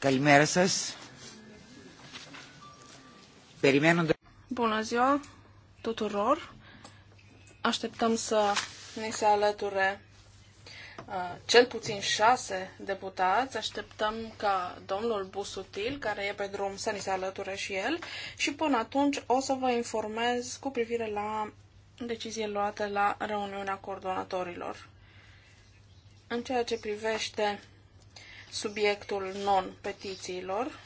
Καλημέρα σας. Περιμένοντα... Bună ziua tuturor. Așteptăm să ne se alăture cel puțin șase deputați. Așteptăm ca domnul Busutil, care e pe drum, să ni se alăture și el. Și până atunci o să vă informez cu privire la decizie luată la reuniunea coordonatorilor. În ceea ce privește subiectul non-petițiilor.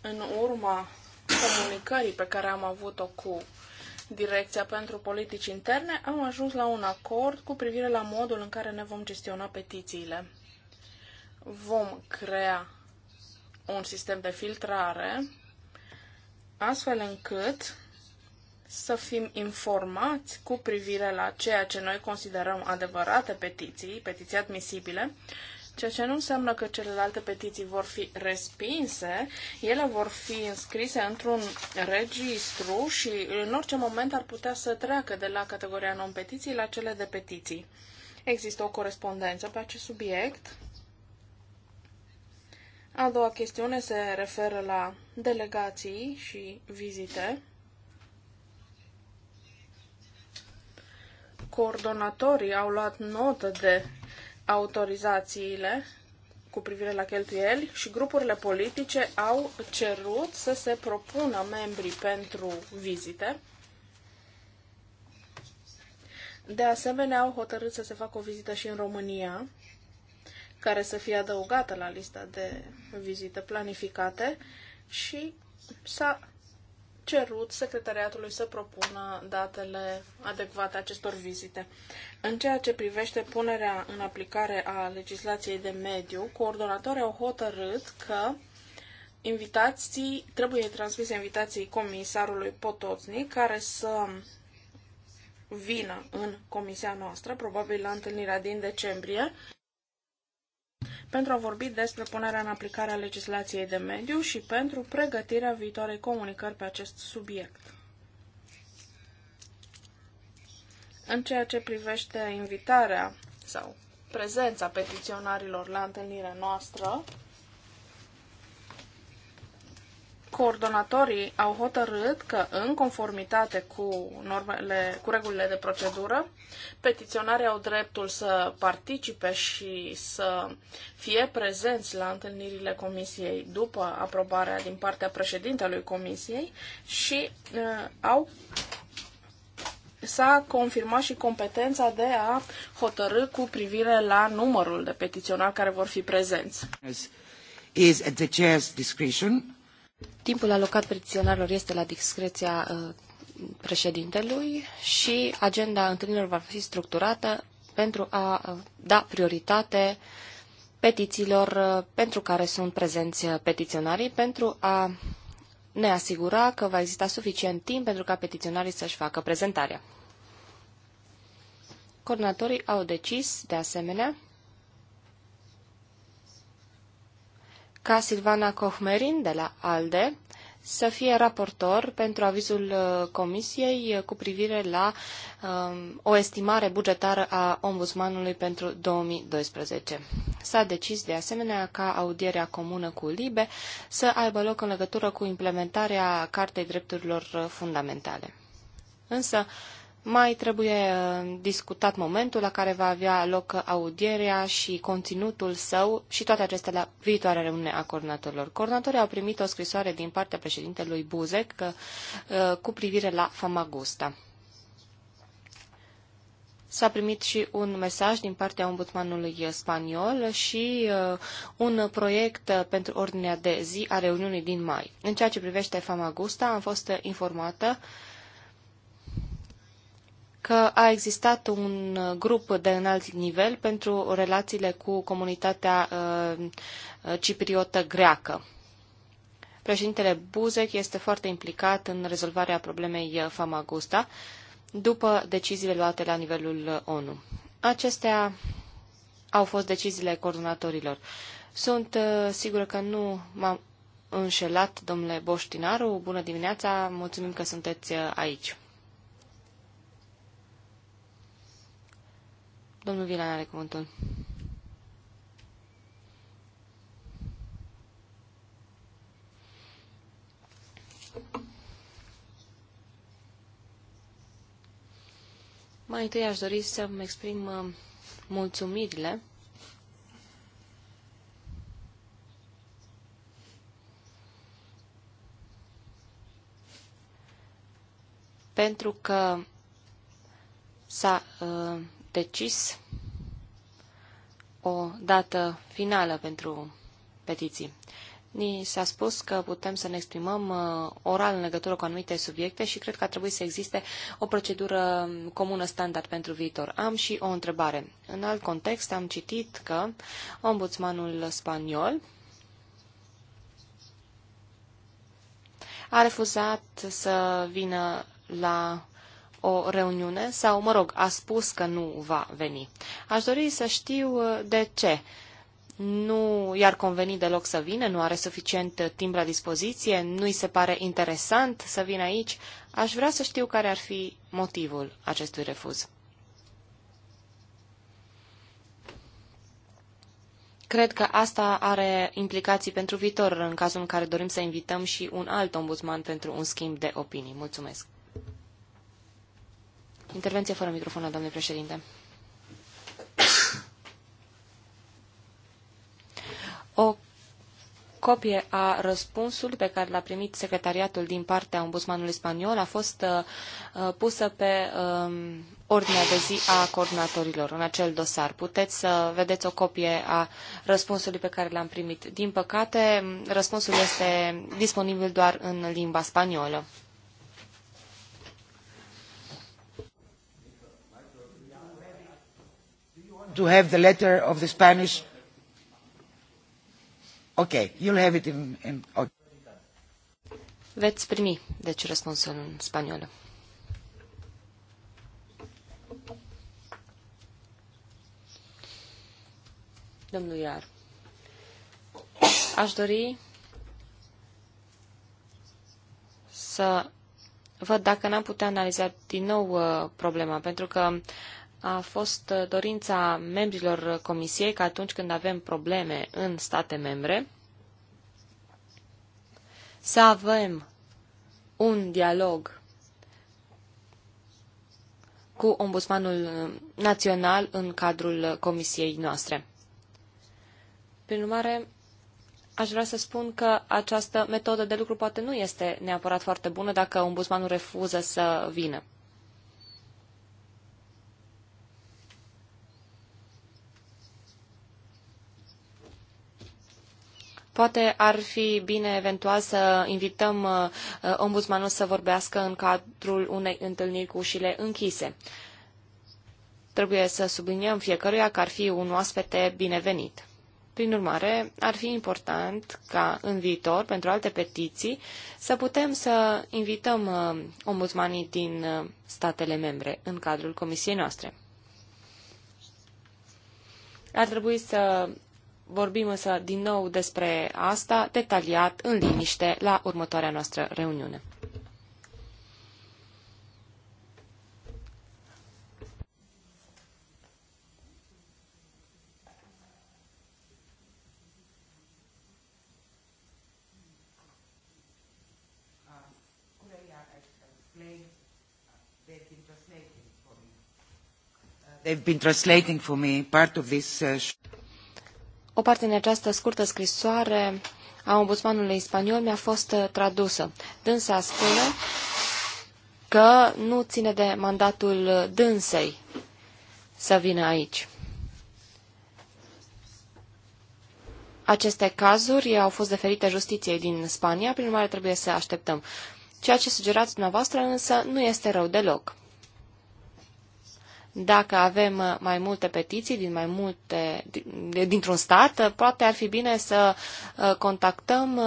În urma comunicării pe care am avut-o cu Direcția pentru Politici Interne, am ajuns la un acord cu privire la modul în care ne vom gestiona petițiile. Vom crea un sistem de filtrare astfel încât să fim informați cu privire la ceea ce noi considerăm adevărate petiții, petiții admisibile, ceea ce nu înseamnă că celelalte petiții vor fi respinse, ele vor fi înscrise într-un registru și în orice moment ar putea să treacă de la categoria non-petiții la cele de petiții. Există o corespondență pe acest subiect. A doua chestiune se referă la delegații și vizite. Coordonatorii au luat notă de autorizațiile cu privire la cheltuieli și grupurile politice au cerut să se propună membrii pentru vizite. De asemenea, au hotărât să se facă o vizită și în România, care să fie adăugată la lista de vizite planificate și s-a cerut secretariatului să propună datele adecvate acestor vizite. În ceea ce privește punerea în aplicare a legislației de mediu, coordonatorii au hotărât că invitații, trebuie transmise invitații comisarului Potoțnic care să vină în comisia noastră, probabil la întâlnirea din decembrie, pentru a vorbi despre punerea în aplicare a legislației de mediu și pentru pregătirea viitoarei comunicări pe acest subiect. În ceea ce privește invitarea sau prezența petiționarilor la întâlnirea noastră, coordonatorii au hotărât că, în conformitate cu, normele, cu regulile de procedură, petiționarii au dreptul să participe și să fie prezenți la întâlnirile comisiei după aprobarea din partea președintelui comisiei și uh, au s-a confirmat și competența de a hotărâ cu privire la numărul de petiționari care vor fi prezenți. Is at the chair's discretion Timpul alocat petiționarilor este la discreția uh, președintelui și agenda întâlnirilor va fi structurată pentru a uh, da prioritate petițiilor uh, pentru care sunt prezenți petiționarii, pentru a ne asigura că va exista suficient timp pentru ca petiționarii să-și facă prezentarea. Coordonatorii au decis, de asemenea, ca Silvana Kohmerin de la ALDE să fie raportor pentru avizul uh, Comisiei uh, cu privire la um, o estimare bugetară a Ombudsmanului pentru 2012. S-a decis de asemenea ca audierea comună cu LIBE să aibă loc în legătură cu implementarea Cartei Drepturilor Fundamentale. Însă, mai trebuie uh, discutat momentul la care va avea loc audierea și conținutul său și toate acestea la viitoarea reuniune a coordonatorilor. Coordonatorii au primit o scrisoare din partea președintelui Buzek uh, cu privire la Famagusta. S-a primit și un mesaj din partea ombudsmanului spaniol și uh, un proiect pentru ordinea de zi a reuniunii din mai. În ceea ce privește Famagusta, am fost informată uh, că a existat un grup de înalt nivel pentru relațiile cu comunitatea uh, cipriotă greacă. Președintele Buzek este foarte implicat în rezolvarea problemei uh, Famagusta după deciziile luate la nivelul uh, ONU. Acestea au fost deciziile coordonatorilor. Sunt sigură că nu m-am înșelat, domnule Boștinaru. Bună dimineața, mulțumim că sunteți aici. Domnul Vilan are cuvântul. Mai întâi aș dori să-mi exprim uh, mulțumirile pentru că s-a uh, decis o dată finală pentru petiții. Ni s-a spus că putem să ne exprimăm uh, oral în legătură cu anumite subiecte și cred că ar trebui să existe o procedură comună standard pentru viitor. Am și o întrebare. În alt context am citit că ombudsmanul spaniol a refuzat să vină la o reuniune sau, mă rog, a spus că nu va veni. Aș dori să știu uh, de ce. Nu i-ar conveni deloc să vină, nu are suficient uh, timp la dispoziție, nu i se pare interesant să vină aici. Aș vrea să știu care ar fi motivul acestui refuz. Cred că asta are implicații pentru viitor, în cazul în care dorim să invităm și un alt ombudsman pentru un schimb de opinii. Mulțumesc! Intervenție fără microfon la doamne președinte. O copie a răspunsului pe care l-a primit secretariatul din partea ombudsmanului spaniol a fost uh, uh pusă pe uh, ordinea de zi a coordonatorilor în acel dosar. Puteți să vedeți o copie a răspunsului pe care l-am primit. Din păcate, răspunsul este disponibil doar în limba spaniolă. to have the letter of the Spanish? Okay, you'll have it in... in okay. Veți primi, deci, răspunsul în spaniolă. Domnul Iar, aș dori să văd dacă n-am putea analiza din nou uh, problema, pentru că uh, a fost uh, dorința membrilor Comisiei că atunci când avem probleme în state membre, să avem un dialog cu Ombudsmanul uh, Național în cadrul Comisiei noastre. Prin urmare, aș vrea să spun că această metodă de lucru poate nu este neapărat foarte bună dacă ombudsmanul refuză să vină. Poate ar fi bine eventual să invităm uh, ombudsmanul să vorbească în cadrul unei întâlniri cu ușile închise. Trebuie să subliniem fiecăruia că ar fi un oaspete binevenit. Prin urmare, ar fi important ca în viitor, pentru alte petiții, să putem să invităm uh, ombudsmanii din uh, statele membre în cadrul comisiei noastre. Ar trebui să Vorbim însă din nou despre asta detaliat, în liniște, la următoarea noastră reuniune. they've been translating for me part of this uh, o parte din această scurtă scrisoare a ombudsmanului spaniol mi-a fost uh, tradusă. Dânsa spune că nu ține de mandatul uh, dânsei să vină aici. Aceste cazuri au fost deferite justiției din Spania, prin urmare trebuie să așteptăm. Ceea ce sugerați dumneavoastră însă nu este rău deloc. Dacă avem uh, mai multe petiții din mai multe, dintr-un stat, uh, poate ar fi bine să uh, contactăm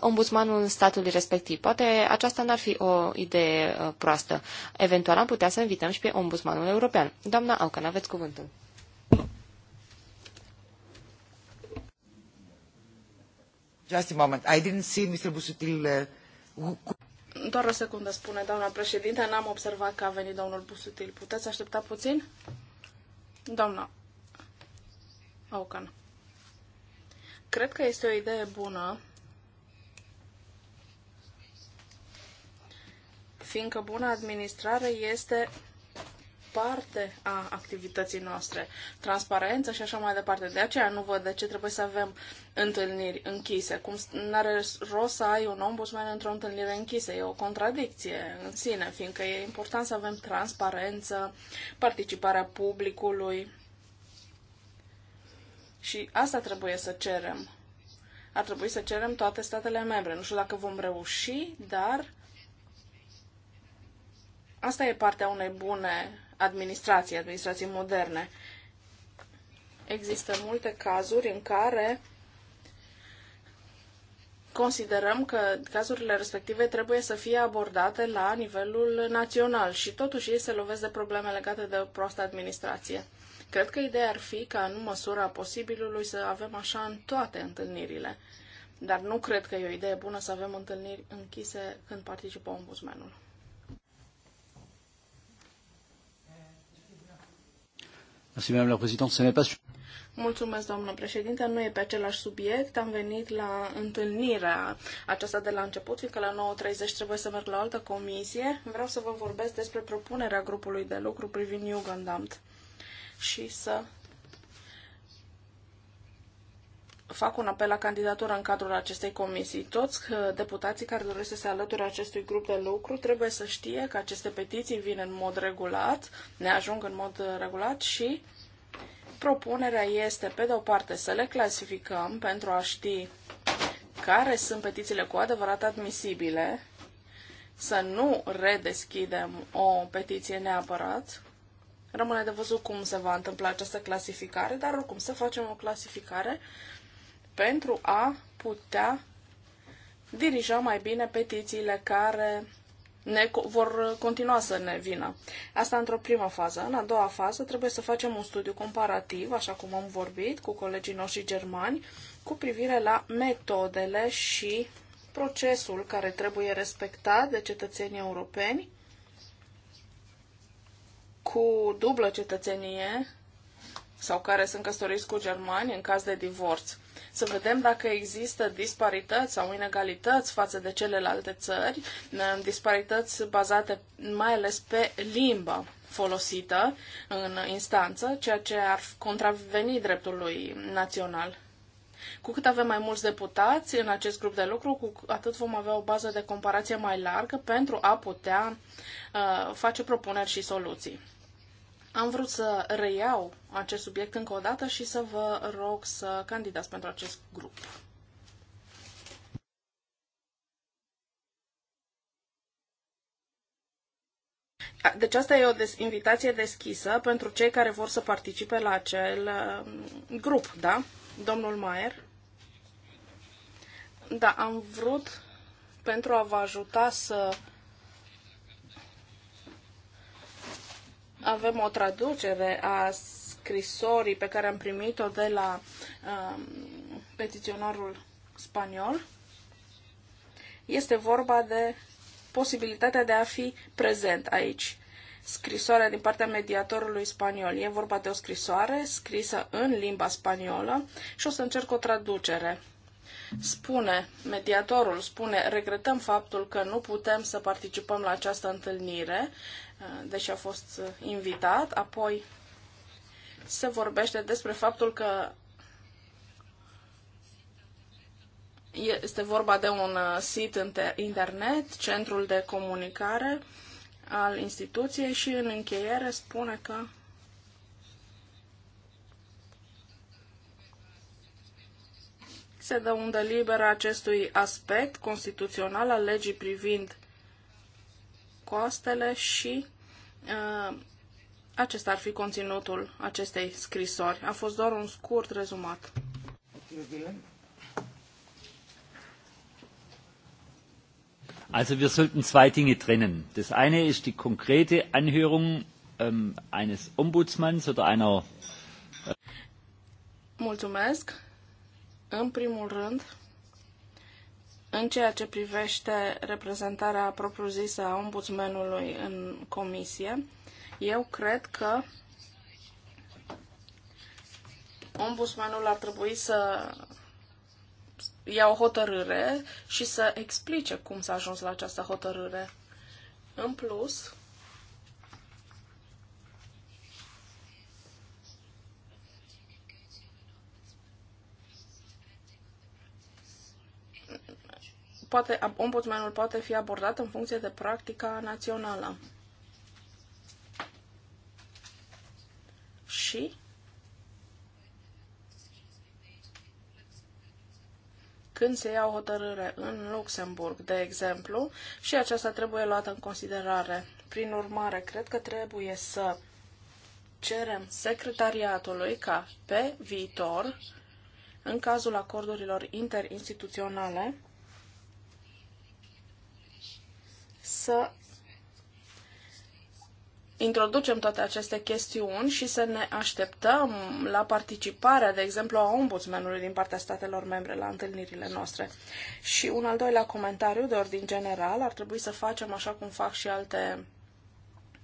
ombudsmanul statului respectiv. Poate aceasta n-ar fi o idee proastă. Eventual am putea să invităm și pe ombudsmanul european. Doamna Aucan, aveți cuvântul. Just a moment. I didn't see Mr. Busutil. Uh, doar o secundă, spune doamna președinte, n-am observat că a venit domnul Busutil. Puteți aștepta puțin? Doamna Aucan. Cred că este o idee bună, fiindcă bună administrare este parte a activității noastre, transparență și așa mai departe. De aceea nu văd de ce trebuie să avem întâlniri închise. Cum n-are rost să ai un ombudsman într-o întâlnire închisă. E o contradicție în sine, fiindcă e important să avem transparență, participarea publicului. Și asta trebuie să cerem. Ar trebui să cerem toate statele membre. Nu știu dacă vom reuși, dar asta e partea unei bune administrației, administrații moderne. Există multe cazuri în care considerăm că cazurile respective trebuie să fie abordate la nivelul național și totuși ei se lovesc de probleme legate de proastă administrație. Cred că ideea ar fi ca în măsura posibilului să avem așa în toate întâlnirile. Dar nu cred că e o idee bună să avem întâlniri închise când participă ombudsmanul. Merci, Madame Mulțumesc, doamnă președinte. Nu e pe același subiect. Am venit la întâlnirea aceasta de la început, fiindcă la 9.30 trebuie să merg la o altă comisie. Vreau să vă vorbesc despre propunerea grupului de lucru privind Jugendamt și să fac un apel la candidatură în cadrul acestei comisii. Toți uh, deputații care doresc să se alăture acestui grup de lucru trebuie să știe că aceste petiții vin în mod regulat, ne ajung în mod uh, regulat și propunerea este, pe de o parte, să le clasificăm pentru a ști care sunt petițiile cu adevărat admisibile, să nu redeschidem o petiție neapărat. Rămâne de văzut cum se va întâmpla această clasificare, dar oricum să facem o clasificare pentru a putea dirija mai bine petițiile care ne vor continua să ne vină. Asta într-o primă fază. În a doua fază trebuie să facem un studiu comparativ, așa cum am vorbit cu colegii noștri germani, cu privire la metodele și procesul care trebuie respectat de cetățenii europeni cu dublă cetățenie sau care sunt căsătoriți cu germani în caz de divorț să vedem dacă există disparități sau inegalități față de celelalte țări, disparități bazate mai ales pe limba folosită în instanță, ceea ce ar contraveni dreptului național. Cu cât avem mai mulți deputați în acest grup de lucru, cu atât vom avea o bază de comparație mai largă pentru a putea uh, face propuneri și soluții. Am vrut să reiau acest subiect încă o dată și să vă rog să candidați pentru acest grup. Deci asta e o invitație deschisă pentru cei care vor să participe la acel um, grup, da? Domnul Maier? Da, am vrut pentru a vă ajuta să Avem o traducere a scrisorii pe care am primit-o de la um, petiționarul spaniol. Este vorba de posibilitatea de a fi prezent aici. Scrisoarea din partea mediatorului spaniol. E vorba de o scrisoare scrisă în limba spaniolă și o să încerc o traducere spune, mediatorul spune, regretăm faptul că nu putem să participăm la această întâlnire, uh, deși a fost uh, invitat, apoi se vorbește despre faptul că este vorba de un uh, sit internet, centrul de comunicare al instituției și în încheiere spune că se dă undă liberă acestui aspect constituțional al legii privind costele și uh, acesta ar fi conținutul acestei scrisori. A fost doar un scurt rezumat. Also wir sollten zwei Dinge trennen. Das eine ist die konkrete Anhörung ähm, eines Ombudsmanns oder einer. Äh Mulțumesc. În primul rând, în ceea ce privește reprezentarea propriu-zisă a ombudsmenului în comisie, eu cred că ombudsmanul ar trebui să ia o hotărâre și să explice cum s-a ajuns la această hotărâre. În plus, poate, ombudsmanul poate fi abordat în funcție de practica națională. Și când se ia o hotărâre în Luxemburg, de exemplu, și aceasta trebuie luată în considerare. Prin urmare, cred că trebuie să cerem secretariatului ca pe viitor, în cazul acordurilor interinstituționale, să introducem toate aceste chestiuni și să ne așteptăm la participarea, de exemplu, a ombudsmanului din partea statelor membre la întâlnirile noastre. Și un al doilea comentariu de ordin general, ar trebui să facem așa cum fac și alte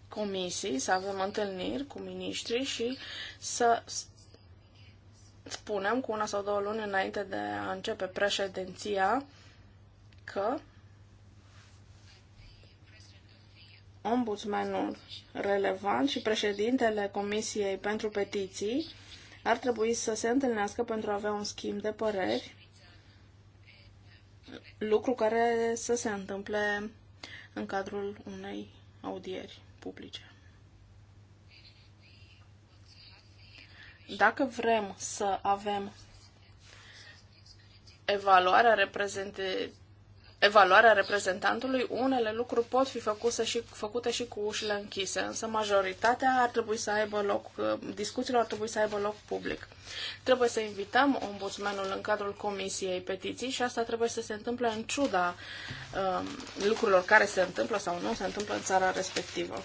comisii, să avem întâlniri cu miniștri și să spunem cu una sau două luni înainte de a începe președinția că ombudsmanul relevant și președintele Comisiei pentru Petiții ar trebui să se întâlnească pentru a avea un schimb de păreri, lucru care să se întâmple în cadrul unei audieri publice. Dacă vrem să avem evaluarea reprezentativă evaluarea reprezentantului, unele lucruri pot fi făcute și, făcute și cu ușile închise, însă majoritatea ar trebui să aibă loc, uh, discuțiile ar trebui să aibă loc public. Trebuie să invităm ombudsmanul în cadrul Comisiei Petiții și asta trebuie să se întâmple în ciuda um, lucrurilor care se întâmplă sau nu se întâmplă în țara respectivă.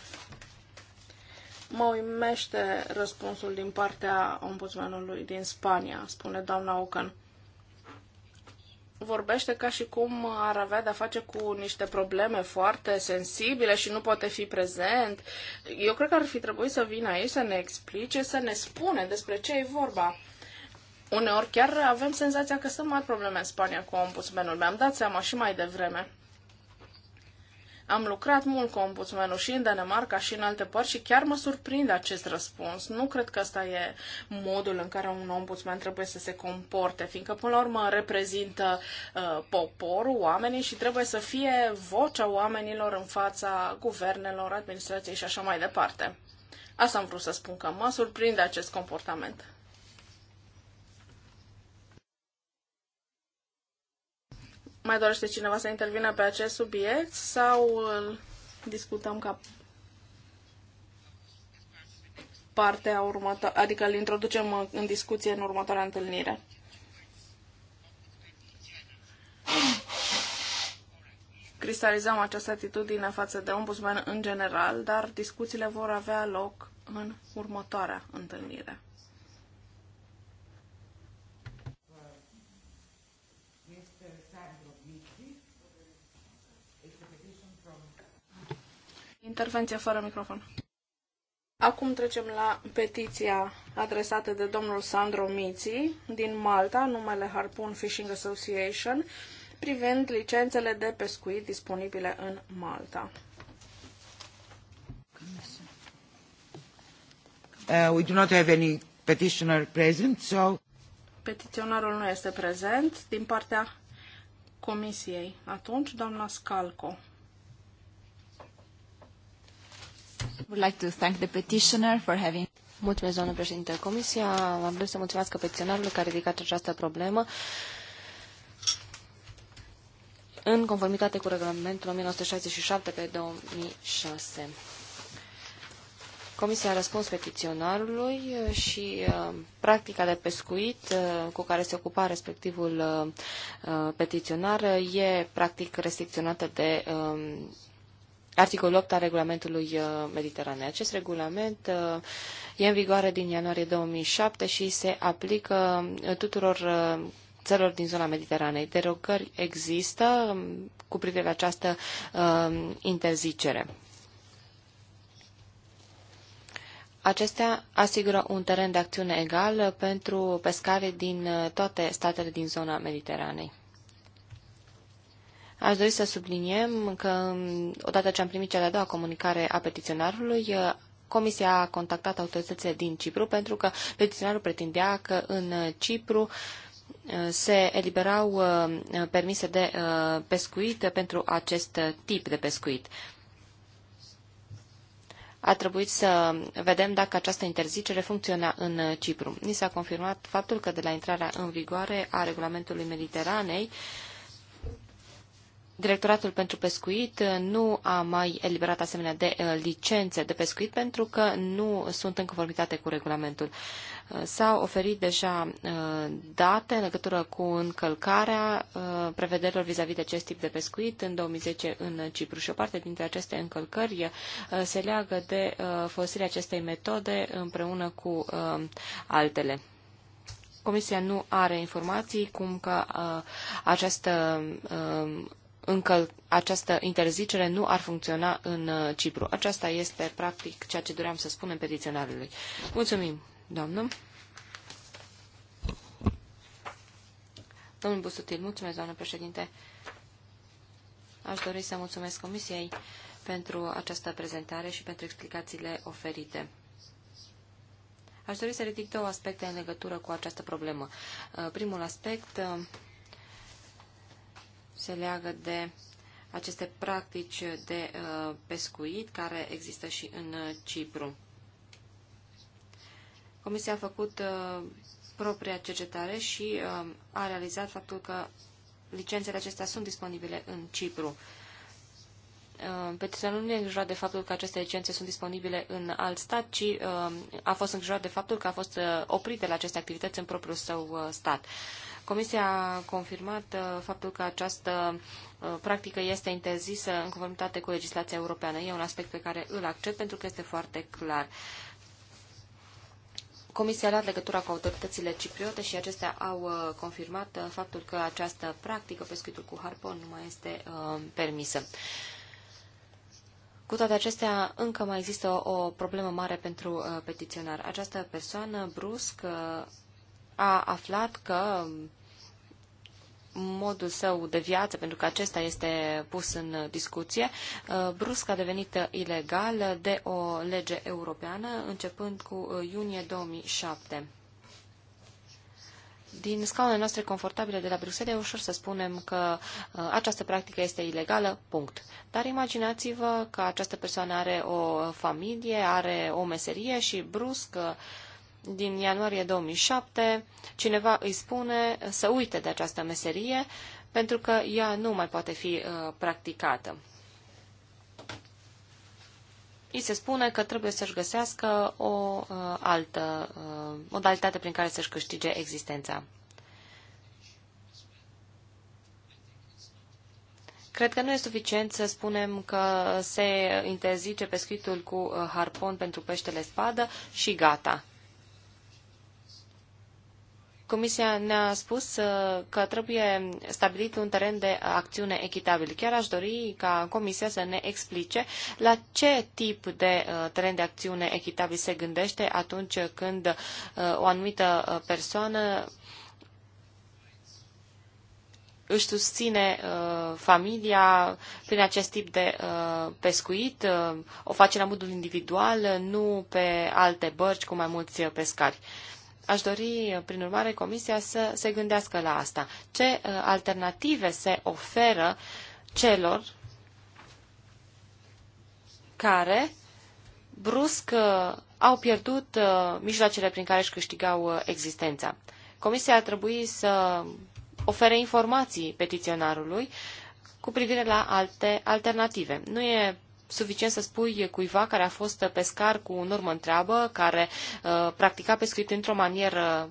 Mă uimește răspunsul din partea ombudsmanului din Spania, spune doamna Ocan vorbește ca și cum ar avea de-a face cu niște probleme foarte sensibile și nu poate fi prezent. Eu cred că ar fi trebuit să vină aici să ne explice, să ne spune despre ce e vorba. Uneori chiar avem senzația că sunt mari probleme în Spania cu ombudsmenul. Mi-am dat seama și mai devreme. Am lucrat mult cu ombudsmanul și în Danemarca și în alte părți și chiar mă surprinde acest răspuns. Nu cred că ăsta e modul în care un ombudsman trebuie să se comporte, fiindcă până la urmă reprezintă uh, poporul, oamenii și trebuie să fie vocea oamenilor în fața guvernelor, administrației și așa mai departe. Asta am vrut să spun că mă surprinde acest comportament. Mai dorește cineva să intervină pe acest subiect sau îl discutăm ca partea următoare, adică îl introducem în discuție în următoarea întâlnire? cristalizăm această atitudine față de ombudsman în general, dar discuțiile vor avea loc în următoarea întâlnire. Intervenție fără microfon. Acum trecem la petiția adresată de domnul Sandro Miții din Malta, numele Harpoon Fishing Association, privind licențele de pescuit disponibile în Malta. Uh, we do not have any petitioner present, so... Petiționarul nu este prezent din partea Comisiei. Atunci, doamna Scalco. Would like to thank the petitioner for having... Mulțumesc, doamnă președinte. Comisia, am vrut să mulțumesc petiționarului care a ridicat această problemă în conformitate cu regulamentul 1967 pe 2006. Comisia a răspuns petiționarului și uh, practica de pescuit uh, cu care se ocupa respectivul uh, petiționar e practic restricționată de um, articolul 8 al regulamentului uh, mediteranei. Acest regulament uh, e în vigoare din ianuarie 2007 și se aplică uh, tuturor țărilor din zona Mediteranei. Derogări există um, cu privire la această um, interzicere. Acestea asigură un teren de acțiune egal pentru pescare din toate statele din zona Mediteranei. Aș dori să subliniem că, odată ce am primit cea de-a doua comunicare a petiționarului, Comisia a contactat autoritățile din Cipru pentru că petiționarul pretindea că în Cipru se eliberau permise de pescuit pentru acest tip de pescuit. A trebuit să vedem dacă această interzicere funcționa în Cipru. Ni s-a confirmat faptul că de la intrarea în vigoare a regulamentului Mediteranei, Directoratul pentru pescuit nu a mai eliberat asemenea de uh, licențe de pescuit pentru că nu sunt în conformitate cu regulamentul. Uh, s-au oferit deja uh, date în legătură cu încălcarea prevederilor vis-a-vis -vis de acest tip de pescuit în 2010 în Cipru și o parte dintre aceste încălcări se leagă de folosirea acestei metode împreună cu altele. Comisia nu are informații cum că uh, această uh, încă această interzicere nu ar funcționa în uh, Cipru. Aceasta este, practic, ceea ce doream să spunem petiționarului. Mulțumim, doamnă. Domnul Busutil, mulțumesc, doamnă președinte. Aș dori să mulțumesc Comisiei pentru această prezentare și pentru explicațiile oferite. Aș dori să ridic două aspecte în legătură cu această problemă. Uh, primul aspect uh, se leagă de aceste practici de uh, pescuit care există și în uh, Cipru. Comisia a făcut uh, propria cercetare și a realizat faptul că licențele acestea sunt disponibile în Cipru. Petiția nu e îngrijorat de faptul că aceste licențe sunt disponibile în alt stat, ci a fost îngrijorat de faptul că a fost oprit de la aceste activități în propriul său stat. Comisia a confirmat uh, faptul că această uh, practică este interzisă în conformitate cu legislația europeană. E un aspect pe care îl accept pentru că este foarte clar. Comisia a luat legătura cu autoritățile cipriote și acestea au uh, confirmat faptul că această practică, pescuitul cu harpon, nu mai este uh, permisă. Cu toate acestea, încă mai există o, o problemă mare pentru uh, petiționar. Această persoană, brusc, uh, a aflat că um, modul său de viață, pentru că acesta este pus în discuție, uh, brusc a devenit ilegal de o lege europeană începând cu uh, iunie 2007. Din scaunele noastre confortabile de la Bruxelles e ușor să spunem că uh, această practică este ilegală, punct. Dar imaginați-vă că această persoană are o familie, are o meserie și brusc din ianuarie 2007, cineva îi spune să uite de această meserie pentru că ea nu mai poate fi uh, practicată. Îi se spune că trebuie să-și găsească o uh, altă uh, modalitate prin care să-și câștige existența. Cred că nu e suficient să spunem că se interzice pescuitul cu uh, harpon pentru peștele spadă și gata. Comisia ne-a spus uh, că trebuie stabilit un teren de acțiune echitabil. Chiar aș dori ca Comisia să ne explice la ce tip de uh, teren de acțiune echitabil se gândește atunci când uh, o anumită persoană își susține uh, familia prin acest tip de uh, pescuit, uh, o face la modul individual, nu pe alte bărci cu mai mulți pescari. Aș dori, prin urmare, Comisia să se gândească la asta. Ce uh, alternative se oferă celor care brusc uh, au pierdut uh, mijloacele prin care își câștigau existența. Comisia ar trebui să ofere informații petiționarului cu privire la alte alternative. Nu e suficient să spui cuiva care a fost pescar cu un urmă întreabă, care uh, practica pescuit într-o manieră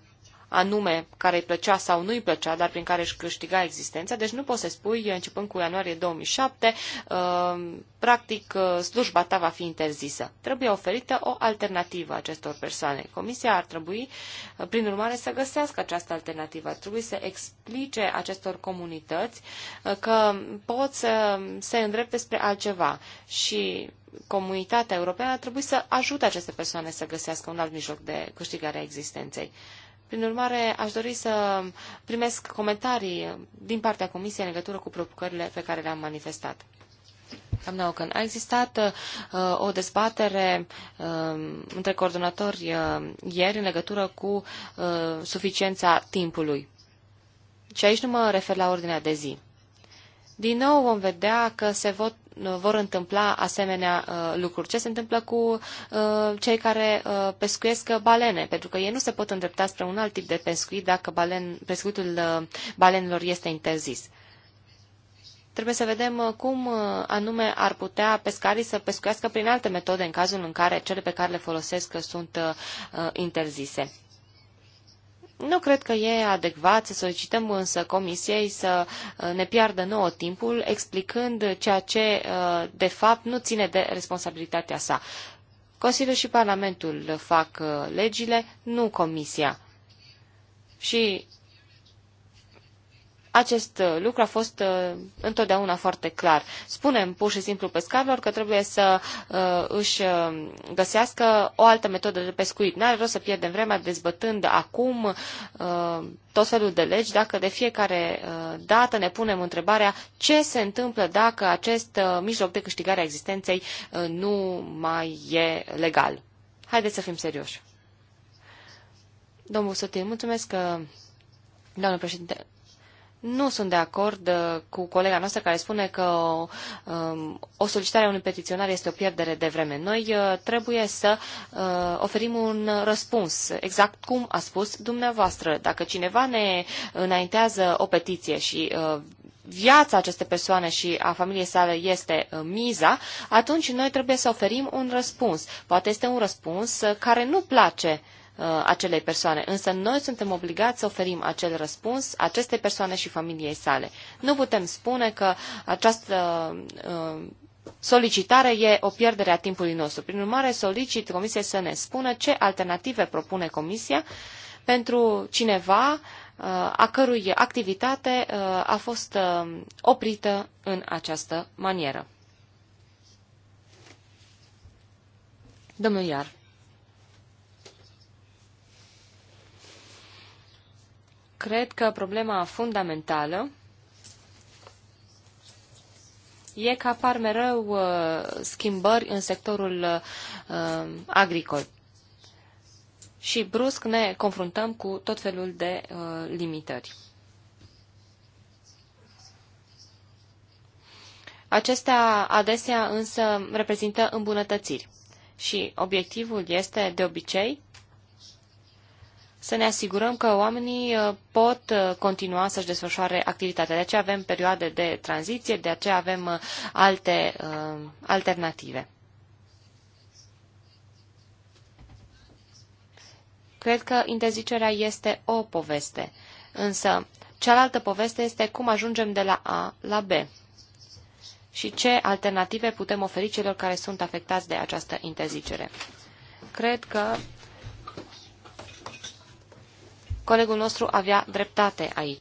anume care îi plăcea sau nu îi plăcea, dar prin care își câștiga existența. Deci nu poți să spui, începând cu ianuarie 2007, uh, practic uh, slujba ta va fi interzisă. Trebuie oferită o alternativă acestor persoane. Comisia ar trebui, uh, prin urmare, să găsească această alternativă. Ar trebui să explice acestor comunități că pot să se îndrepte spre altceva și comunitatea europeană ar trebui să ajute aceste persoane să găsească un alt mijloc de câștigare a existenței. Prin urmare, aș dori să primesc comentarii din partea Comisiei în legătură cu propunerile pe care le-am manifestat. Doamna Ocan, a existat uh, o dezbatere uh, între coordonatori uh, ieri în legătură cu uh, suficiența timpului. Și aici nu mă refer la ordinea de zi. Din nou vom vedea că se, vot, vor întâmpla asemenea uh, lucruri. Ce se întâmplă cu uh, cei care uh, pescuiesc balene? Pentru că ei nu se pot îndrepta spre un alt tip de pescuit dacă balen, pescuitul balenelor este interzis. Trebuie să vedem cum anume ar putea pescarii să pescuiască prin alte metode în cazul în care cele pe care le folosesc sunt interzise. Nu cred că e adecvat să solicităm însă comisiei să uh, ne piardă nouă timpul explicând ceea ce uh, de fapt nu ține de responsabilitatea sa. Consiliul și Parlamentul fac uh, legile, nu comisia. Și acest uh, lucru a fost uh, întotdeauna foarte clar. Spunem pur și simplu pescarilor că trebuie să uh, își găsească o altă metodă de pescuit. N-are rost să pierdem vremea dezbătând acum tot felul de legi dacă de fiecare dată ne punem întrebarea ce se întâmplă dacă acest mijloc de câștigare a existenței nu mai e legal. Haideți să fim serioși. Domnul Sotin, mulțumesc, Doamne președinte. Nu sunt de acord uh, cu colega noastră care spune că um, o solicitare a unui petiționar este o pierdere de vreme. Noi uh, trebuie să uh, oferim un răspuns, exact cum a spus dumneavoastră. Dacă cineva ne înaintează o petiție și viața acestei persoane și a familiei sale este miza, atunci noi trebuie să oferim un răspuns. Poate este un răspuns care nu place uh, Uh, acelei persoane. Însă noi suntem obligați să oferim acel răspuns acestei persoane și familiei sale. Nu putem spune că această uh, solicitare e o pierdere a timpului nostru. Prin urmare, solicit Comisiei să ne spună ce alternative propune Comisia pentru cineva uh, a cărui activitate a fost oprită în această manieră. Domnul Iar. cred că problema fundamentală e că apar mereu uh, schimbări în sectorul uh, agricol. Și brusc ne confruntăm cu tot felul de uh, limitări. Acestea adesea însă reprezintă îmbunătățiri și obiectivul este, de obicei, să ne asigurăm că oamenii uh, pot uh, continua să-și desfășoare activitatea. De aceea avem perioade de tranziție, de aceea avem uh, alte uh, alternative. Cred că interzicerea este o poveste, însă cealaltă poveste este cum ajungem de la A la B și ce alternative putem oferi celor care sunt afectați de această interzicere. Cred că Colegul nostru avea dreptate aici.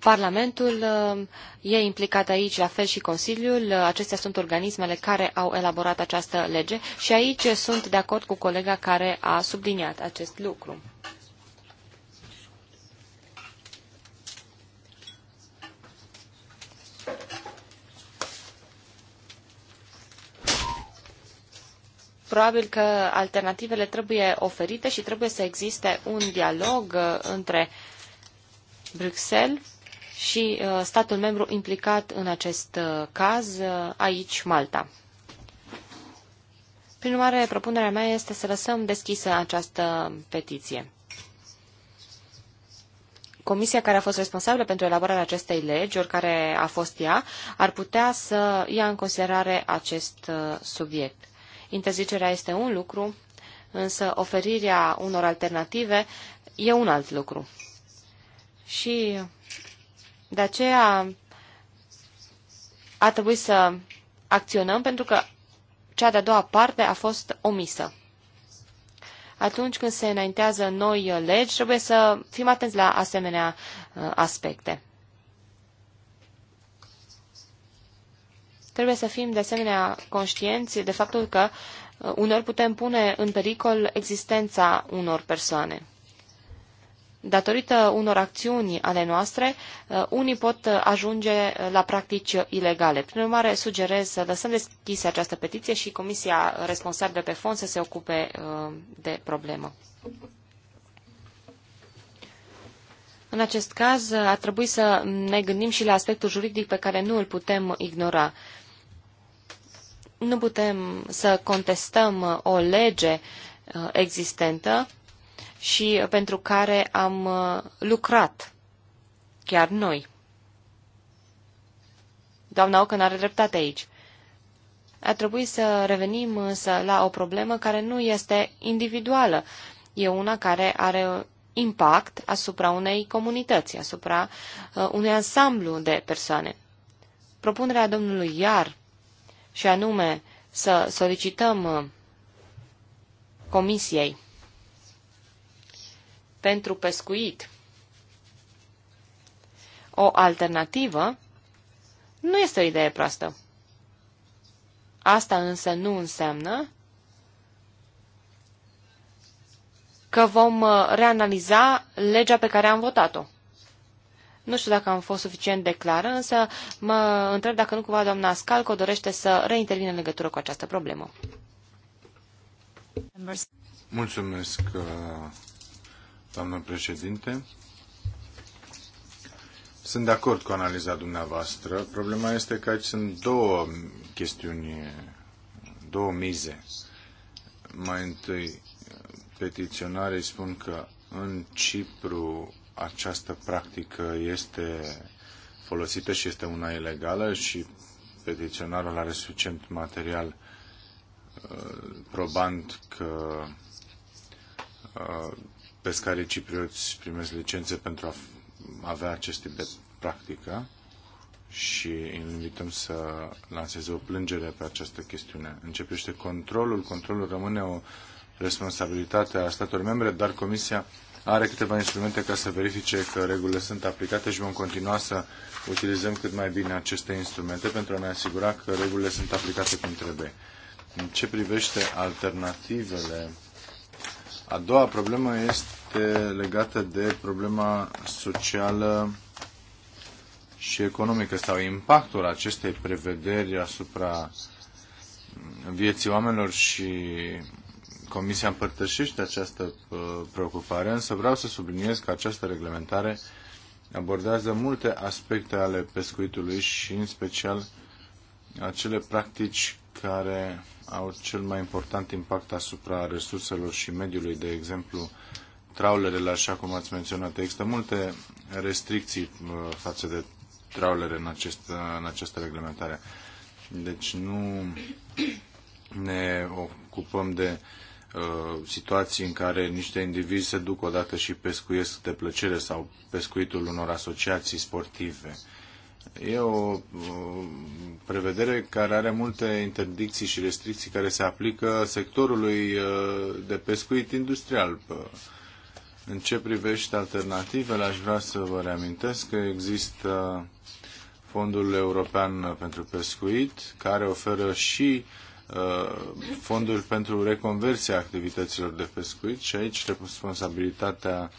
Parlamentul uh, e implicat aici, la fel și Consiliul. Uh, acestea sunt organismele care au elaborat această lege și aici sunt de acord cu colega care a subliniat acest lucru. Probabil că alternativele trebuie oferite și trebuie să existe un dialog uh, între Bruxelles și uh, statul membru implicat în acest uh, caz, aici Malta. Prin urmare, propunerea mea este să lăsăm deschisă această petiție. Comisia care a fost responsabilă pentru elaborarea acestei legi, oricare a fost ea, ar putea să ia în considerare acest subiect. Interzicerea este un lucru, însă oferirea unor alternative e un alt lucru. Și de aceea a trebuit să acționăm pentru că cea de-a doua parte a fost omisă. Atunci când se înaintează noi legi, trebuie să fim atenți la asemenea uh, aspecte. Trebuie să fim de asemenea conștienți de faptul că uh, unor putem pune în pericol existența unor persoane. Datorită unor acțiuni ale noastre, uh, unii pot ajunge la practici ilegale. Prin urmare, sugerez să lăsăm deschise această petiție și comisia responsabilă pe fond să se ocupe uh, de problemă. În acest caz, ar trebui să ne gândim și la aspectul juridic pe care nu îl putem ignora. Nu putem să contestăm uh, o lege uh, existentă și pentru care am uh, lucrat chiar noi. Doamna Ocan are dreptate aici. Ar trebui să revenim însă la o problemă care nu este individuală. E una care are impact asupra unei comunități, asupra unui ansamblu de persoane. Propunerea domnului Iar și anume să solicităm uh, Comisiei pentru pescuit o alternativă, nu este o idee proastă. Asta însă nu înseamnă că vom uh, reanaliza legea pe care am votat-o. Nu știu dacă am fost suficient de clară, însă mă întreb dacă nu cumva doamna Scalco dorește să reintervină în legătură cu această problemă. Mulțumesc, uh, doamnă președinte. Sunt de acord cu analiza dumneavoastră. Problema este că aici sunt două chestiuni, două mize. Mai întâi, petiționarii spun că în Cipru această practică este folosită și este una ilegală și petiționarul are suficient material uh, probant că uh, pescarii ciprioți primesc licențe pentru a avea acest tip de practică și îl invităm să lanseze o plângere pe această chestiune. Începește controlul. Controlul rămâne o responsabilitate a statelor membre, dar Comisia are câteva instrumente ca să verifice că regulile sunt aplicate și vom continua să utilizăm cât mai bine aceste instrumente pentru a ne asigura că regulile sunt aplicate cum trebuie. În ce privește alternativele, a doua problemă este legată de problema socială și economică sau impactul acestei prevederi asupra vieții oamenilor și Comisia împărtășește această uh, preocupare, însă vreau să subliniez că această reglementare abordează multe aspecte ale pescuitului și în special acele practici care au cel mai important impact asupra resurselor și mediului, de exemplu traulerele, așa cum ați menționat. Există multe restricții uh, față de traulere în, acest, în această reglementare. Deci nu ne ocupăm de Uh, situații în care niște indivizi se duc odată și pescuiesc de plăcere sau pescuitul unor asociații sportive. E o uh, prevedere care are multe interdicții și restricții care se aplică sectorului uh, de pescuit industrial. În ce privește alternativele, aș vrea să vă reamintesc că există Fondul European pentru Pescuit, care oferă și uh, fonduri pentru reconversia activităților de pescuit și aici responsabilitatea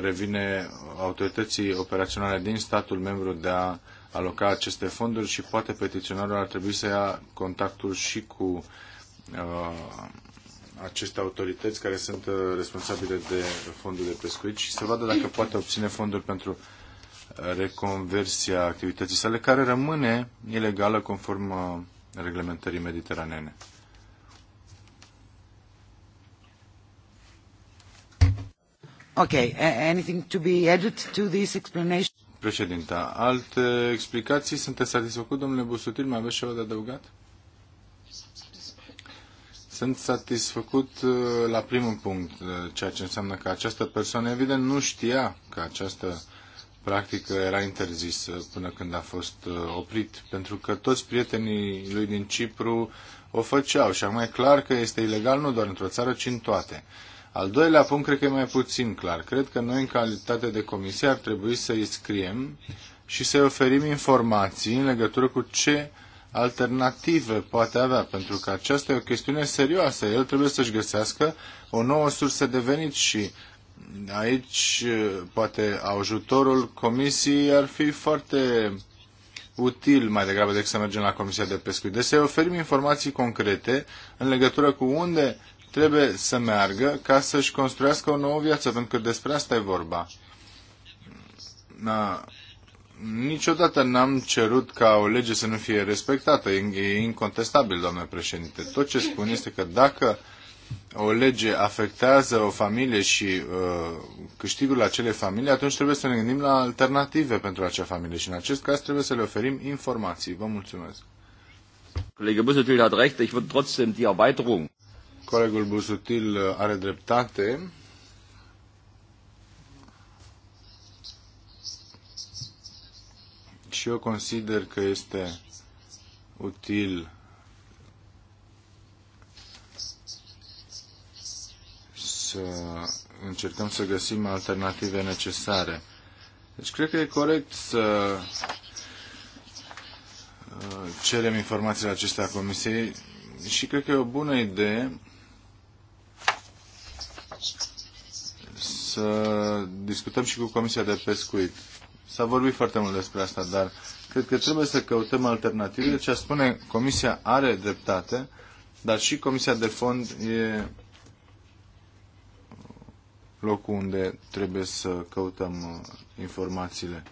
revine autorității operaționale din statul membru de a aloca aceste fonduri și poate petiționarul ar trebui să ia contactul și cu uh, aceste autorități care sunt uh, responsabile de fondul de pescuit și să vadă dacă poate obține fonduri pentru reconversia activității sale, care rămâne ilegală conform uh, reglementării mediteranene. Okay, anything to be added to this explanation? Președinta, alte explicații? Sunteți satisfăcut, domnule Busutil? Mai aveți ceva de adăugat? Sunt satisfăcut uh, la primul punct, uh, ceea ce înseamnă că această persoană, evident, nu știa că această practic era interzis uh, până când a fost uh, oprit, pentru că toți prietenii lui din Cipru o făceau și acum e clar că este ilegal nu doar într-o țară, ci în toate. Al doilea punct cred că e mai puțin clar. Cred că noi, în calitate de comisie, ar trebui să-i scriem și să-i oferim informații în legătură cu ce alternative poate avea, pentru că aceasta e o chestiune serioasă. El trebuie să-și găsească o nouă sursă de venit și Aici, poate, ajutorul comisiei ar fi foarte util mai degrabă decât să mergem la Comisia de Pescuit. Deci să oferim informații concrete în legătură cu unde trebuie să meargă ca să-și construiască o nouă viață, pentru că despre asta e vorba. Na, niciodată n-am cerut ca o lege să nu fie respectată. E, e incontestabil, doamne președinte. Tot ce spun este că dacă uh, o lege afectează o familie și uh, câștigul acelei familii, atunci trebuie să ne gândim la alternative pentru acea familie și în acest caz trebuie să le oferim informații. Vă mulțumesc. Deci Colegul Busutil uh, are dreptate. Și eu consider că este util să încercăm să găsim alternative necesare. Deci cred că e corect să uh, cerem informațiile acestea Comisiei și cred că e o bună idee să discutăm și cu Comisia de Pescuit. S-a vorbit foarte mult despre asta, dar cred că trebuie să căutăm alternative. Ce deci, spune Comisia are dreptate, dar și Comisia de Fond e locul unde trebuie să căutăm uh, informațiile.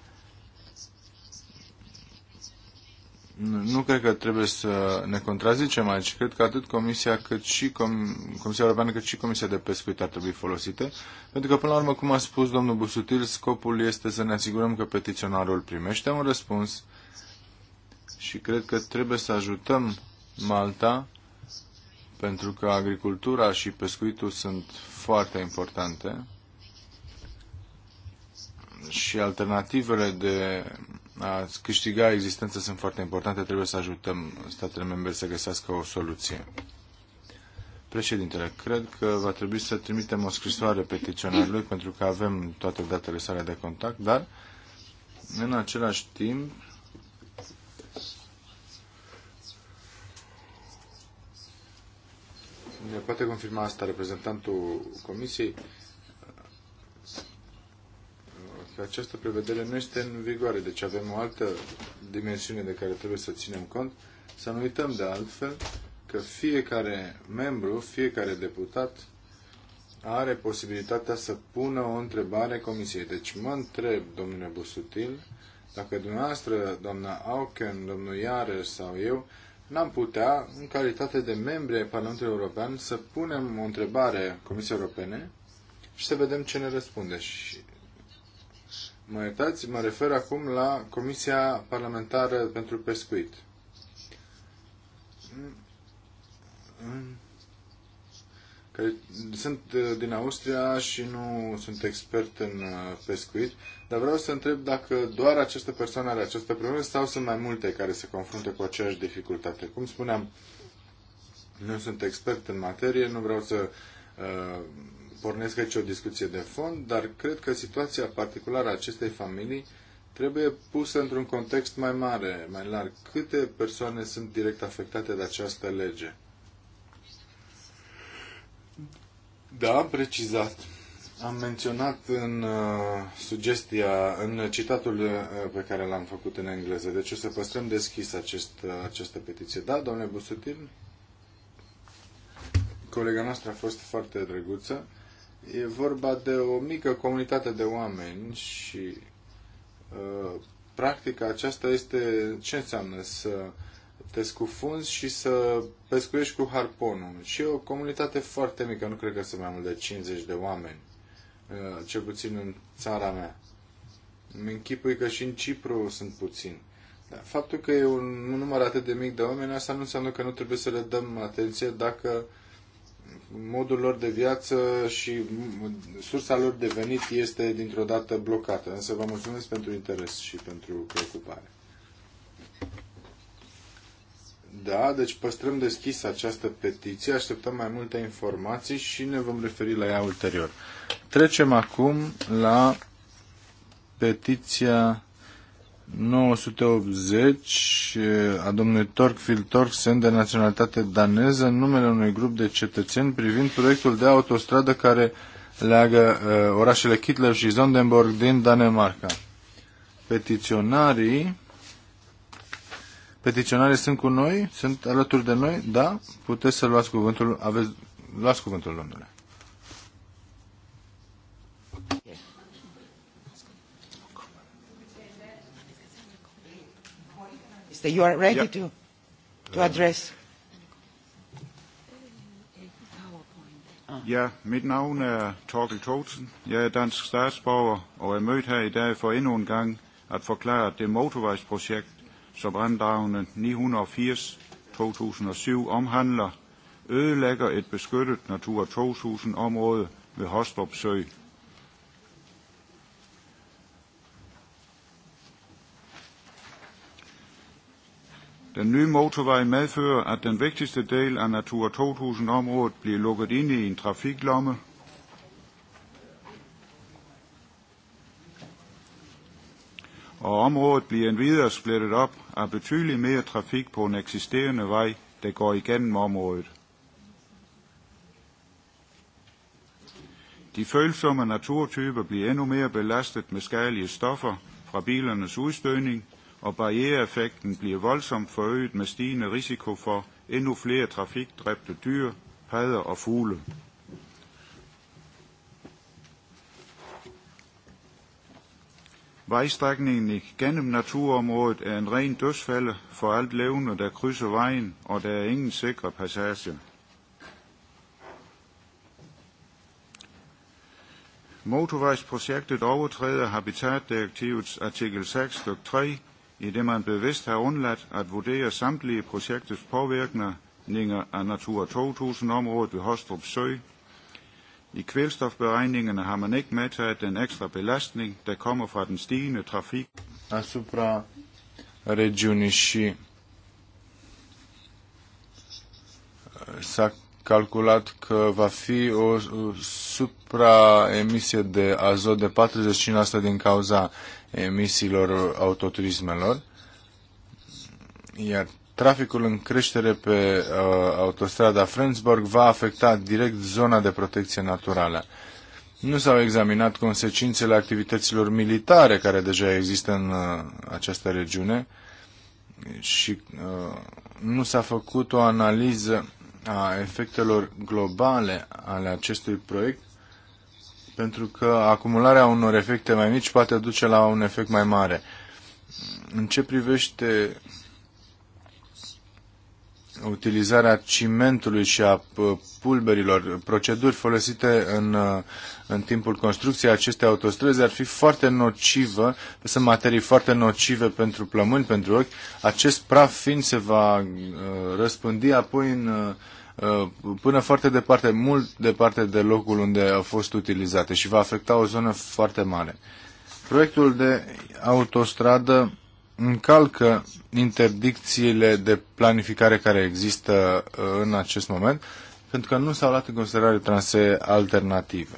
Nu cred că trebuie să ne contrazicem aici. Cred că atât Comisia, cât și Com Comisia Europeană, cât și Comisia de Pescuit ar trebui folosite, pentru că, până la urmă, cum a spus domnul Busutil, scopul este să ne asigurăm că petiționarul primește un răspuns și cred că trebuie să ajutăm Malta pentru că agricultura și pescuitul sunt foarte importante și alternativele de a câștiga existență sunt foarte importante. Trebuie să ajutăm statele membre să găsească o soluție. Președintele, cred că va trebui să trimitem o scrisoare petiționarului pentru că avem toate datele sale de contact, dar în același timp ne poate confirma asta reprezentantul Comisiei, că această prevedere nu este în vigoare, deci avem o altă dimensiune de care trebuie să ținem cont. Să nu uităm de altfel că fiecare membru, fiecare deputat are posibilitatea să pună o întrebare comisiei. Deci mă întreb, domnule Busutil, dacă dumneavoastră, doamna Auken, domnul Iară sau eu, n-am putea, în calitate de membre ai Parlamentului European, să punem o întrebare Comisiei Europene și să vedem ce ne răspunde. Și mă iertați, mă refer acum la Comisia Parlamentară pentru Pescuit care sunt uh, din Austria și nu sunt expert în uh, pescuit, dar vreau să întreb dacă doar această persoană are această problemă sau sunt mai multe care se confruntă cu aceeași dificultate. Cum spuneam, nu sunt expert în materie, nu vreau să uh, pornesc aici o discuție de fond, dar cred că situația particulară a acestei familii trebuie pusă într-un context mai mare, mai larg. Câte persoane sunt direct afectate de această lege? Da, am precizat. Am menționat în uh, sugestia, în citatul uh, pe care l-am făcut în engleză. Deci o să păstrăm deschis acest, uh, această petiție. Da, domnule Busutin? Colega noastră a fost foarte drăguță. E vorba de o mică comunitate de oameni și uh, practica aceasta este ce înseamnă să uh, te scufunzi și să pescuiești cu harponul. Și e o comunitate foarte mică, nu cred că sunt mai mult de 50 de oameni, uh, cel puțin în țara mea. Îmi închipui că și în Cipru sunt puțini. Dar faptul că e un număr atât de mic de oameni, asta nu înseamnă că nu trebuie să le dăm atenție dacă modul lor de viață și sursa lor de venit este dintr-o dată blocată. Însă vă mulțumesc pentru interes și pentru preocupare. Da, deci păstrăm deschis această petiție, așteptăm mai multe informații și ne vom referi la ea ulterior. Trecem acum la petiția 980 eh, a domnului Torkfield Torksen de naționalitate daneză în numele unui grup de cetățeni privind proiectul de autostradă care leagă uh, orașele Kittler și Zondenborg din Danemarca. Petiționarii Petiționare sunt cu noi? Sunt alături de noi? Da? Puteți să luați cuvântul. Aveți... Luați cuvântul, domnule. You are ready yeah. to, to address. Ja, mit navn er Torkel Thorsen. Jeg er dansk statsborger og er mødt her i dag for endnu en gang at forklare det motorvejsprojekt, som branddragende 980 2007 omhandler, ødelægger et beskyttet Natura 2000 område ved Hostrup Sø. Den nye motorvej medfører, at den vigtigste del af Natura 2000-området bliver lukket ind i en trafiklomme og området bliver en videre splittet op af betydeligt mere trafik på en eksisterende vej, der går igennem området. De følsomme naturtyper bliver endnu mere belastet med skadelige stoffer fra bilernes udstødning, og barriereeffekten bliver voldsomt forøget med stigende risiko for endnu flere trafikdræbte dyr, padder og fugle. Vejstrækningen gennem naturområdet er en ren dødsfælde for alt levende, der krydser vejen, og der er ingen sikre passager. Motorvejsprojektet overtræder Habitatdirektivets artikel 6 stk. 3, i det man bevidst har undladt at vurdere samtlige projektets påvirkninger af Natur 2000-området ved Hostrup Sø I kvælstofberegningerne har man ikke medtaget den ekstra belastning, der kommer fra den stigende trafik. Asupra regiunii și uh, s-a calculat că va fi o supraemisie de azot de 45% din cauza emisiilor autoturismelor, iar traficul în creștere pe uh, autostrada Frensburg va afecta direct zona de protecție naturală. Nu s-au examinat consecințele activităților militare care deja există în uh, această regiune și uh, nu s-a făcut o analiză a efectelor globale ale acestui proiect pentru că acumularea unor efecte mai mici poate duce la un efect mai mare. În ce privește utilizarea cimentului și a pulberilor, proceduri folosite în, în timpul construcției acestei autostrăzi ar fi foarte nocivă, sunt materii foarte nocive pentru plămâni, pentru ochi. Acest praf fiind se va uh, răspândi apoi în, uh, până foarte departe, mult departe de locul unde au fost utilizate și va afecta o zonă foarte mare. Proiectul de autostradă încalcă interdicțiile de planificare care există uh, în acest moment, pentru că nu s-au luat în considerare transee alternative.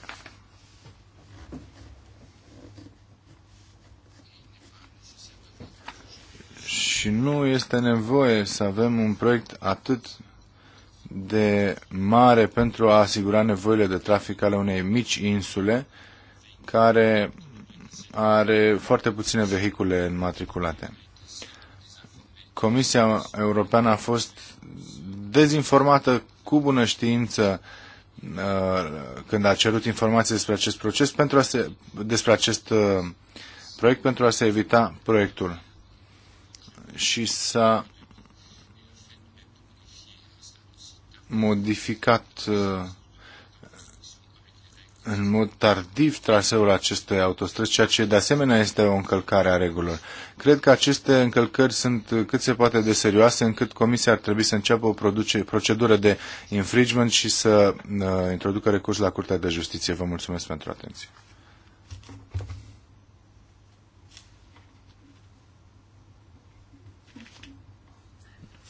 Și nu este nevoie să avem un proiect atât de mare pentru a asigura nevoile de trafic ale unei mici insule, care are foarte puține vehicule înmatriculate. Comisia Europeană a fost dezinformată cu bună știință uh, când a cerut informații despre acest proces, pentru a se, despre acest uh, proiect, pentru a se evita proiectul. Și s-a modificat uh, în mod tardiv traseul acestei autostrăzi, ceea ce de asemenea este o încălcare a regulilor. Cred că aceste încălcări sunt cât se poate de serioase, încât Comisia ar trebui să înceapă o produce, procedură de infringement și să uh, introducă recurs la Curtea de Justiție. Vă mulțumesc pentru atenție.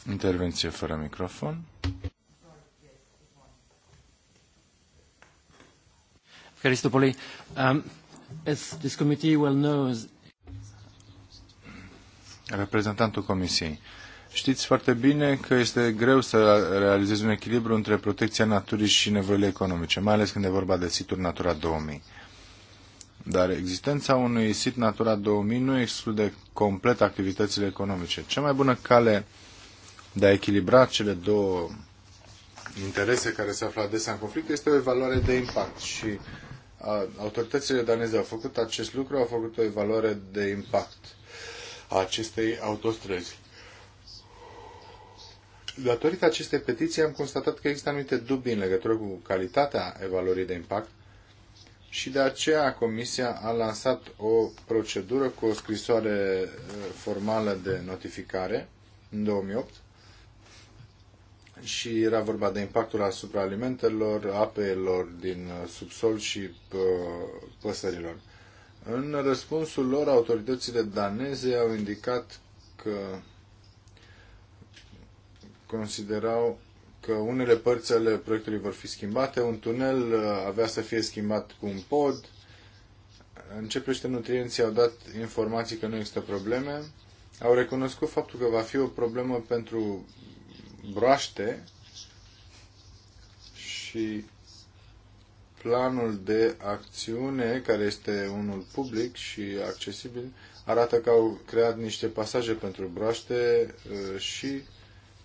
Intervenție fără microfon. Christopoli, Um, as this committee well knows... Reprezentantul Comisiei. Știți foarte bine că este greu să realizezi un echilibru între protecția naturii și nevoile economice, mai ales când e vorba de situri Natura 2000. Dar existența unui sit Natura 2000 nu exclude complet activitățile economice. Cea mai bună cale de a echilibra cele două interese care se află adesea în conflict este o evaluare de impact și autoritățile daneze au făcut acest lucru, au făcut o evaluare de impact a acestei autostrăzi. Datorită acestei petiții am constatat că există anumite dubii în legătură cu calitatea evaluării de impact și de aceea Comisia a lansat o procedură cu o scrisoare formală de notificare în 2008 și era vorba de impactul asupra alimentelor, apelor din uh, subsol și uh, păsărilor. În răspunsul lor, autoritățile daneze au indicat că considerau că unele părți ale proiectului vor fi schimbate, un tunel uh, avea să fie schimbat cu un pod, în ce privește nutrienții au dat informații că nu există probleme, au recunoscut faptul că va fi o problemă pentru broaște și planul de acțiune, care este unul public și accesibil, arată că au creat niște pasaje pentru broaște uh, și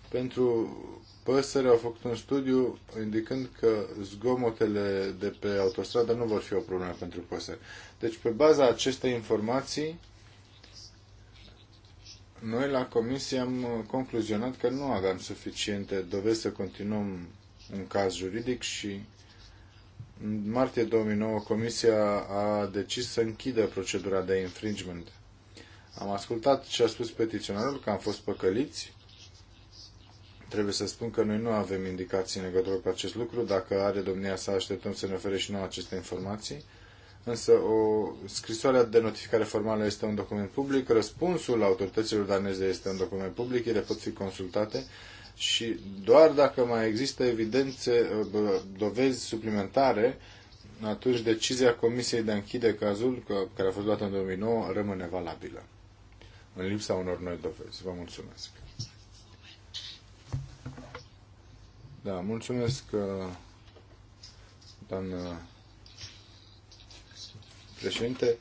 pentru păsări au făcut un studiu indicând că zgomotele de pe autostradă nu vor fi o problemă pentru păsări. Deci, pe baza acestei informații, noi la comisie am uh, concluzionat că nu aveam suficiente dovezi să continuăm un caz juridic și în martie 2009 comisia a decis să închidă procedura de infringement. Am ascultat ce a spus petiționarul că am fost păcăliți. Trebuie să spun că noi nu avem indicații în legătură cu acest lucru. Dacă are domnia sa, așteptăm să ne ofere și nouă aceste informații însă o scrisoare de notificare formală este un document public, răspunsul autorităților daneze este un document public, ele pot fi consultate și doar dacă mai există evidențe, uh, dovezi suplimentare, atunci decizia Comisiei de a închide cazul, care a fost luată în 2009, rămâne valabilă. În lipsa unor noi dovezi. Vă mulțumesc. Da, mulțumesc, uh, doamnă președinte.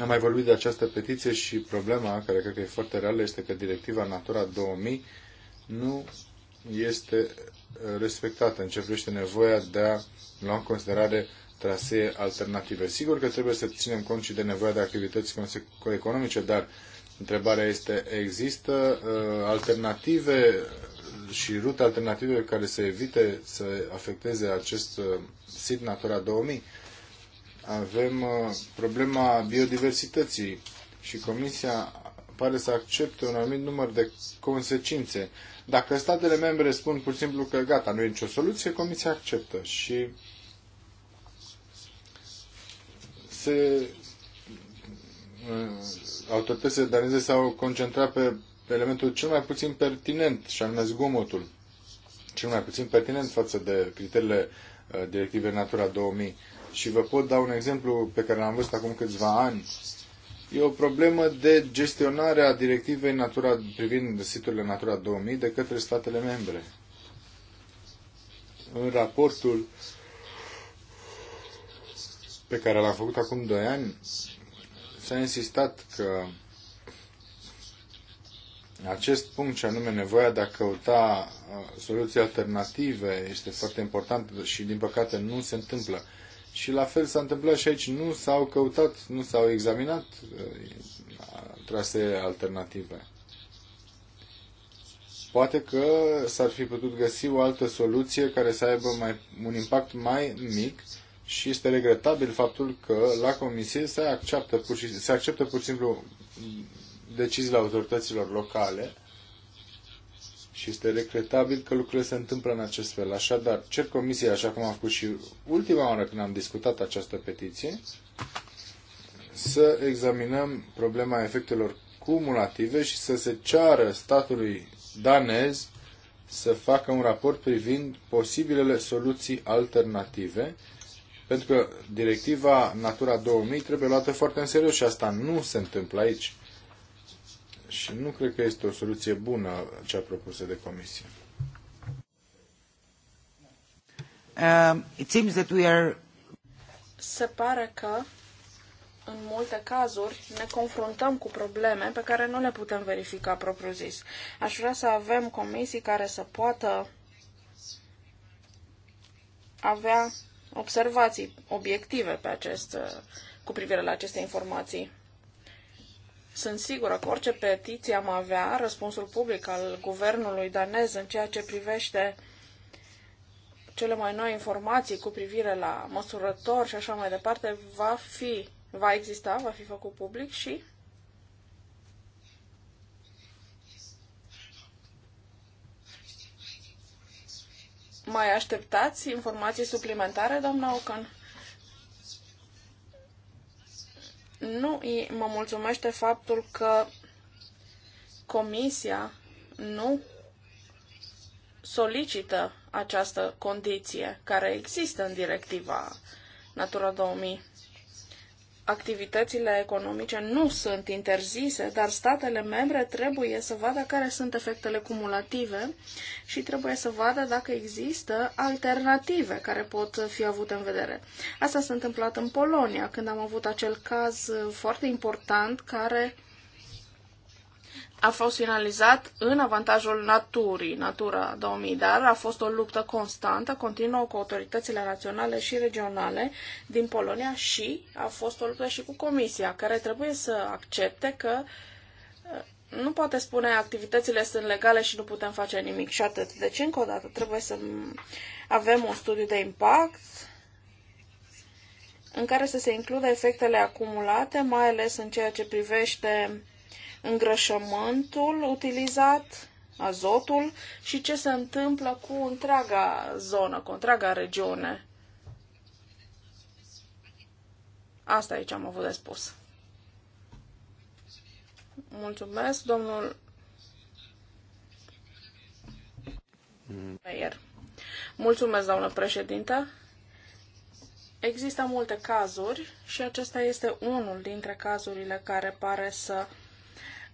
Am mai vorbit de această petiție și problema, care cred că e foarte reală, este că directiva Natura 2000 nu este uh, respectată în ce privește nevoia de a lua în considerare trasee alternative. Sigur că trebuie să ținem cont și de nevoia de activități economice, dar întrebarea este, există uh, alternative și rute alternative care să evite să afecteze acest uh, sit Natura 2000. Avem uh, problema biodiversității și Comisia pare să accepte un anumit număr de consecințe. Dacă statele membre spun pur și simplu că gata, nu e nicio soluție, Comisia acceptă și se uh, autoritățile daneze s-au concentrat pe elementul cel mai puțin pertinent, și anume zgomotul, cel mai puțin pertinent față de criteriile uh, directivei Natura 2000. Și vă pot da un exemplu pe care l-am văzut acum câțiva ani. E o problemă de gestionare a directivei Natura, privind siturile Natura 2000 de către statele membre. În raportul pe care l-am făcut acum 2 ani, s-a insistat că acest punct, ce anume nevoia de a căuta uh, soluții alternative, este foarte important și, din păcate, nu se întâmplă. Și la fel s-a întâmplat și aici, nu s-au căutat, nu s-au examinat uh, trasee alternative. Poate că s-ar fi putut găsi o altă soluție care să aibă mai, un impact mai mic și este regretabil faptul că la comisie se acceptă pur și, se acceptă pur și simplu deciziile autorităților locale și este regretabil că lucrurile se întâmplă în acest fel. Așadar, cer comisiei, așa cum am făcut și ultima oară când am discutat această petiție, să examinăm problema efectelor cumulative și să se ceară statului danez să facă un raport privind posibilele soluții alternative, pentru că directiva Natura 2000 trebuie luată foarte în serios și asta nu se întâmplă aici. Și nu cred că este o soluție bună cea propusă de comisie. Uh, it seems that we are... Se pare că în multe cazuri ne confruntăm cu probleme pe care nu le putem verifica propriu-zis. Aș vrea să avem comisii care să poată avea observații obiective pe acest, cu privire la aceste informații. Sunt sigură că orice petiție am avea, răspunsul public al guvernului danez în ceea ce privește cele mai noi informații cu privire la măsurători și așa mai departe, va fi, va exista, va fi făcut public și Mai așteptați informații suplimentare, doamna Ocan? Nu mă mulțumește faptul că Comisia nu solicită această condiție care există în directiva Natura 2000 activitățile economice nu sunt interzise, dar statele membre trebuie să vadă care sunt efectele cumulative și trebuie să vadă dacă există alternative care pot fi avute în vedere. Asta s-a întâmplat în Polonia, când am avut acel caz foarte important care a fost finalizat în avantajul naturii, Natura 2000, dar a fost o luptă constantă, continuă cu autoritățile naționale și regionale din Polonia și a fost o luptă și cu Comisia, care trebuie să accepte că uh, nu poate spune activitățile sunt legale și nu putem face nimic și atât. Deci, încă o dată, trebuie să avem un studiu de impact în care să se includă efectele acumulate, mai ales în ceea ce privește îngrășământul utilizat, azotul și ce se întâmplă cu întreaga zonă, cu întreaga regiune. Asta aici am avut de spus. Mulțumesc, domnul Meier. Mulțumesc, doamnă președintă. Există multe cazuri și acesta este unul dintre cazurile care pare să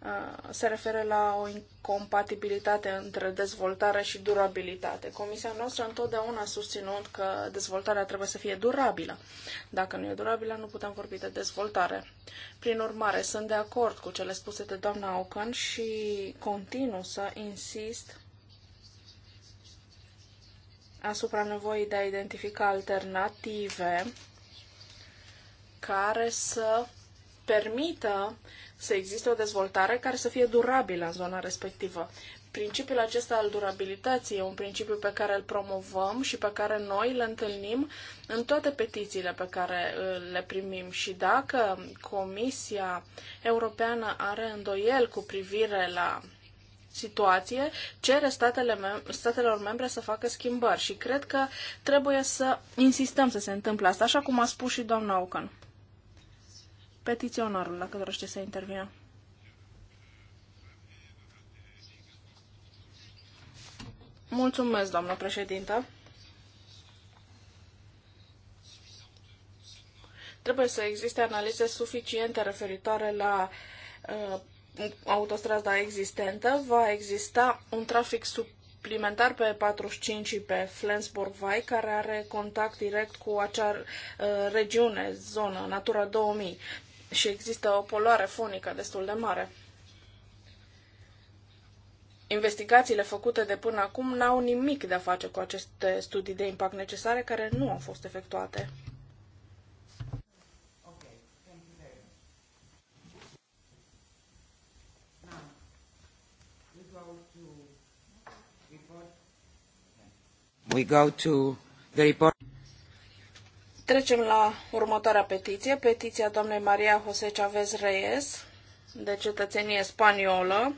Uh, se referă la o incompatibilitate între dezvoltare și durabilitate. Comisia noastră întotdeauna a susținut că dezvoltarea trebuie să fie durabilă. Dacă nu e durabilă, nu putem vorbi de dezvoltare. Prin urmare, sunt de acord cu cele spuse de doamna Aucan și continu să insist asupra nevoii de a identifica alternative care să permită să existe o dezvoltare care să fie durabilă în zona respectivă. Principiul acesta al durabilității e un principiu pe care îl promovăm și pe care noi îl întâlnim în toate petițiile pe care uh, le primim. Și dacă Comisia Europeană are îndoiel cu privire la situație, cere statele mem- statelor membre să facă schimbări și cred că trebuie să insistăm să se întâmple asta, așa cum a spus și doamna Aucan petiționarul, dacă dorește să intervină. Mulțumesc, doamnă președintă. Trebuie să existe analize suficiente referitoare la uh, autostrada existentă. Va exista un trafic sub suplimentar pe 45 și pe Flensburg-Vai, care are contact direct cu acea uh, regiune, zonă, Natura 2000 și există o poluare fonică destul de mare. Investigațiile făcute de până acum n-au nimic de a face cu aceste studii de impact necesare care nu au fost efectuate. We go to the report. Trecem la următoarea petiție, petiția doamnei Maria José Chavez Reyes, de cetățenie spaniolă,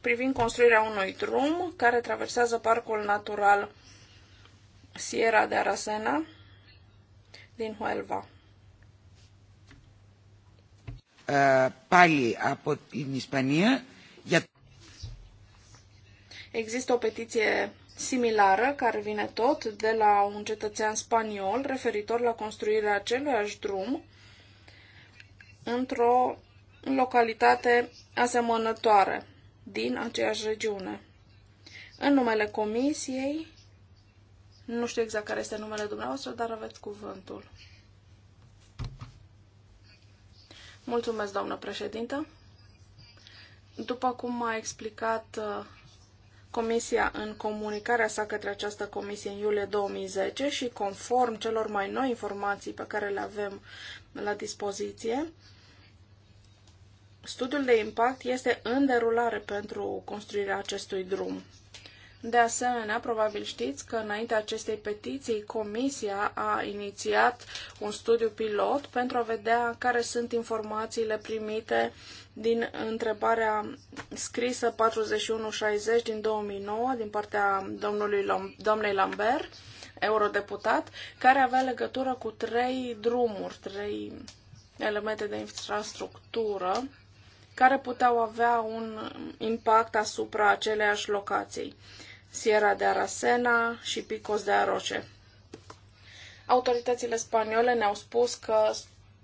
privind construirea unui drum care traversează parcul natural Sierra de Aracena din Huelva. Uh, pali από την Ισπανία για Există o petiție similară care vine tot de la un cetățean spaniol referitor la construirea aceluiași drum într-o localitate asemănătoare din aceeași regiune. În numele comisiei, nu știu exact care este numele dumneavoastră, dar aveți cuvântul. Mulțumesc, doamnă președintă. După cum a explicat uh, Comisia în comunicarea sa către această comisie în iulie 2010 și conform celor mai noi informații pe care le avem la dispoziție, studiul de impact este în derulare pentru construirea acestui drum. De asemenea, probabil știți că înaintea acestei petiții, Comisia a inițiat un studiu pilot pentru a vedea care sunt informațiile primite din întrebarea scrisă 4160 din 2009 din partea domnului domnei Lambert, eurodeputat, care avea legătură cu trei drumuri, trei elemente de infrastructură care puteau avea un impact asupra aceleiași locații. Sierra de Arasena și Picos de Aroce. Autoritățile spaniole ne-au spus că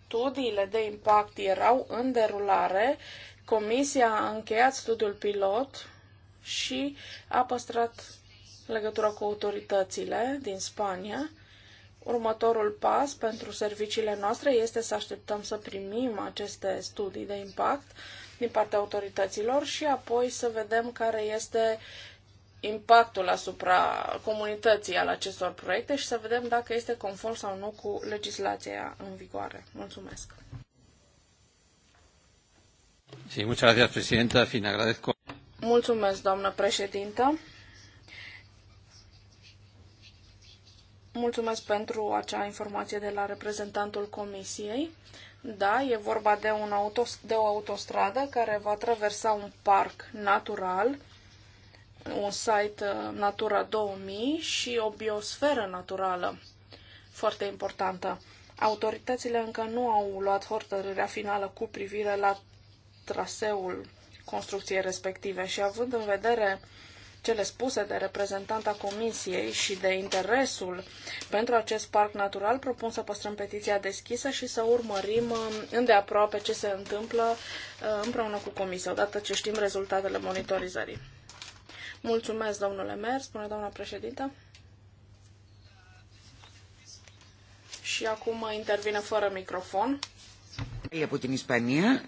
studiile de impact erau în derulare, comisia a încheiat studiul pilot și a păstrat legătura cu autoritățile din Spania. Următorul pas pentru serviciile noastre este să așteptăm să primim aceste studii de impact din partea autorităților și apoi să vedem care este impactul asupra comunității al acestor proiecte și să vedem dacă este conform sau nu cu legislația în vigoare. Mulțumesc. Sí, muchas gracias, Presidenta. Fin, agradezco. Mulțumesc, doamnă președintă. Mulțumesc pentru acea informație de la reprezentantul Comisiei. Da, e vorba de, un autos, de o autostradă care va traversa un parc natural un site uh, Natura 2000 și o biosferă naturală foarte importantă. Autoritățile încă nu au luat hotărârea finală cu privire la traseul construcției respective și având în vedere cele spuse de reprezentanta Comisiei și de interesul pentru acest parc natural, propun să păstrăm petiția deschisă și să urmărim uh, îndeaproape ce se întâmplă uh, împreună cu Comisia, odată ce știm rezultatele monitorizării. Mulțumesc, domnule Mer, spune doamna președintă. Și acum intervine fără microfon. Από putin Ισπανία,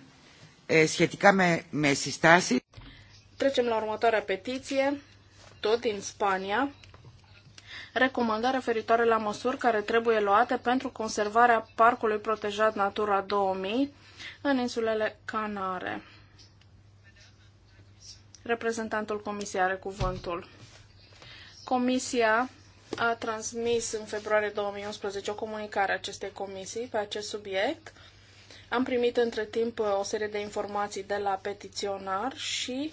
σχετικά me, με Trecem la următoarea petiție, tot din Spania, Recomandare referitoare la măsuri care trebuie luate pentru conservarea Parcului Protejat Natura 2000 în insulele Canare. Reprezentantul Comisiei are cuvântul. Comisia a transmis în februarie 2011 o comunicare acestei comisii pe acest subiect. Am primit între timp o serie de informații de la petiționar și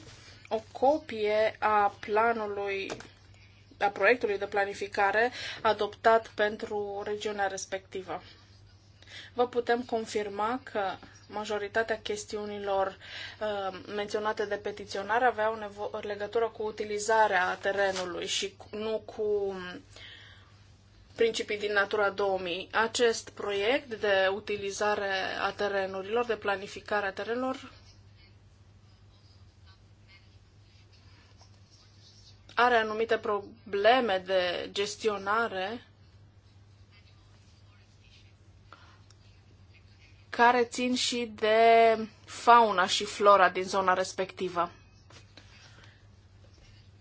o copie a planului a proiectului de planificare adoptat pentru regiunea respectivă vă putem confirma că majoritatea chestiunilor uh, menționate de petiționar aveau nevo- legătură cu utilizarea terenului și nu cu um, principii din Natura 2000. Acest proiect de utilizare a terenurilor, de planificare a terenurilor, are anumite probleme de gestionare care țin și de fauna și flora din zona respectivă.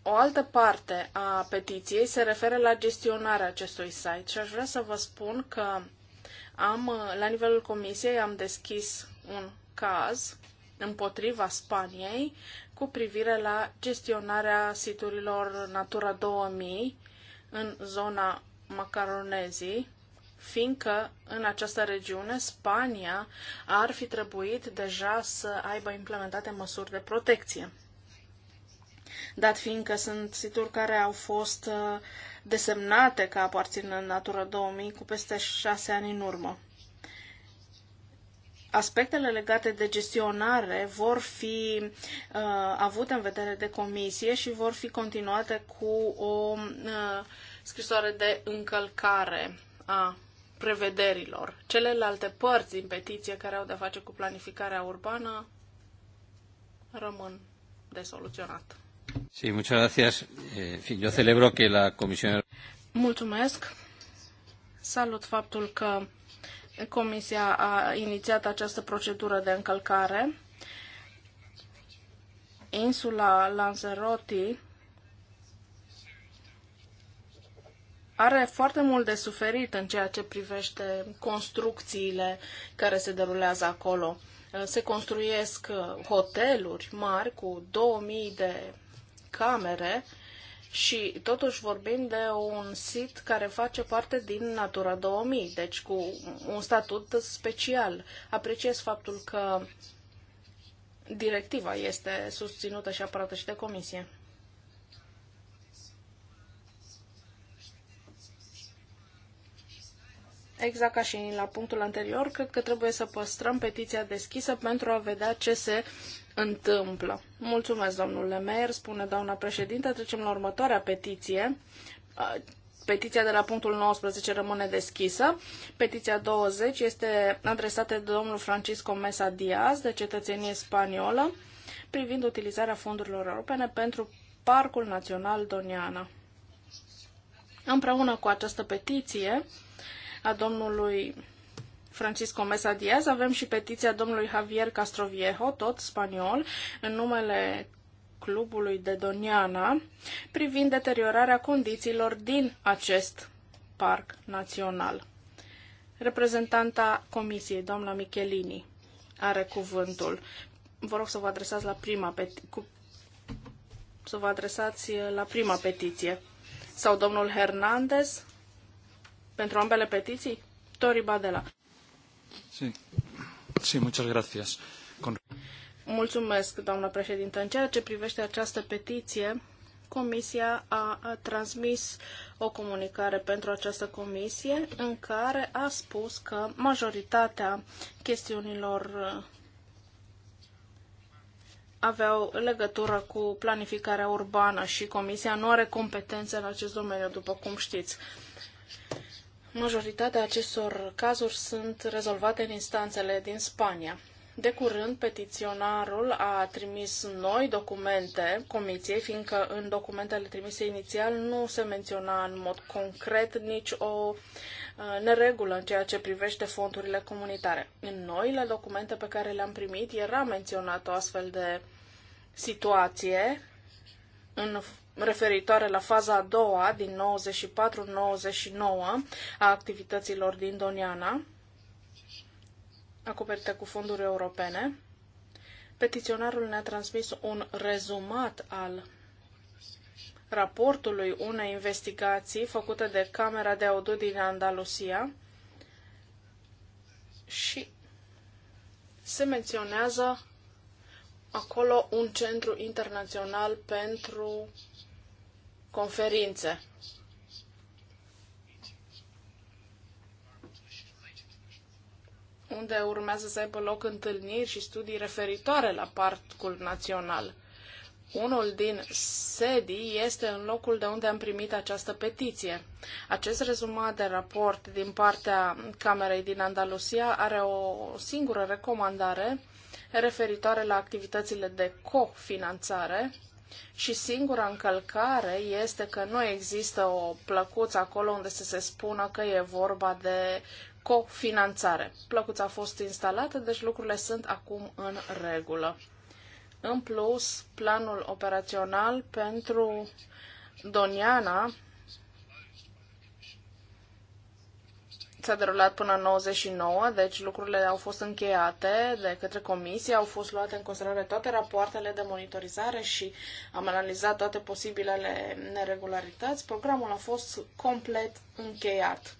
O altă parte a petiției se referă la gestionarea acestui site și aș vrea să vă spun că am, la nivelul comisiei am deschis un caz împotriva Spaniei cu privire la gestionarea siturilor Natura 2000 în zona Macaronezii, fiindcă în această regiune Spania ar fi trebuit deja să aibă implementate măsuri de protecție. Dat fiindcă sunt situri care au fost uh, desemnate ca în Natura 2000 cu peste șase ani în urmă. Aspectele legate de gestionare vor fi uh, avute în vedere de comisie și vor fi continuate cu o uh, scrisoare de încălcare a prevederilor. Celelalte părți din petiție care au de-a face cu planificarea urbană rămân de soluționat. Sí, muchas gracias. Eh, fin, yo celebro que la Comisión... Mulțumesc. Salut faptul că Comisia a inițiat această procedură de încălcare. Insula Lanzarote are foarte mult de suferit în ceea ce privește construcțiile care se derulează acolo. Uh, se construiesc uh, hoteluri mari cu 2000 de camere și totuși vorbim de un sit care face parte din Natura 2000, deci cu un statut special. Apreciez faptul că directiva este susținută și apărată și de comisie. exact ca și la punctul anterior, cred că trebuie să păstrăm petiția deschisă pentru a vedea ce se întâmplă. Mulțumesc, domnule Meier, spune doamna președintă. Trecem la următoarea petiție. Petiția de la punctul 19 rămâne deschisă. Petiția 20 este adresată de domnul Francisco Mesa Diaz, de cetățenie spaniolă, privind utilizarea fondurilor europene pentru Parcul Național Doniana. Împreună cu această petiție, a domnului Francisco Mesa Diaz, avem și petiția domnului Javier Castroviejo, tot spaniol, în numele clubului de Doniana, privind deteriorarea condițiilor din acest parc național. Reprezentanta comisiei, doamna Michelini, are cuvântul. Vă rog să vă adresați la prima peti- cu... să vă adresați la prima petiție. Sau domnul Hernandez, pentru ambele petiții? Tori Badela. Sí. Sí, muchas gracias. Con... Mulțumesc, doamna președintă. În ceea ce privește această petiție, Comisia a, a transmis o comunicare pentru această comisie în care a spus că majoritatea chestiunilor uh, aveau legătură cu planificarea urbană și Comisia nu are competențe în acest domeniu, după cum știți. Majoritatea acestor cazuri sunt rezolvate în instanțele din Spania. De curând, petiționarul a trimis noi documente comisiei, fiindcă în documentele trimise inițial nu se menționa în mod concret nici o uh, neregulă în ceea ce privește fondurile comunitare. În noile documente pe care le-am primit era menționată o astfel de situație în referitoare la faza a doua din 94-99 a activităților din Doniana, acoperite cu fonduri europene. Petiționarul ne-a transmis un rezumat al raportului unei investigații făcute de Camera de Audit din Andalusia și se menționează acolo un centru internațional pentru conferințe. unde urmează să aibă loc întâlniri și studii referitoare la parcul național. Unul din sedii este în locul de unde am primit această petiție. Acest rezumat de raport din partea Camerei din Andalusia are o singură recomandare referitoare la activitățile de cofinanțare și singura încălcare este că nu există o plăcuță acolo unde să se spună că e vorba de cofinanțare. Plăcuța a fost instalată, deci lucrurile sunt acum în regulă. În plus, planul operațional pentru Doniana s-a derulat până în 99, deci lucrurile au fost încheiate de către comisie, au fost luate în considerare toate rapoartele de monitorizare și am analizat toate posibilele neregularități. Programul a fost complet încheiat.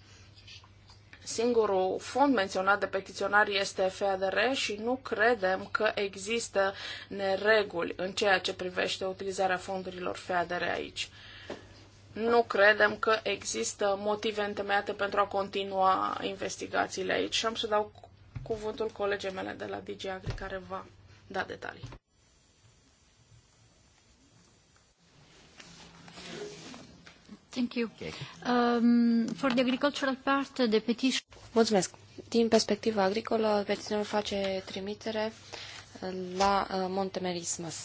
Singurul fond menționat de petiționari este FADR și nu credem că există nereguli în ceea ce privește utilizarea fondurilor FADR aici nu credem că există motive întemeiate pentru a continua investigațiile aici și am să dau cuvântul colegii mele de la DG Agri care va da detalii. Thank you. Um, for the agricultural part, the petition... Mulțumesc. Din perspectiva agricolă, petiționul face trimitere la uh, Montemerismus.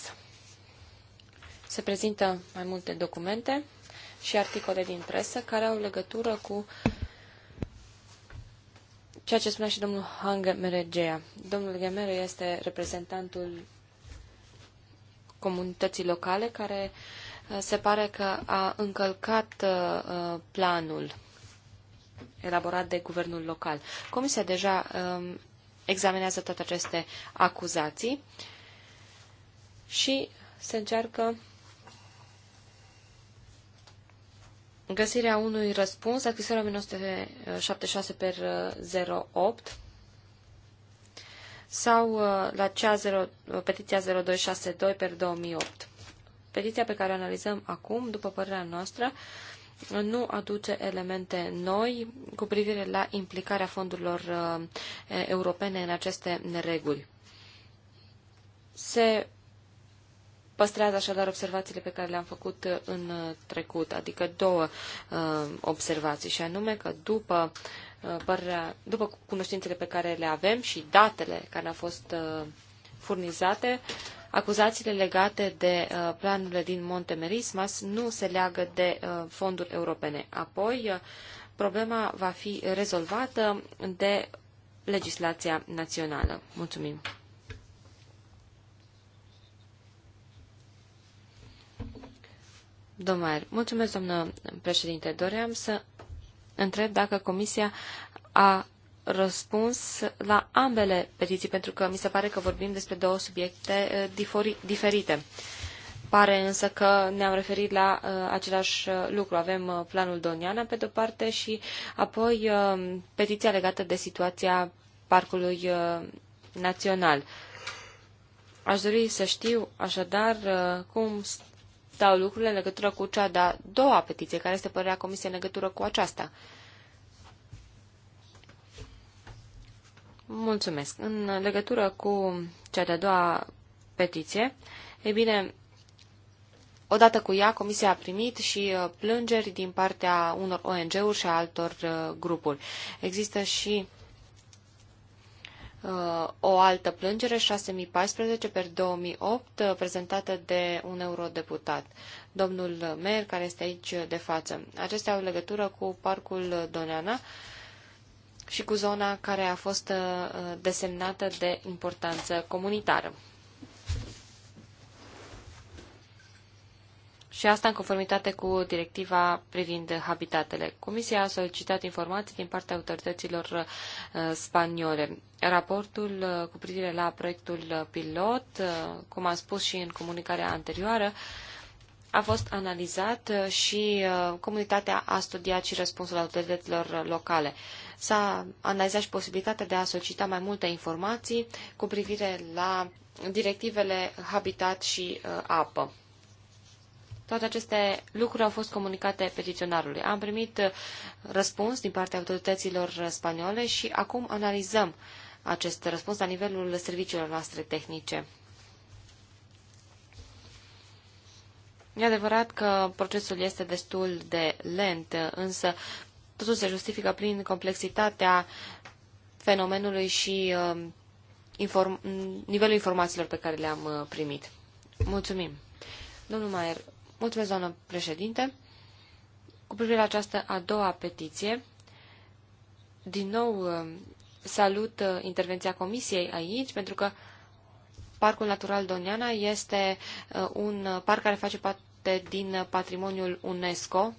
Se prezintă mai multe documente și articole din presă care au legătură cu ceea ce spunea și domnul Hange Meregea. Domnul Gemere este reprezentantul comunității locale care uh, se pare că a încălcat uh, planul elaborat de guvernul local. Comisia deja um, examinează toate aceste acuzații și se încearcă găsirea unui răspuns scrisoarea 1976 per 08 uh, sau uh, la cea 0, uh, petiția 0262 per 2008. Petiția pe care o analizăm acum, după părerea noastră, nu aduce elemente noi cu privire la implicarea fondurilor europene în aceste nereguli. Se Păstrează așadar observațiile pe care le-am făcut uh, în uh, trecut, adică două uh, observații, și anume că după, părerea, după cunoștințele pe care le avem și datele care au fost furnizate, acuzațiile legate de planurile din Montemerismas nu se leagă de fonduri europene. Apoi, problema va fi rezolvată de legislația națională. Mulțumim! Domnule Mulțumesc, doamnă președinte. Doream să întreb dacă Comisia a răspuns la ambele petiții, pentru că mi se pare că vorbim despre două subiecte eh, diferite. Pare însă că ne-am referit la uh, același eh, lucru. Avem uh, planul Doniana pe de-o parte și apoi uh, petiția legată de situația parcului uh, național. Aș dori să știu așadar uh, cum stau lucrurile în legătură cu cea de-a doua petiție, care este părerea Comisiei în legătură cu aceasta. Mulțumesc. În legătură cu cea de-a doua petiție, e bine, odată cu ea, Comisia a primit și uh, plângeri din partea unor ONG-uri și a altor uh, grupuri. Există și Uh, o altă plângere, 6014 per 2008, uh, prezentată de un eurodeputat, domnul Mer, care este aici de față. Acestea au legătură cu parcul Doneana și cu zona care a fost uh, desemnată de importanță comunitară. și asta în conformitate cu directiva privind habitatele. Comisia a solicitat informații din partea autorităților uh, spaniole. Raportul uh, cu privire la proiectul pilot, uh, cum am spus și în comunicarea anterioară, a fost analizat și comunitatea a studiat și răspunsul autorităților locale. S-a analizat și posibilitatea de a solicita mai multe informații cu privire la directivele habitat și apă. Toate aceste lucruri au fost comunicate petiționarului. Am primit uh, răspuns din partea autorităților spaniole și acum analizăm acest răspuns la nivelul serviciilor noastre tehnice. E adevărat că procesul este destul de lent, însă totul se justifică prin complexitatea fenomenului și uh, inform nivelul informațiilor pe care le-am uh, primit. Mulțumim! Domnul Maier, Mulțumesc, doamnă președinte. Cu privire la această a doua petiție, din nou uh, salut uh, intervenția Comisiei aici, pentru că Parcul Natural Doniana este uh, un parc care face parte din patrimoniul UNESCO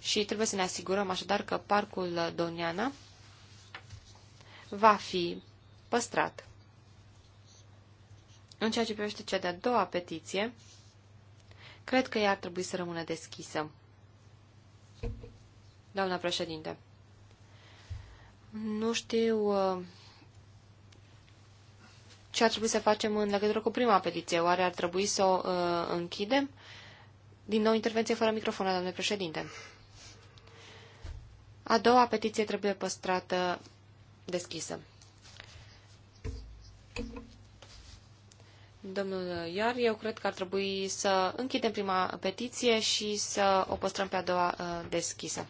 și trebuie să ne asigurăm așadar că Parcul Doniana va fi păstrat. În ceea ce privește cea de-a doua petiție, Cred că ea ar trebui să rămână deschisă. Doamna președinte, nu știu uh, ce ar trebui să facem în legătură cu prima petiție. Oare ar trebui să o uh, închidem? Din nou intervenție fără microfon, doamne președinte. A doua petiție trebuie păstrată deschisă. Domnul Iar, eu cred că ar trebui să închidem prima petiție și să o păstrăm pe a doua uh, deschisă.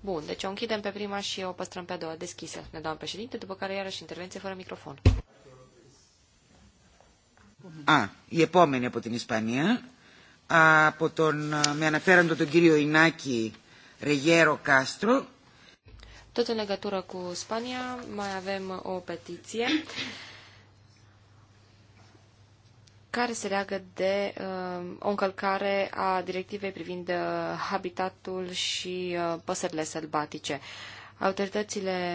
Bun, deci o închidem pe prima și o păstrăm pe a doua deschisă, ne doamnă președinte, după care iarăși intervenție fără microfon. Α, η επόμενη από την Ισπανία, από τον, με αναφέροντο τον κύριο Ινάκη Ρεγέρο Κάστρο. Tot în legătură cu Spania, mai avem o petiție care se leagă de uh, o încălcare a directivei privind uh, habitatul și uh, păsările sălbatice. Autoritățile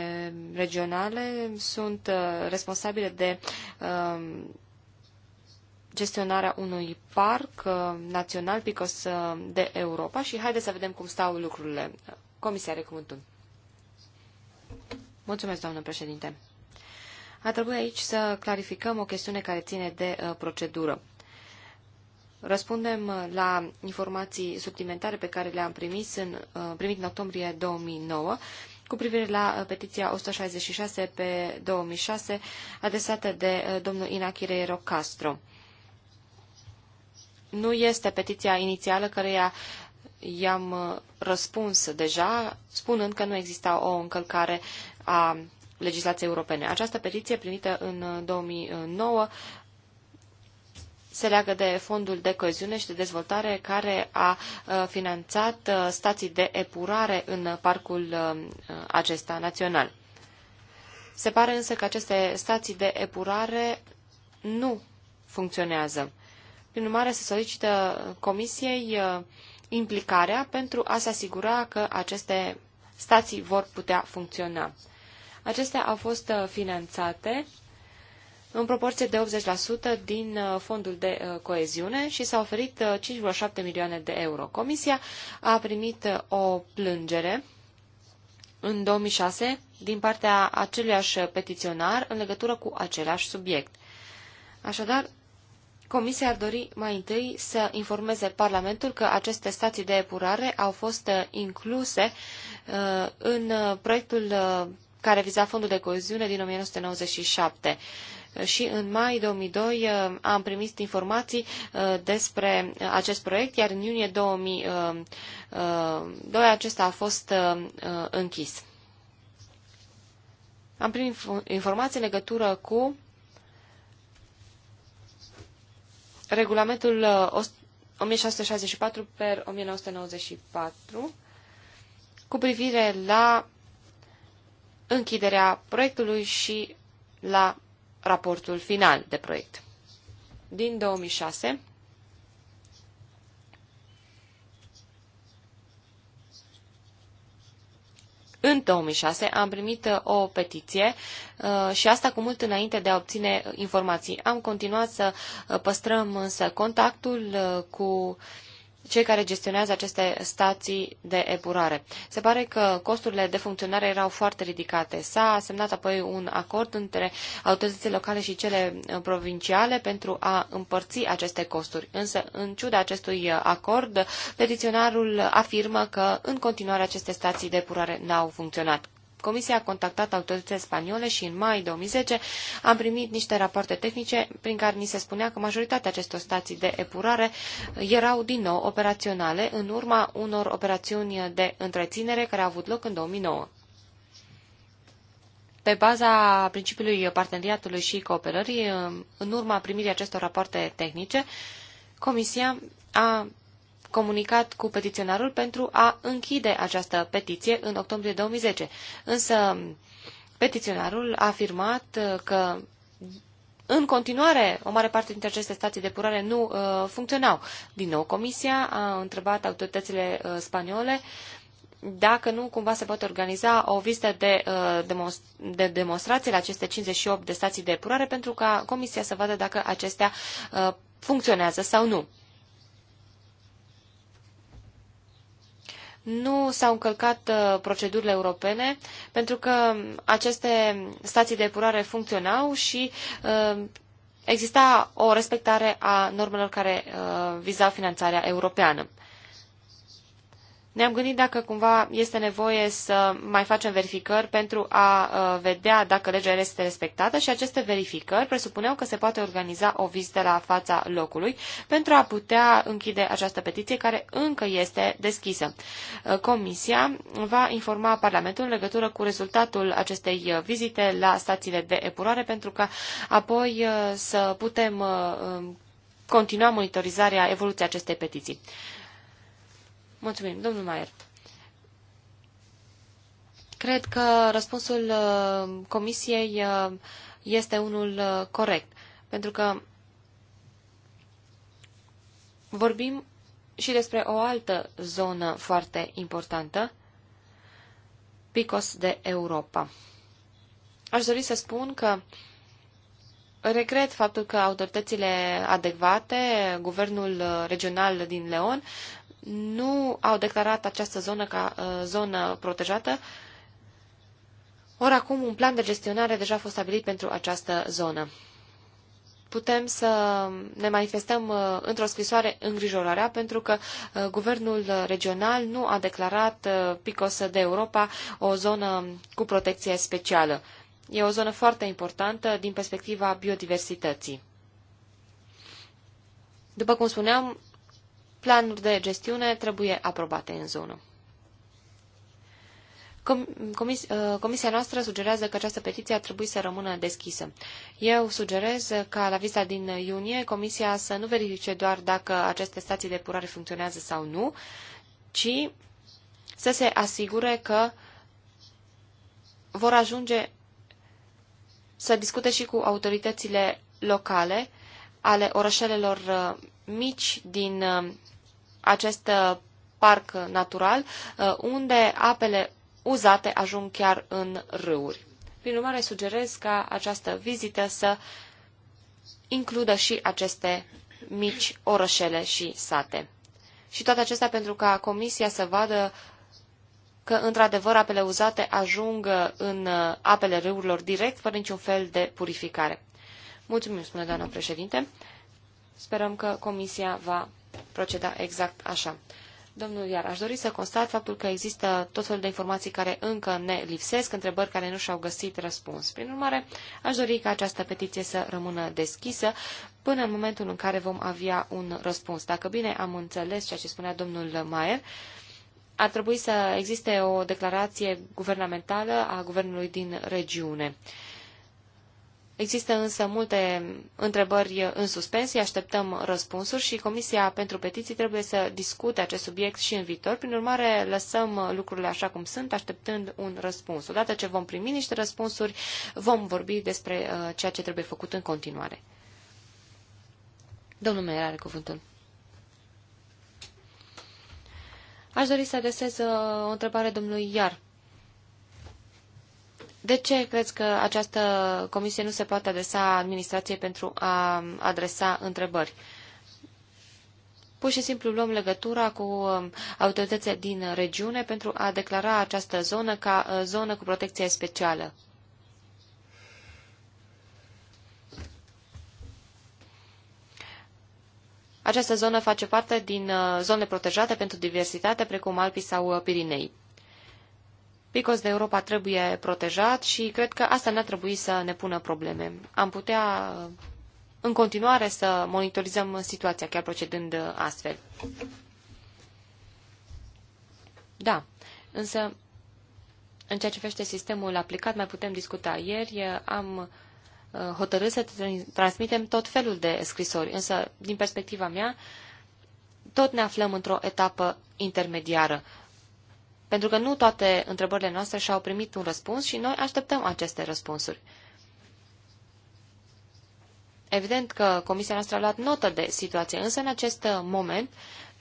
regionale sunt uh, responsabile de uh, gestionarea unui parc uh, național picos uh, de Europa și haideți să vedem cum stau lucrurile. Comisia are cuvântul. Mulțumesc, doamnă președinte. A trebuit aici să clarificăm o chestiune care ține de uh, procedură. Răspundem uh, la informații suplimentare pe care le-am primit în, uh, primit în octombrie 2009 cu privire la uh, petiția 166 pe 2006 adresată de uh, domnul Inachire Castro. Nu este petiția inițială căreia i-am răspuns deja, spunând că nu exista o încălcare a legislației europene. Această petiție primită în 2009 uh, se leagă de fondul de coeziune și de dezvoltare care a uh, finanțat uh, stații de epurare în parcul acesta național. Se pare însă că aceste stații de epurare nu funcționează. Prin urmare, se solicită Comisiei implicarea pentru a se asigura că aceste stații vor putea funcționa. Acestea au fost uh, finanțate în proporție de 80% din uh, fondul de uh, coeziune și s-a oferit 5,7 milioane de euro. Comisia a primit o plângere în 2006 din partea aceluiași petiționar în legătură cu același subiect. Așadar, Comisia ar dori mai întâi să informeze Parlamentul că aceste stații de epurare au fost incluse în proiectul care viza fondul de coeziune din 1997 și în mai 2002 uh, am primit informații uh, despre acest proiect, iar în iunie 2002 uh, acesta a fost închis. Am primit informații în legătură cu regulamentul 1664 per 1994 cu privire la închiderea proiectului și la raportul final de proiect. Din 2006, În 2006 am primit uh, o petiție uh, și asta cu mult înainte de a obține informații. Am continuat să uh, păstrăm însă contactul cu uh, cei care gestionează aceste stații de epurare. Se pare că costurile de funcționare erau foarte ridicate. S-a semnat apoi un acord între autoritățile locale și cele uh, provinciale pentru a împărți aceste costuri. Însă, în ciuda acestui uh, acord, petiționarul afirmă că în continuare aceste stații de epurare n-au funcționat. Comisia a contactat autoritățile spaniole și în mai 2010 am primit niște rapoarte tehnice prin care ni se spunea că majoritatea acestor stații de epurare erau din nou operaționale în urma unor operațiuni de întreținere care au avut loc în 2009. Pe baza principiului parteneriatului și cooperării, în urma primirii acestor rapoarte tehnice, Comisia a comunicat cu petiționarul pentru a închide această petiție în octombrie 2010. Însă petiționarul a afirmat uh, că în continuare, o mare parte dintre aceste stații de purare nu uh, funcționau. Din nou, Comisia a întrebat autoritățile uh, spaniole dacă nu cumva se poate organiza o vizită de, uh, demonst- de demonstrație la aceste 58 de stații de purare pentru ca Comisia să vadă dacă acestea uh, funcționează sau nu. nu s-au încălcat uh, procedurile europene, pentru că aceste stații de epurare funcționau și uh, exista o respectare a normelor care uh, viza finanțarea europeană. Ne-am gândit dacă cumva este nevoie să mai facem verificări pentru a uh, vedea dacă legea este respectată și aceste verificări presupuneau că se poate organiza o vizită la fața locului pentru a putea închide această petiție care încă este deschisă. Uh, comisia va informa Parlamentul în legătură cu rezultatul acestei uh, vizite la stațiile de epurare pentru ca apoi să putem um, continua monitorizarea evoluției acestei petiții. Mulțumim, domnul Maier. Cred că răspunsul uh, comisiei uh, este unul uh, corect, pentru că vorbim și despre o altă zonă foarte importantă, Picos de Europa. Aș dori să spun că regret faptul că autoritățile adecvate, guvernul regional din Leon, nu au declarat această zonă ca uh, zonă protejată, ori acum un plan de gestionare deja a fost stabilit pentru această zonă. Putem să ne manifestăm uh, într-o scrisoare îngrijorarea pentru că uh, guvernul regional nu a declarat uh, Picos de Europa o zonă cu protecție specială. E o zonă foarte importantă din perspectiva biodiversității. După cum spuneam, planuri de gestiune trebuie aprobate în zonă. Uh, comisia noastră sugerează că această petiție ar trebui să rămână deschisă. Eu sugerez ca la vizita din iunie Comisia să nu verifice doar dacă aceste stații de purare funcționează sau nu, ci să se asigure că vor ajunge să discute și cu autoritățile locale ale orășelelor uh, mici din uh, acest uh, parc natural, uh, unde apele uzate ajung chiar în râuri. Prin urmare, sugerez ca această vizită să includă și aceste mici orășele și sate. Și toate acestea pentru ca comisia să vadă că, într-adevăr, apele uzate ajung uh, în apele râurilor direct, fără niciun fel de purificare. Mulțumim, spune doamna președinte. Sperăm că comisia va proceda exact așa. Domnul Iar, aș dori să constat faptul că există tot felul de informații care încă ne lipsesc, întrebări care nu și-au găsit răspuns. Prin urmare, aș dori ca această petiție să rămână deschisă până în momentul în care vom avea un răspuns. Dacă bine am înțeles ceea ce spunea domnul Maier, ar trebui să existe o declarație guvernamentală a guvernului din regiune. Uh, Există însă multe întrebări în suspens îi așteptăm răspunsuri și Comisia pentru Petiții trebuie să discute acest subiect și în viitor. Prin urmare, lăsăm lucrurile așa cum sunt, așteptând un răspuns. Odată ce vom primi niște răspunsuri, vom vorbi despre uh, ceea ce trebuie făcut în continuare. Domnul Meier are cuvântul. Aș dori să adresez uh, o întrebare domnului Iar de ce crezi că această comisie nu se poate adresa administrației pentru a adresa întrebări? Pur și simplu luăm legătura cu um, autoritățile din regiune pentru a declara această zonă ca uh, zonă cu protecție specială. Această zonă face parte din uh, zone protejate pentru diversitate, precum Alpii sau uh, Pirinei. Picos de Europa trebuie protejat și cred că asta n-ar trebui să ne pună probleme. Am putea uh, în continuare să monitorizăm situația, chiar procedând uh, astfel. Da, însă în ceea ce privește sistemul aplicat, mai putem discuta. Ieri uh, am hotărât să transmitem tot felul de scrisori, însă, din perspectiva mea, tot ne aflăm într-o etapă intermediară. Pentru că nu toate întrebările noastre și-au primit un răspuns și noi așteptăm aceste răspunsuri. Evident că comisia noastră a luat notă de situație, însă în acest uh, moment,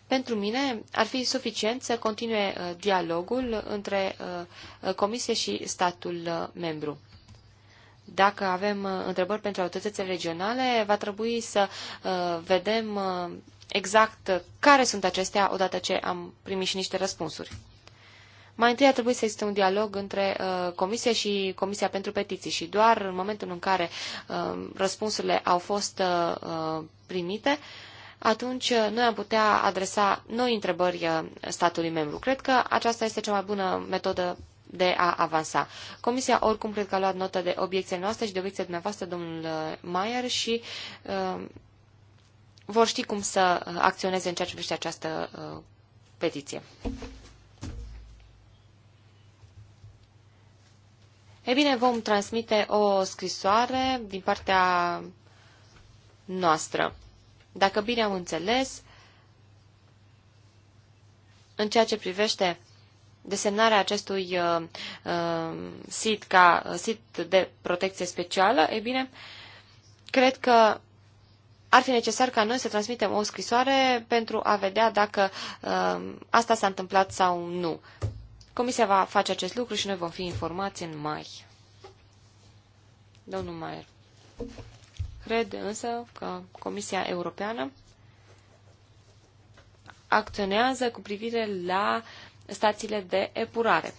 pentru mine, ar fi suficient să continue uh, dialogul între uh, comisie și statul membru. Dacă avem întrebări pentru autoritățile regionale, va trebui să vedem exact care sunt acestea odată ce am primit și niște răspunsuri. Mai întâi a trebuit să existe un dialog între uh, Comisie și Comisia pentru Petiții și doar în momentul în care uh, răspunsurile au fost uh, uh primite, atunci uh, noi am putea adresa noi întrebări uh, statului membru. Cred că aceasta este cea mai bună metodă de a avansa. Comisia oricum cred că a luat notă de obiecțiile noastre și de obiecțiile dumneavoastră, domnul Maier, și uh, vor ști cum să acționeze în ceea ce privește această uh, petiție. E bine, vom transmite o scrisoare din partea noastră. Dacă bine am înțeles, în ceea ce privește desemnarea acestui uh, uh, sit ca uh, sit de protecție specială, e bine, cred că ar fi necesar ca noi să transmitem o scrisoare pentru a vedea dacă uh, asta s-a întâmplat sau nu. Comisia va face acest lucru și noi vom fi informați în mai. Domnul Maier. Cred însă că Comisia Europeană acționează cu privire la stațiile de epurare.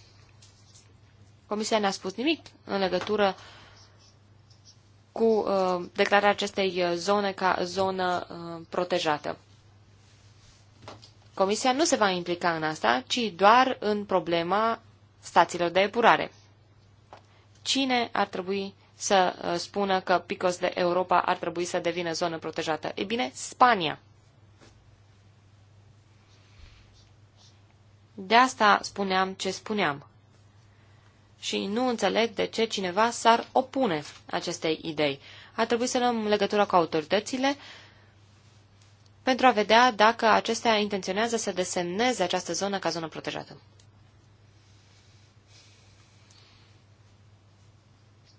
Comisia n-a spus nimic în legătură cu uh, declararea acestei zone ca zonă uh, protejată. Comisia nu se va implica în asta, ci doar în problema stațiilor de epurare. Cine ar trebui să uh, spună că Picos de Europa ar trebui să devină zonă protejată? E bine, Spania. De asta spuneam ce spuneam. Și nu înțeleg de ce cineva s-ar opune acestei idei. Ar trebui să luăm legătura cu autoritățile pentru a vedea dacă acestea intenționează să desemneze această zonă ca zonă protejată.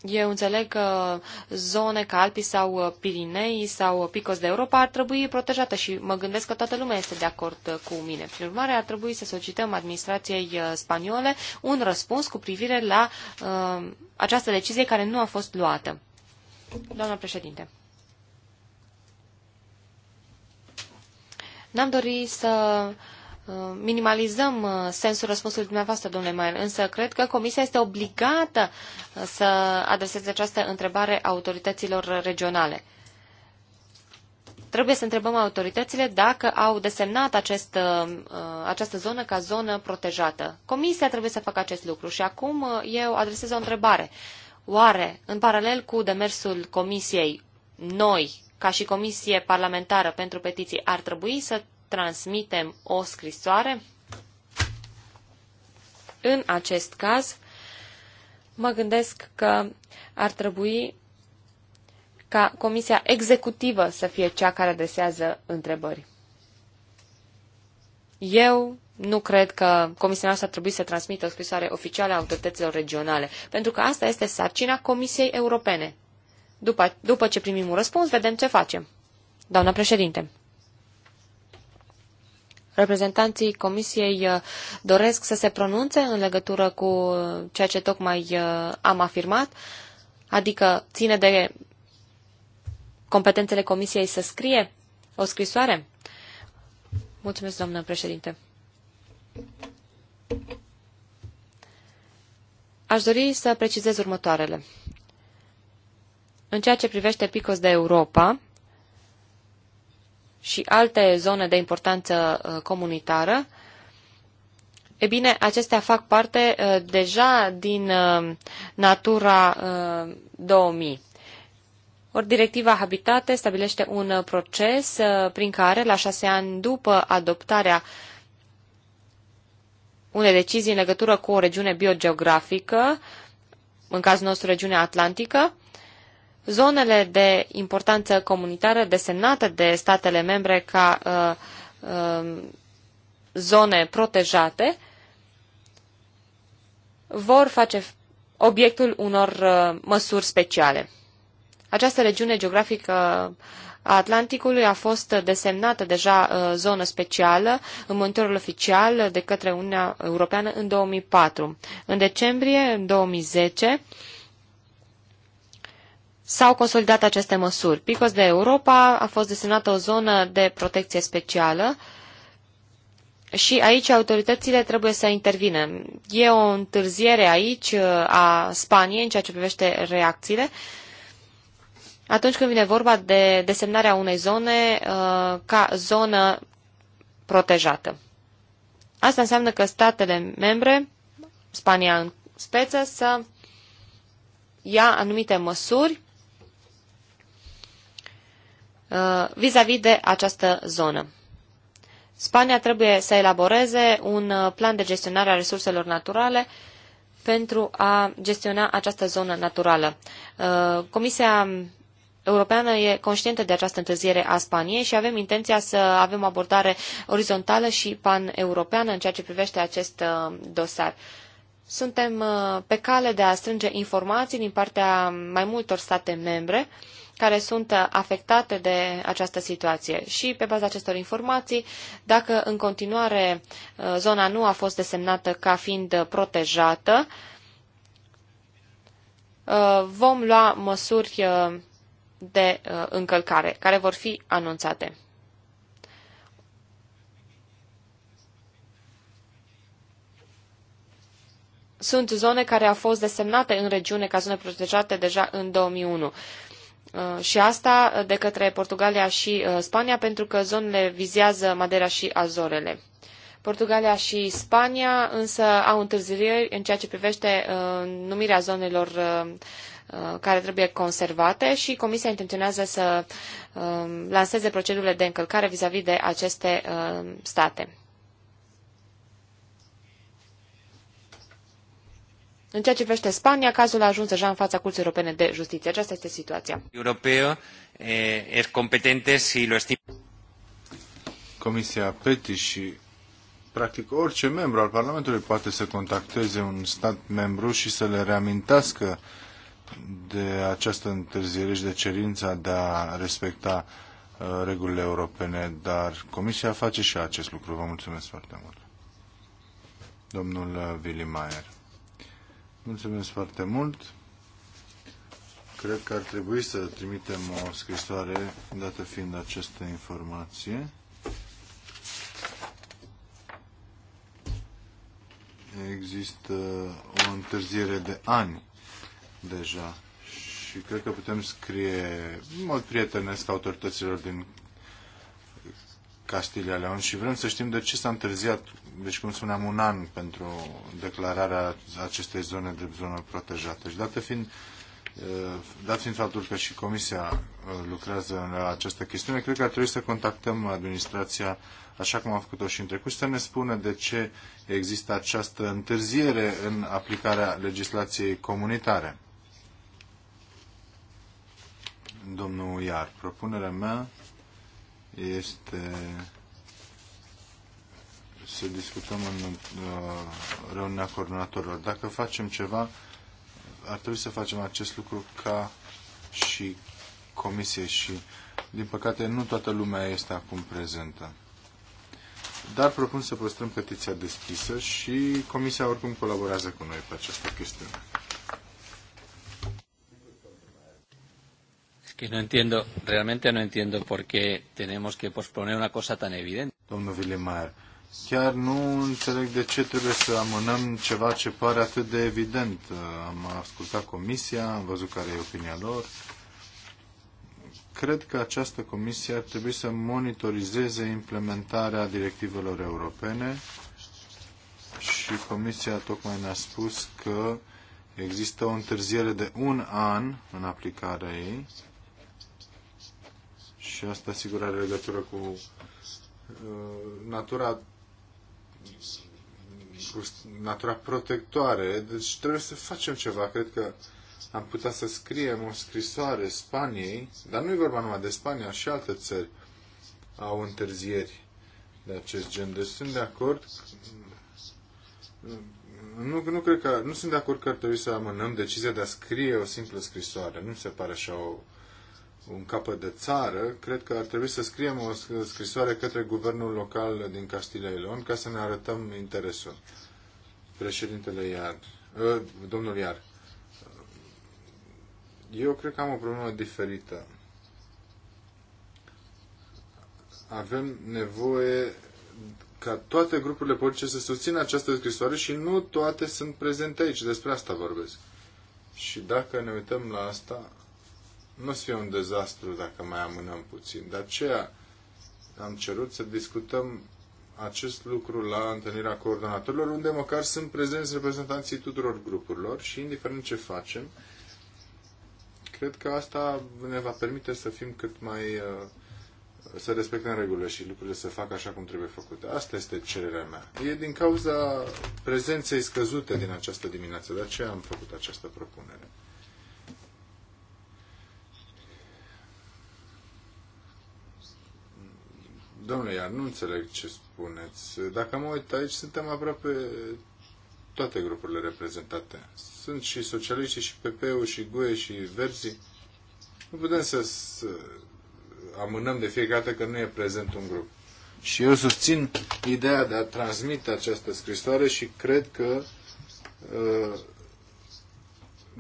Eu înțeleg că zone ca Alpii sau Pirinei sau Picos de Europa ar trebui protejate și mă gândesc că toată lumea este de acord cu mine. Prin urmare, ar trebui să solicităm administrației uh, spaniole un răspuns cu privire la uh, această decizie care nu a fost luată. Doamna președinte. N-am dorit să uh, minimalizăm uh, sensul răspunsului dumneavoastră, domnule Maier, însă cred că Comisia este obligată uh, să adreseze această întrebare autorităților regionale. Trebuie să întrebăm autoritățile dacă au desemnat acest, această zonă ca zonă protejată. Comisia trebuie să facă acest lucru și acum eu adresez o întrebare. Oare, în paralel cu demersul Comisiei, noi, ca și Comisie Parlamentară pentru Petiții, ar trebui să transmitem o scrisoare? În acest caz, mă gândesc că ar trebui ca Comisia Executivă să fie cea care adresează întrebări. Eu nu cred că Comisia noastră ar trebui să transmită o scrisoare oficială a autorităților regionale, pentru că asta este sarcina Comisiei Europene. După, după ce primim un răspuns, vedem ce facem. Doamna președinte, reprezentanții comisiei uh, doresc să se pronunțe în legătură cu ceea ce tocmai uh, am afirmat, adică ține de competențele comisiei să scrie o scrisoare? Mulțumesc, doamnă președinte. Aș dori să precizez următoarele. În ceea ce privește Picos de Europa și alte zone de importanță uh, comunitară, E bine, acestea fac parte uh, deja din uh, Natura 2000. Ori directiva Habitate stabilește un proces prin care, la șase ani după adoptarea unei decizii în legătură cu o regiune biogeografică, în cazul nostru regiunea atlantică, zonele de importanță comunitară desemnate de statele membre ca uh, uh, zone protejate vor face obiectul unor uh, măsuri speciale. Această regiune geografică a Atlanticului a fost desemnată deja uh, zonă specială în monitorul oficial de către Uniunea Europeană în 2004. În decembrie 2010, s-au consolidat aceste măsuri. Picos de Europa a fost desemnată o zonă de protecție specială și aici autoritățile trebuie să intervină. E o întârziere aici uh, a Spaniei în ceea ce privește reacțiile atunci când vine vorba de desemnarea unei zone uh, ca zonă protejată. Asta înseamnă că statele membre, Spania în speță, să ia anumite măsuri Uh, vis-a-vis -vis de această zonă. Spania trebuie să elaboreze un uh, plan de gestionare a resurselor naturale pentru a gestiona această zonă naturală. Uh, Comisia Europeană e conștientă de această întârziere a Spaniei și avem intenția să avem o abordare orizontală și pan-europeană în ceea ce privește acest dosar. Suntem pe cale de a strânge informații din partea mai multor state membre uh, care sunt afectate de această situație. Și pe baza acestor informații, dacă în continuare uh, zona nu a fost desemnată ca fiind protejată, uh, vom lua măsuri uh, de încălcare, care vor fi anunțate. Sunt zone care au fost desemnate în regiune ca zone protejate deja în 2001. Uh, și asta de către Portugalia și uh, Spania, pentru că zonele vizează Madeira și Azorele. Portugalia și Spania însă au întârzieri în ceea ce privește uh, numirea zonelor care trebuie conservate și Comisia intenționează să lanseze procedurile de încălcare vis-a-vis de aceste state. În ceea ce privește Spania, cazul a ajuns deja în fața Curții Europene de Justiție. Aceasta este situația. Europeo eh, es competente si lo estima. Comisia PETI și practic orice membru al Parlamentului poate să contacteze un stat membru și să le reamintească de această întârziere și de cerința de a respecta eh, regulile europene, dar Comisia face și acest lucru. Vă mulțumesc foarte mult. Domnul eh, Willy Maier. Mulțumesc foarte mult. Cred că ar trebui să trimitem o scrisoare, dată fiind această informație. Există o întârziere de ani deja și cred că putem scrie în mod prietenesc autorităților din Castilia Leon și vrem să știm de ce s-a întârziat deci cum spuneam, un an pentru declararea acestei zone de zonă protejată. Și dată fiind, eh, dat fiind faptul că și Comisia eh, lucrează la această chestiune, cred că ar trebui să contactăm administrația, așa cum am făcut-o și în trecut, să ne spună de ce există această întârziere în aplicarea legislației comunitare. Domnul Iar, propunerea mea este să discutăm în uh, reuniunea coordonatorilor. Dacă facem ceva, ar trebui să facem acest lucru ca și comisie și, din păcate, nu toată lumea este acum prezentă. Dar propun să păstrăm petiția deschisă și comisia oricum colaborează cu noi pe această chestiune. que no entiendo, realmente no entiendo por qué tenemos que posponer una cosa tan evidente. Domnul Villemeyer, Chiar nu înțeleg de ce trebuie să amânăm ceva ce pare atât de evident. Am ascultat comisia, am văzut care e opinia lor. Cred că această comisie ar trebui să monitorizeze implementarea directivelor europene și comisia tocmai ne-a spus că există o întârziere de un an în aplicarea ei și asta sigur are legătură cu uh, natura cu natura protectoare. Deci trebuie să facem ceva. Cred că am putea să scriem o scrisoare Spaniei, dar nu e vorba numai de Spania, și alte țări au întârzieri de acest gen. Deci sunt de acord. Nu, nu, cred că, nu sunt de acord că ar trebui să amânăm decizia de a scrie o simplă scrisoare. Nu mi se pare așa o un capăt de țară, cred că ar trebui să scriem o scrisoare către guvernul local din Castilia și Leon ca să ne arătăm interesul. Președintele Iar, ă, domnul Iar, eu cred că am o problemă diferită. Avem nevoie ca toate grupurile politice să susțină această scrisoare și nu toate sunt prezente aici. Despre asta vorbesc. Și dacă ne uităm la asta, nu o să fie un dezastru dacă mai amânăm puțin. De aceea am cerut să discutăm acest lucru la întâlnirea coordonatorilor, unde măcar sunt prezenți reprezentanții tuturor grupurilor și, indiferent ce facem, cred că asta ne va permite să fim cât mai uh, să respectăm regulile și lucrurile să facă așa cum trebuie făcute. Asta este cererea mea. E din cauza prezenței scăzute din această dimineață, de aceea am făcut această propunere. Domnule Iar, nu înțeleg ce spuneți. Dacă mă uit aici, suntem aproape toate grupurile reprezentate. Sunt și socialiștii, și PP-ul, și GUE, și Verzi. Nu putem să, să amânăm de fiecare dată că nu e prezent un grup. Și eu susțin ideea de a transmite această scrisoare și cred că uh,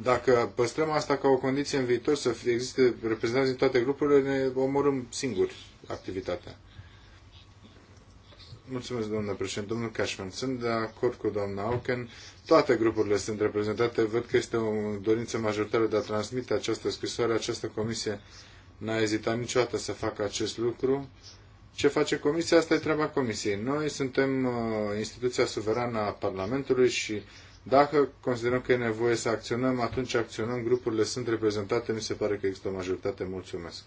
dacă păstrăm asta ca o condiție în viitor, să existe reprezentanți din toate grupurile, ne omorâm singuri activitatea. Mulțumesc, domnule președinte. Domnul Cashman, sunt de acord cu doamna Auken. Toate grupurile sunt reprezentate. Văd că este o dorință majoritară de a transmite această scrisoare. Această comisie n-a ezitat niciodată să facă acest lucru. Ce face comisia? Asta e treaba comisiei. Noi suntem uh, instituția suverană a Parlamentului și dacă considerăm că e nevoie să acționăm, atunci acționăm. Grupurile sunt reprezentate. Mi se pare că există o majoritate. Mulțumesc.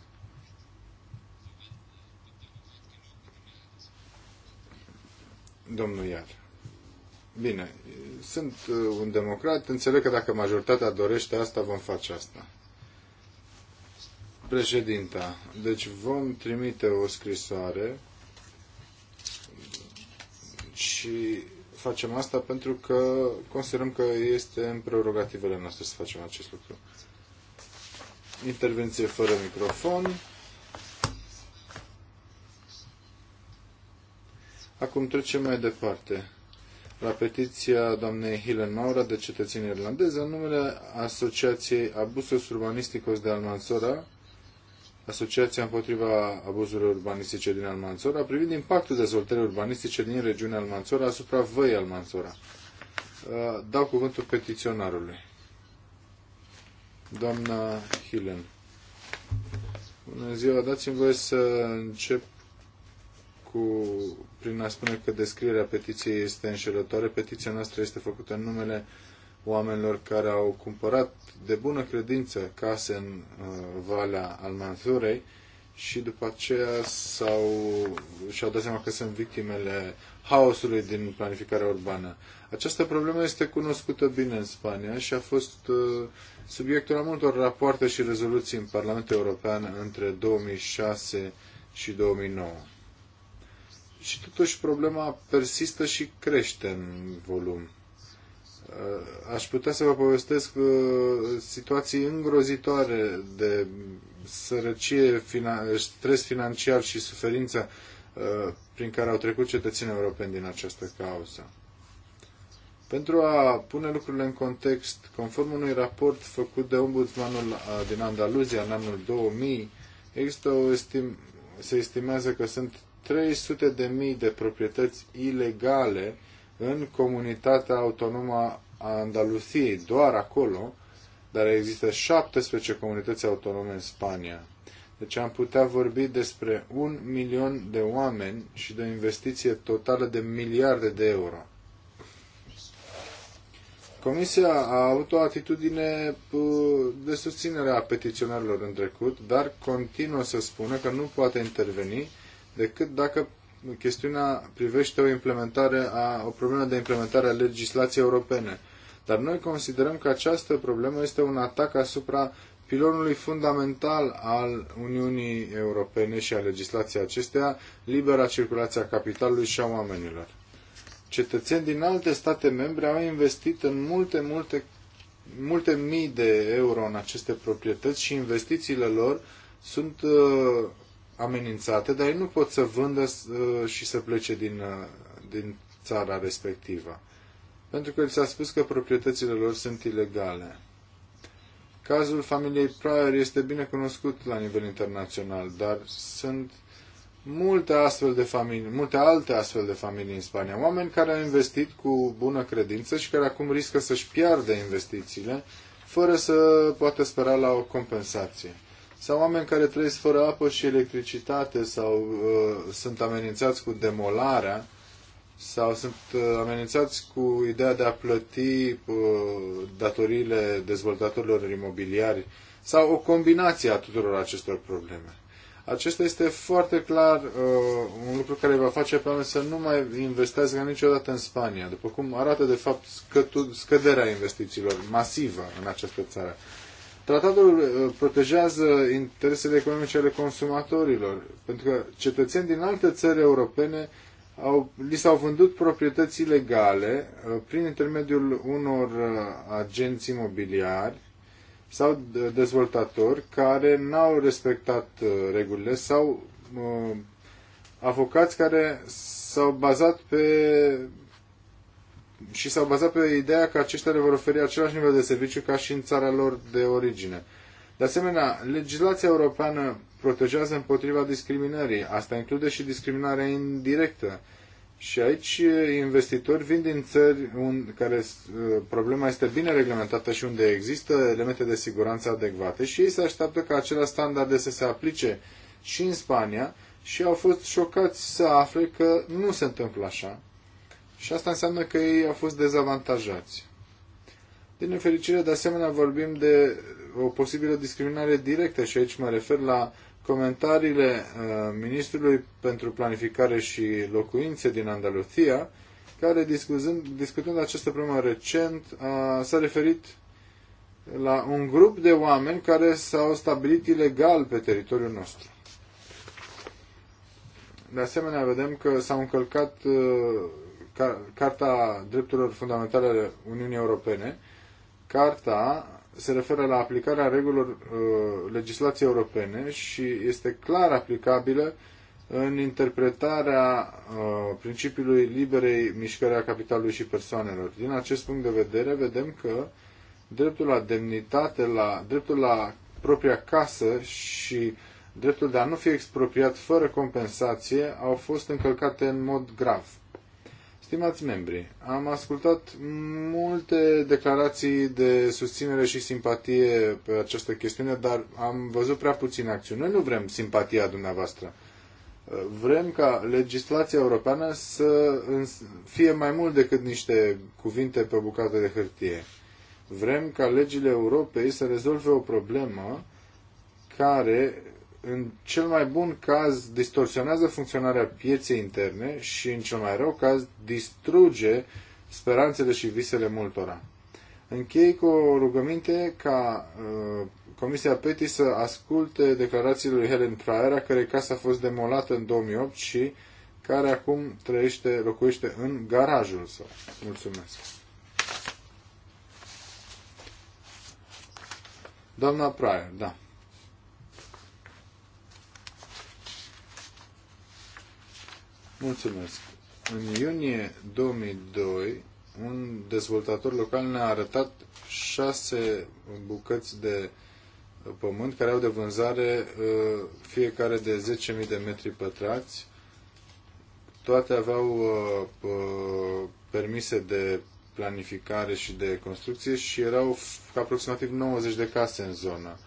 Domnul Iar. Bine, sunt uh, un democrat, înțeleg că dacă majoritatea dorește asta, vom face asta. Președinta, deci vom trimite o scrisoare și facem asta pentru că considerăm că este în prerogativele noastre să facem acest lucru. Intervenție fără microfon. Acum trecem mai departe la petiția doamnei Helen Maura de cetățenie irlandeză în numele Asociației Abusos Urbanisticos de Almanzora, Asociația împotriva abuzurilor urbanistice din Almanzora, privind impactul dezvoltării urbanistice din regiunea Almanzora asupra văii Almanzora. Uh, dau cuvântul petiționarului. Doamna Hilen. Bună ziua, dați-mi voie să încep cu prin a spune că descrierea petiției este înșelătoare. Petiția noastră este făcută în numele oamenilor care au cumpărat de bună credință case în uh, Valea Almanzurei și după aceea s-au, și-au dat seama că sunt victimele haosului din planificarea urbană. Această problemă este cunoscută bine în Spania și a fost uh, subiectul a multor rapoarte și rezoluții în Parlamentul European între 2006 și 2009 și totuși problema persistă și crește în volum. Uh, aș putea să vă povestesc uh, situații îngrozitoare de sărăcie, stres financiar și suferință uh, prin care au trecut cetățenii europeni din această cauză. Pentru a pune lucrurile în context, conform unui raport făcut de ombudsmanul din Andaluzia în anul 2000, există o estim- se estimează că sunt 300 de mii de proprietăți ilegale în comunitatea autonomă a Andalusiei, doar acolo, dar există 17 comunități autonome în Spania. Deci am putea vorbi despre un milion de oameni și de o investiție totală de miliarde de euro. Comisia a avut o atitudine de susținere a petiționarilor în trecut, dar continuă să spună că nu poate interveni decât dacă chestiunea privește o implementare a, o problemă de implementare a legislației europene. Dar noi considerăm că această problemă este un atac asupra pilonului fundamental al Uniunii Europene și a legislației acesteia, libera circulație a capitalului și a oamenilor. Cetățeni din alte state membre au investit în multe, multe, multe mii de euro în aceste proprietăți și investițiile lor sunt uh, amenințate, dar ei nu pot să vândă uh, și să plece din, uh, din țara respectivă. Pentru că li s-a spus că proprietățile lor sunt ilegale. Cazul familiei Pryor este bine cunoscut la nivel internațional, dar sunt multe astfel de familii, multe alte astfel de familii în Spania. Oameni care au investit cu bună credință și care acum riscă să-și piardă investițiile fără să poată spera la o compensație sau oameni care trăiesc fără apă și electricitate sau uh, sunt amenințați cu demolarea sau sunt uh, amenințați cu ideea de a plăti uh, datoriile dezvoltatorilor imobiliari sau o combinație a tuturor acestor probleme. Acesta este foarte clar uh, un lucru care va face pe oameni să nu mai investească niciodată în Spania, după cum arată de fapt scăderea investițiilor masivă în această țară. Tratatul uh, protejează interesele economice ale consumatorilor, pentru că cetățeni din alte țări europene au, li s-au vândut proprietăți ilegale uh, prin intermediul unor uh, agenți imobiliari sau dezvoltatori care n-au respectat regulile sau avocați care s-au bazat pe și s-au bazat pe ideea că aceștia le vor oferi același nivel de serviciu ca și în țara lor de origine. De asemenea, legislația europeană protejează împotriva discriminării. Asta include și discriminarea indirectă. Și aici eh, investitori vin din țări unde care eh, problema este bine reglementată și unde există elemente de siguranță adecvate și ei se așteaptă ca acelea standarde să se aplice și în Spania și au fost șocați să afle că nu se întâmplă așa și asta înseamnă că ei au fost dezavantajați. Din nefericire, de asemenea, vorbim de o posibilă discriminare directă și aici mă refer la comentariile uh, Ministrului pentru Planificare și Locuințe din Andaluzia, care discutând, discutând această problemă recent uh, s-a referit la un grup de oameni care s-au stabilit ilegal pe teritoriul nostru. De asemenea, vedem că s-au încălcat uh, Carta Drepturilor Fundamentale ale Uniunii Europene. Carta se referă la aplicarea regulilor uh, legislației europene și este clar aplicabilă în interpretarea uh, principiului liberei mișcări a capitalului și persoanelor. Din acest punct de vedere, vedem că dreptul la demnitate, la, dreptul la propria casă și dreptul de a nu fi expropriat fără compensație au fost încălcate în mod grav. Stimați membri, am ascultat multe declarații de susținere și simpatie pe această chestiune, dar am văzut prea puține acțiuni. Noi nu vrem simpatia dumneavoastră. Vrem ca legislația europeană să fie mai mult decât niște cuvinte pe o bucată de hârtie. Vrem ca legile Europei să rezolve o problemă care în cel mai bun caz distorsionează funcționarea pieței interne și în cel mai rău caz distruge speranțele și visele multora. Închei cu o rugăminte ca uh, Comisia PETI să asculte declarațiile lui Helen Praera, care casă a fost demolată în 2008 și care acum trăiește, locuiește în garajul său. Mulțumesc! Doamna Pryor, da. Mulțumesc. În iunie 2002, un dezvoltator local ne-a arătat șase bucăți de pământ care au de vânzare uh, fiecare de 10.000 de metri pătrați. Toate aveau uh, uh, permise de planificare și de construcție și erau aproximativ 90 de case în zonă.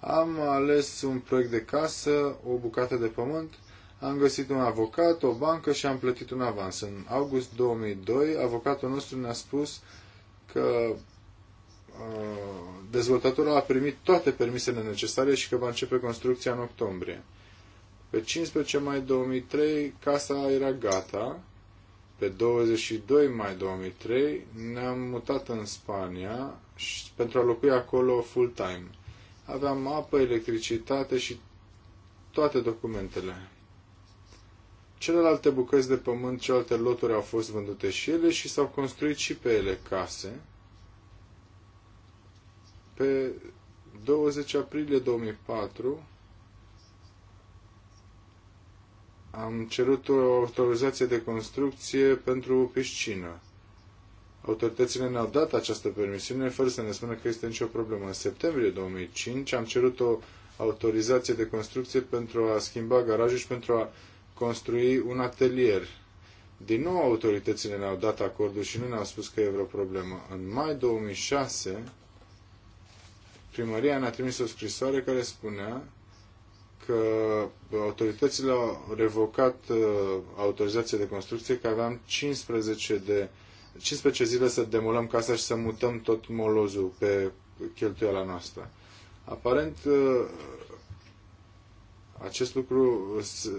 Am ales un proiect de casă, o bucată de pământ am găsit un avocat, o bancă și am plătit un avans. În august 2002, avocatul nostru ne-a spus că uh, dezvoltatorul a primit toate permisele necesare și că va începe construcția în octombrie. Pe 15 mai 2003 casa era gata. Pe 22 mai 2003 ne-am mutat în Spania și pentru a locui acolo full-time. Aveam apă, electricitate și toate documentele. Celelalte bucăți de pământ, celelalte loturi au fost vândute și ele și s-au construit și pe ele case. Pe 20 aprilie 2004 am cerut o autorizație de construcție pentru piscină. Autoritățile ne-au dat această permisiune fără să ne spună că este nicio problemă. În septembrie 2005 am cerut o autorizație de construcție pentru a schimba garajul și pentru a construi un atelier. Din nou autoritățile ne-au dat acordul și nu ne-au spus că e vreo problemă. În mai 2006, primăria ne-a trimis o scrisoare care spunea că autoritățile au revocat uh, autorizația de construcție, că aveam 15, de, 15 zile să demolăm casa și să mutăm tot molozul pe cheltuiala noastră. Aparent, uh, acest lucru uh, uh,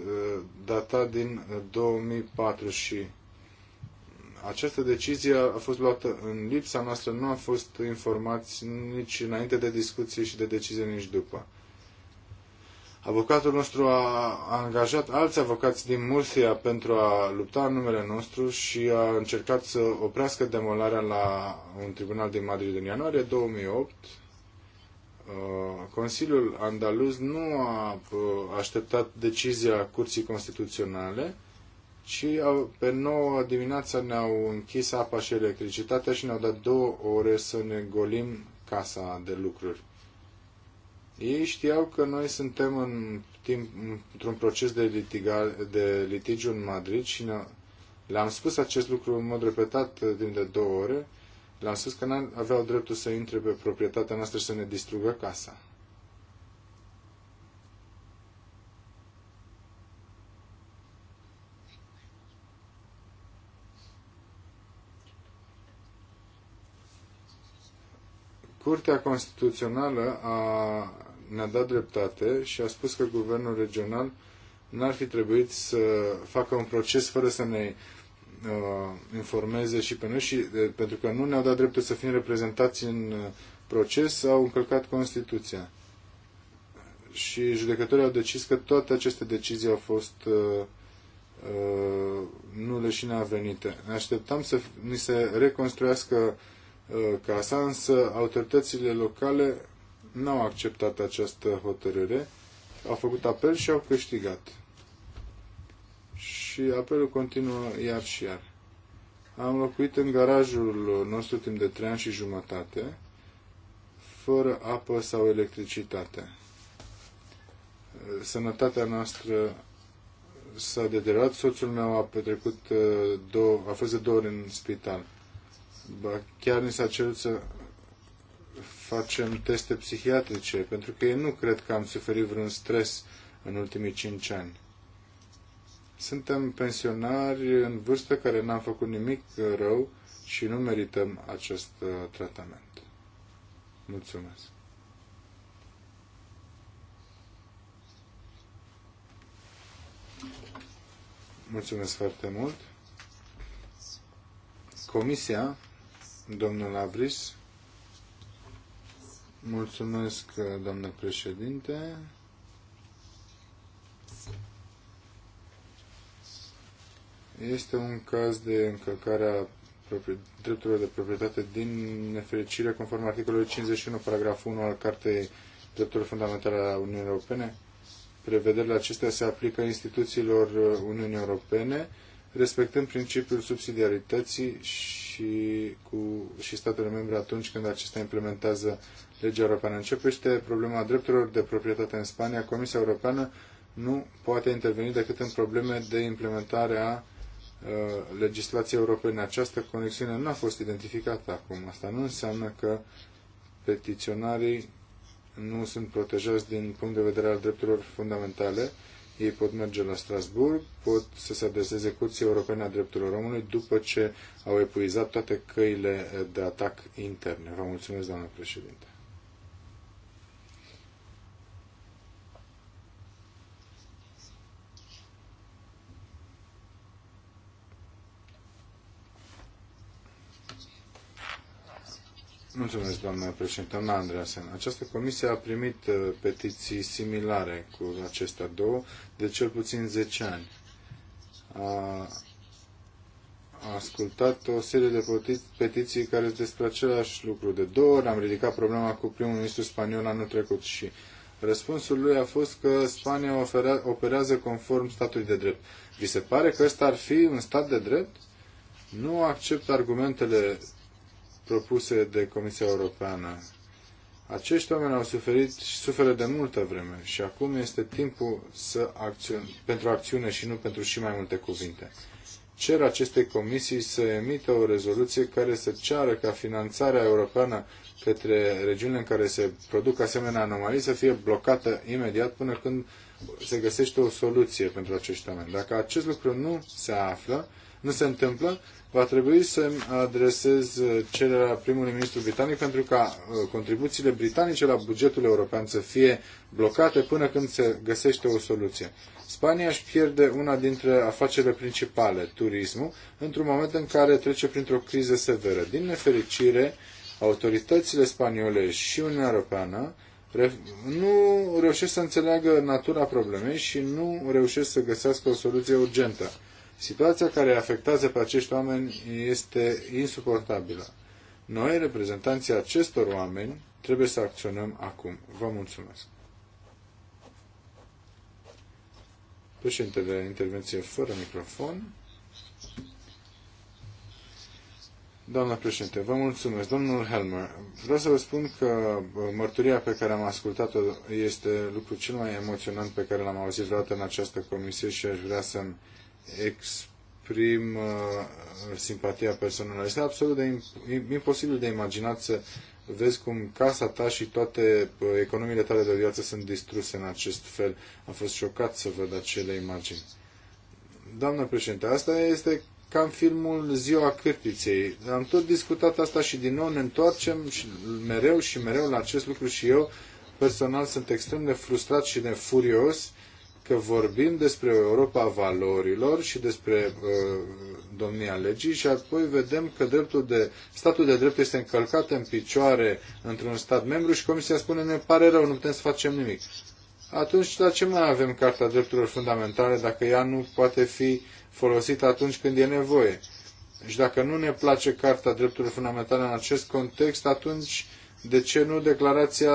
data din 2004 uh, și această decizie a fost luată în lipsa noastră, nu am fost informați nici înainte de discuții și de decizie, nici după. Avocatul nostru a angajat alți avocați din Murcia pentru a lupta în numele nostru și a încercat să oprească demolarea la un tribunal din Madrid în ianuarie 2008 Uh, Consiliul Andaluz nu a uh, așteptat decizia Curții Constituționale, ci pe 9 dimineața ne-au închis apa și electricitatea și ne-au dat două ore să ne golim casa de lucruri. Ei știau că noi suntem în timp, într-un proces de, litiga, de litigiu în Madrid și ne, le-am spus acest lucru în mod repetat uh, timp de două ore le-am spus că n-aveau dreptul să intre pe proprietatea noastră și să ne distrugă casa. Curtea Constituțională a, ne-a dat dreptate și a spus că guvernul regional n-ar fi trebuit să facă un proces fără să ne Uh, informeze și pe noi și uh, pentru că nu ne-au dat dreptul să fim reprezentați în uh, proces, au încălcat Constituția. Și judecătorii au decis că toate aceste decizii au fost uh, uh, nu și neavenite. Ne așteptam să ni se reconstruiască uh, casa, însă autoritățile locale n-au acceptat această hotărâre, au făcut apel și au câștigat și apelul continuă iar și iar. Am locuit în garajul nostru timp de trei ani și jumătate, fără apă sau electricitate. Sănătatea noastră s-a deteriorat, soțul meu a petrecut uh, două, a fost de două ori în spital. Ba, chiar ni s-a cerut să facem teste psihiatrice, pentru că ei nu cred că am suferit vreun stres în ultimii cinci ani. Suntem pensionari în vârstă care n-am făcut nimic rău și nu merităm acest uh, tratament. Mulțumesc! Mulțumesc foarte mult! Comisia, domnul Abris, mulțumesc, uh, doamnă președinte. Este un caz de încălcare a drepturilor de proprietate din nefericire conform articolului 51, paragraful 1 al Cartei Drepturilor Fundamentale a Uniunii Europene. Prevederile acestea se aplică instituțiilor uh, Uniunii Europene, respectând principiul subsidiarității și, cu, și statele membre atunci când acestea implementează legea europeană. Începește problema drepturilor de proprietate în Spania. Comisia Europeană nu poate interveni decât în probleme de implementare a Uh, legislației europene. Această conexiune nu a fost identificată acum. Asta nu înseamnă că petiționarii nu sunt protejați din punct de vedere al drepturilor fundamentale. Ei pot merge la Strasburg, pot să se adreseze Curții Europene a Drepturilor Omului după ce au epuizat toate căile de atac interne. Vă mulțumesc, doamnă președinte. Mulțumesc, doamna președinte. Andreasen, această comisie a primit uh, petiții similare cu acestea două de cel puțin 10 ani. A ascultat o serie de petiții care sunt despre același lucru. De două ori am ridicat problema cu primul ministru spaniol anul trecut și răspunsul lui a fost că Spania oferea, operează conform statului de drept. Vi se pare că ăsta ar fi un stat de drept? Nu accept argumentele propuse de Comisia Europeană. Acești oameni au suferit și suferă de multă vreme și acum este timpul să pentru acțiune și nu pentru și mai multe cuvinte. Cer acestei comisii să emită o rezoluție care să ceară ca finanțarea europeană către regiunile în care se produc asemenea anomalii să fie blocată imediat până când se găsește o soluție pentru acești oameni. Dacă acest lucru nu se află, nu se întâmplă, va trebui să adresez cererea primului ministru britanic pentru ca uh, contribuțiile britanice la bugetul european să fie blocate până când se găsește o soluție. Spania își pierde una dintre afacerile principale, turismul, într-un moment în care trece printr-o criză severă. Din nefericire, autoritățile spaniole și Uniunea Europeană nu reușesc să înțeleagă natura problemei și nu reușesc să găsească o soluție urgentă. Situația care afectează pe acești oameni este insuportabilă. Noi, reprezentanții acestor oameni, trebuie să acționăm acum. Vă mulțumesc. Președintele, intervenție fără microfon. Doamna președinte, vă mulțumesc. Domnul Helmer, vreau să vă spun că uh, mărturia pe care am ascultat-o este lucrul cel mai emoționant pe care l-am auzit vreodată în această comisie și aș vrea să-mi exprim uh, simpatia personală. Este absolut de imposibil de imaginat să vezi cum casa ta și toate uh, economiile tale de viață sunt distruse în acest fel. Am fost șocat să văd acele imagini. Doamnă președinte, asta este cam filmul Ziua Cârtiței. Am tot discutat asta și din nou ne întoarcem și mereu și mereu la acest lucru și eu personal sunt extrem de frustrat și de furios că vorbim despre Europa valorilor și despre uh, domnia legii și apoi vedem că dreptul de, statul de drept este încălcat în picioare într-un stat membru și Comisia spune ne pare rău, nu putem să facem nimic. Atunci, la ce mai avem Carta Drepturilor Fundamentale dacă ea nu poate fi folosită atunci când e nevoie? Și dacă nu ne place Carta Drepturilor Fundamentale în acest context, atunci uh, de ce nu Declarația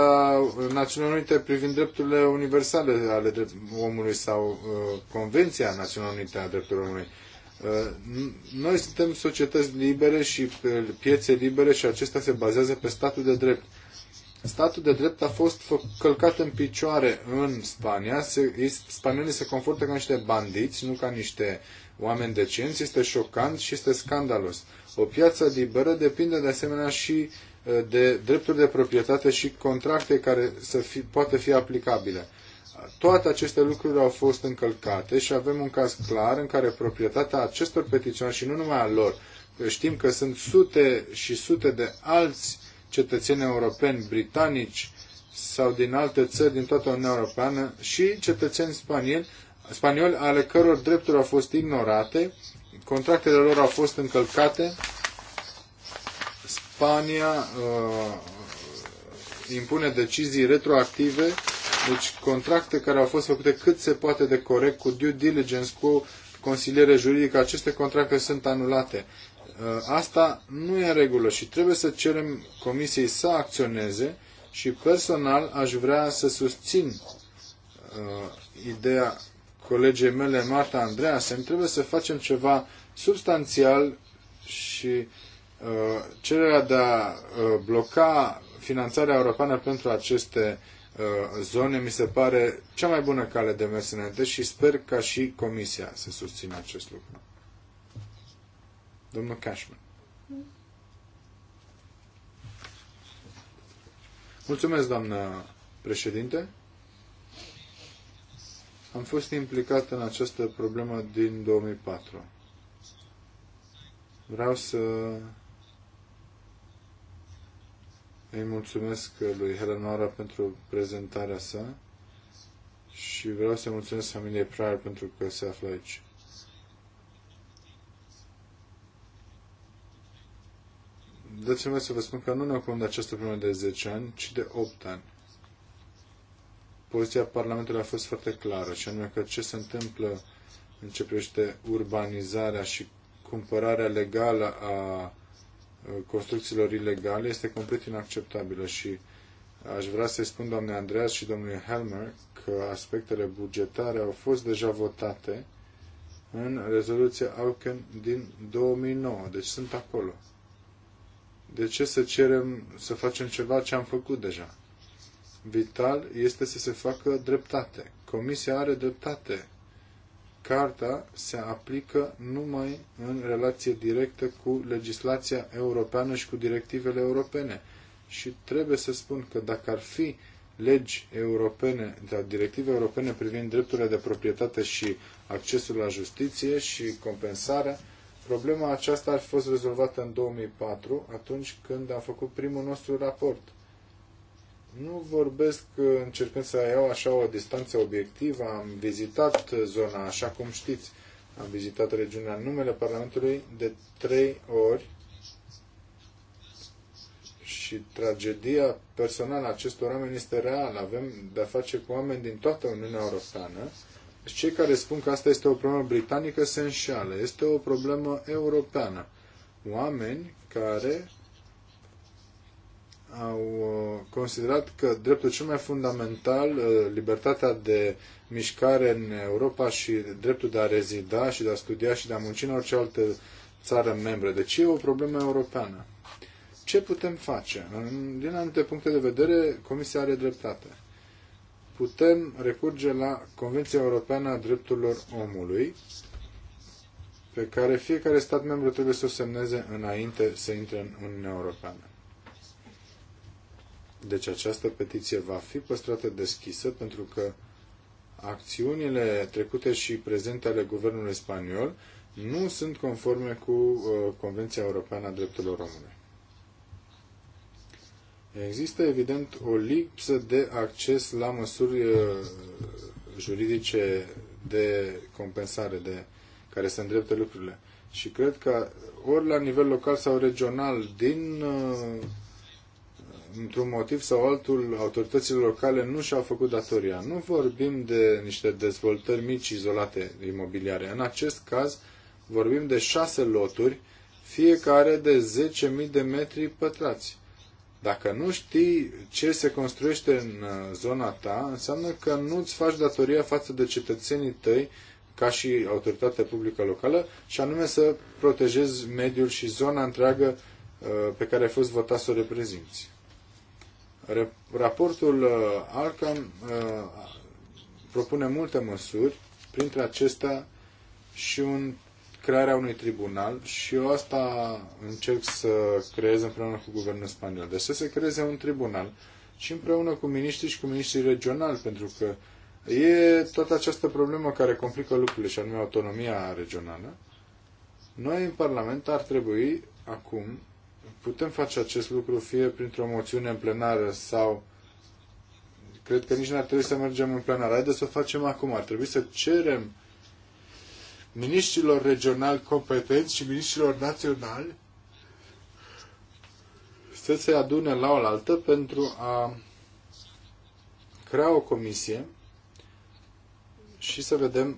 Națiunilor Unite privind drepturile universale ale omului sau uh, Convenția Națiunilor Unite a drepturilor omului? Uh, noi suntem societăți libere și uh, piețe libere și acestea se bazează pe statul de drept. Statul de drept a fost călcat în picioare în Spania. Se, spaniolii se confruntă ca niște bandiți, nu ca niște oameni decenți. Este șocant și este scandalos. O piață liberă depinde de asemenea și uh, de drepturi de proprietate și contracte care să fi, poată fi aplicabile. Toate aceste lucruri au fost încălcate și avem un caz clar în care proprietatea acestor petiționari și nu numai a lor, știm că sunt sute și sute de alți cetățeni europeni, britanici sau din alte țări din toată Uniunea Europeană și cetățeni spanieli, spanioli ale căror drepturi au fost ignorate, contractele lor au fost încălcate Spania uh, impune decizii retroactive, deci contracte care au fost făcute cât se poate de corect, cu due diligence, cu consiliere juridică, aceste contracte sunt anulate. Uh, asta nu e în regulă și trebuie să cerem comisiei să acționeze și personal aș vrea să susțin uh, ideea colegei mele Marta Andreasen, trebuie să facem ceva substanțial și Uh, cererea de a uh, bloca finanțarea europeană pentru aceste uh, zone mi se pare cea mai bună cale de mers înainte și sper ca și Comisia să susțină acest lucru. Domnul Cashman. Mulțumesc, doamnă președinte. Am fost implicat în această problemă din 2004. Vreau să îi mulțumesc lui Helena pentru prezentarea sa și vreau să mulțumesc familiei Prior pentru că se află aici. Dați-mi să vă spun că nu ne ocupăm de această problemă de 10 ani, ci de 8 ani. Poziția Parlamentului a fost foarte clară, și anume că ce se întâmplă în ce privește urbanizarea și cumpărarea legală a construcțiilor ilegale este complet inacceptabilă și aș vrea să-i spun doamne Andreas și domnului Helmer că aspectele bugetare au fost deja votate în rezoluția Auken din 2009, deci sunt acolo. De ce să cerem să facem ceva ce am făcut deja? Vital este să se facă dreptate. Comisia are dreptate Carta se aplică numai în relație directă cu legislația europeană și cu directivele europene. Și trebuie să spun că dacă ar fi legi europene, da, directive europene privind drepturile de proprietate și accesul la justiție și compensarea, problema aceasta ar fi fost rezolvată în 2004, atunci când am făcut primul nostru raport nu vorbesc încercând să iau așa o distanță obiectivă. Am vizitat zona, așa cum știți, am vizitat regiunea în numele Parlamentului de trei ori și tragedia personală a acestor oameni este reală. Avem de-a face cu oameni din toată Uniunea Europeană. Deci cei care spun că asta este o problemă britanică se înșeală. Este o problemă europeană. Oameni care au uh, considerat că dreptul cel mai fundamental, uh, libertatea de mișcare în Europa și dreptul de a rezida și de a studia și de a munci în orice altă țară membră. Deci e o problemă europeană. Ce putem face? Din anumite puncte de vedere, Comisia are dreptate. Putem recurge la Convenția Europeană a Drepturilor Omului, pe care fiecare stat membru trebuie să o semneze înainte să intre în Uniunea Europeană. Deci această petiție va fi păstrată deschisă pentru că acțiunile trecute și prezente ale guvernului spaniol nu sunt conforme cu uh, Convenția Europeană a Drepturilor române. Există, evident, o lipsă de acces la măsuri uh, juridice de compensare de, care să îndrepte lucrurile. Și cred că ori la nivel local sau regional, din uh, într-un motiv sau altul, autoritățile locale nu și-au făcut datoria. Nu vorbim de niște dezvoltări mici, izolate, imobiliare. În acest caz, vorbim de șase loturi, fiecare de 10.000 de metri pătrați. Dacă nu știi ce se construiește în uh, zona ta, înseamnă că nu-ți faci datoria față de cetățenii tăi ca și autoritatea publică locală și anume să protejezi mediul și zona întreagă uh, pe care ai fost votat să o reprezinți. Raportul uh, Arkham uh, propune multe măsuri, printre acestea și un, crearea unui tribunal și eu asta încerc să creez împreună cu guvernul spaniol. Deci să se creeze un tribunal și împreună cu miniștri și cu miniștrii regionali, pentru că e toată această problemă care complică lucrurile și anume autonomia regională. Noi în Parlament ar trebui acum Putem face acest lucru fie printr-o moțiune în plenară sau cred că nici n-ar trebui să mergem în plenară. Haideți să o facem acum. Ar trebui să cerem miniștrilor regionali competenți și miniștrilor naționali să se adune la oaltă pentru a crea o comisie și să vedem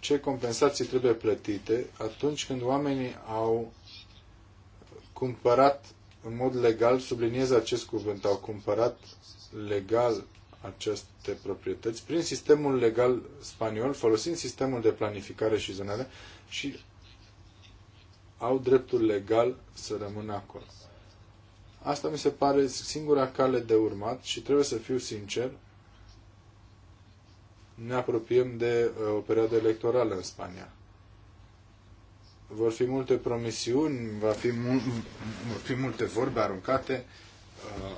ce compensații trebuie plătite atunci când oamenii au cumpărat în mod legal, subliniez acest cuvânt, au cumpărat legal aceste proprietăți prin sistemul legal spaniol, folosind sistemul de planificare și zonare și au dreptul legal să rămână acolo. Asta mi se pare singura cale de urmat și trebuie să fiu sincer, ne apropiem de uh, o perioadă electorală în Spania vor fi multe promisiuni, va fi mul- vor fi multe vorbe aruncate, uh,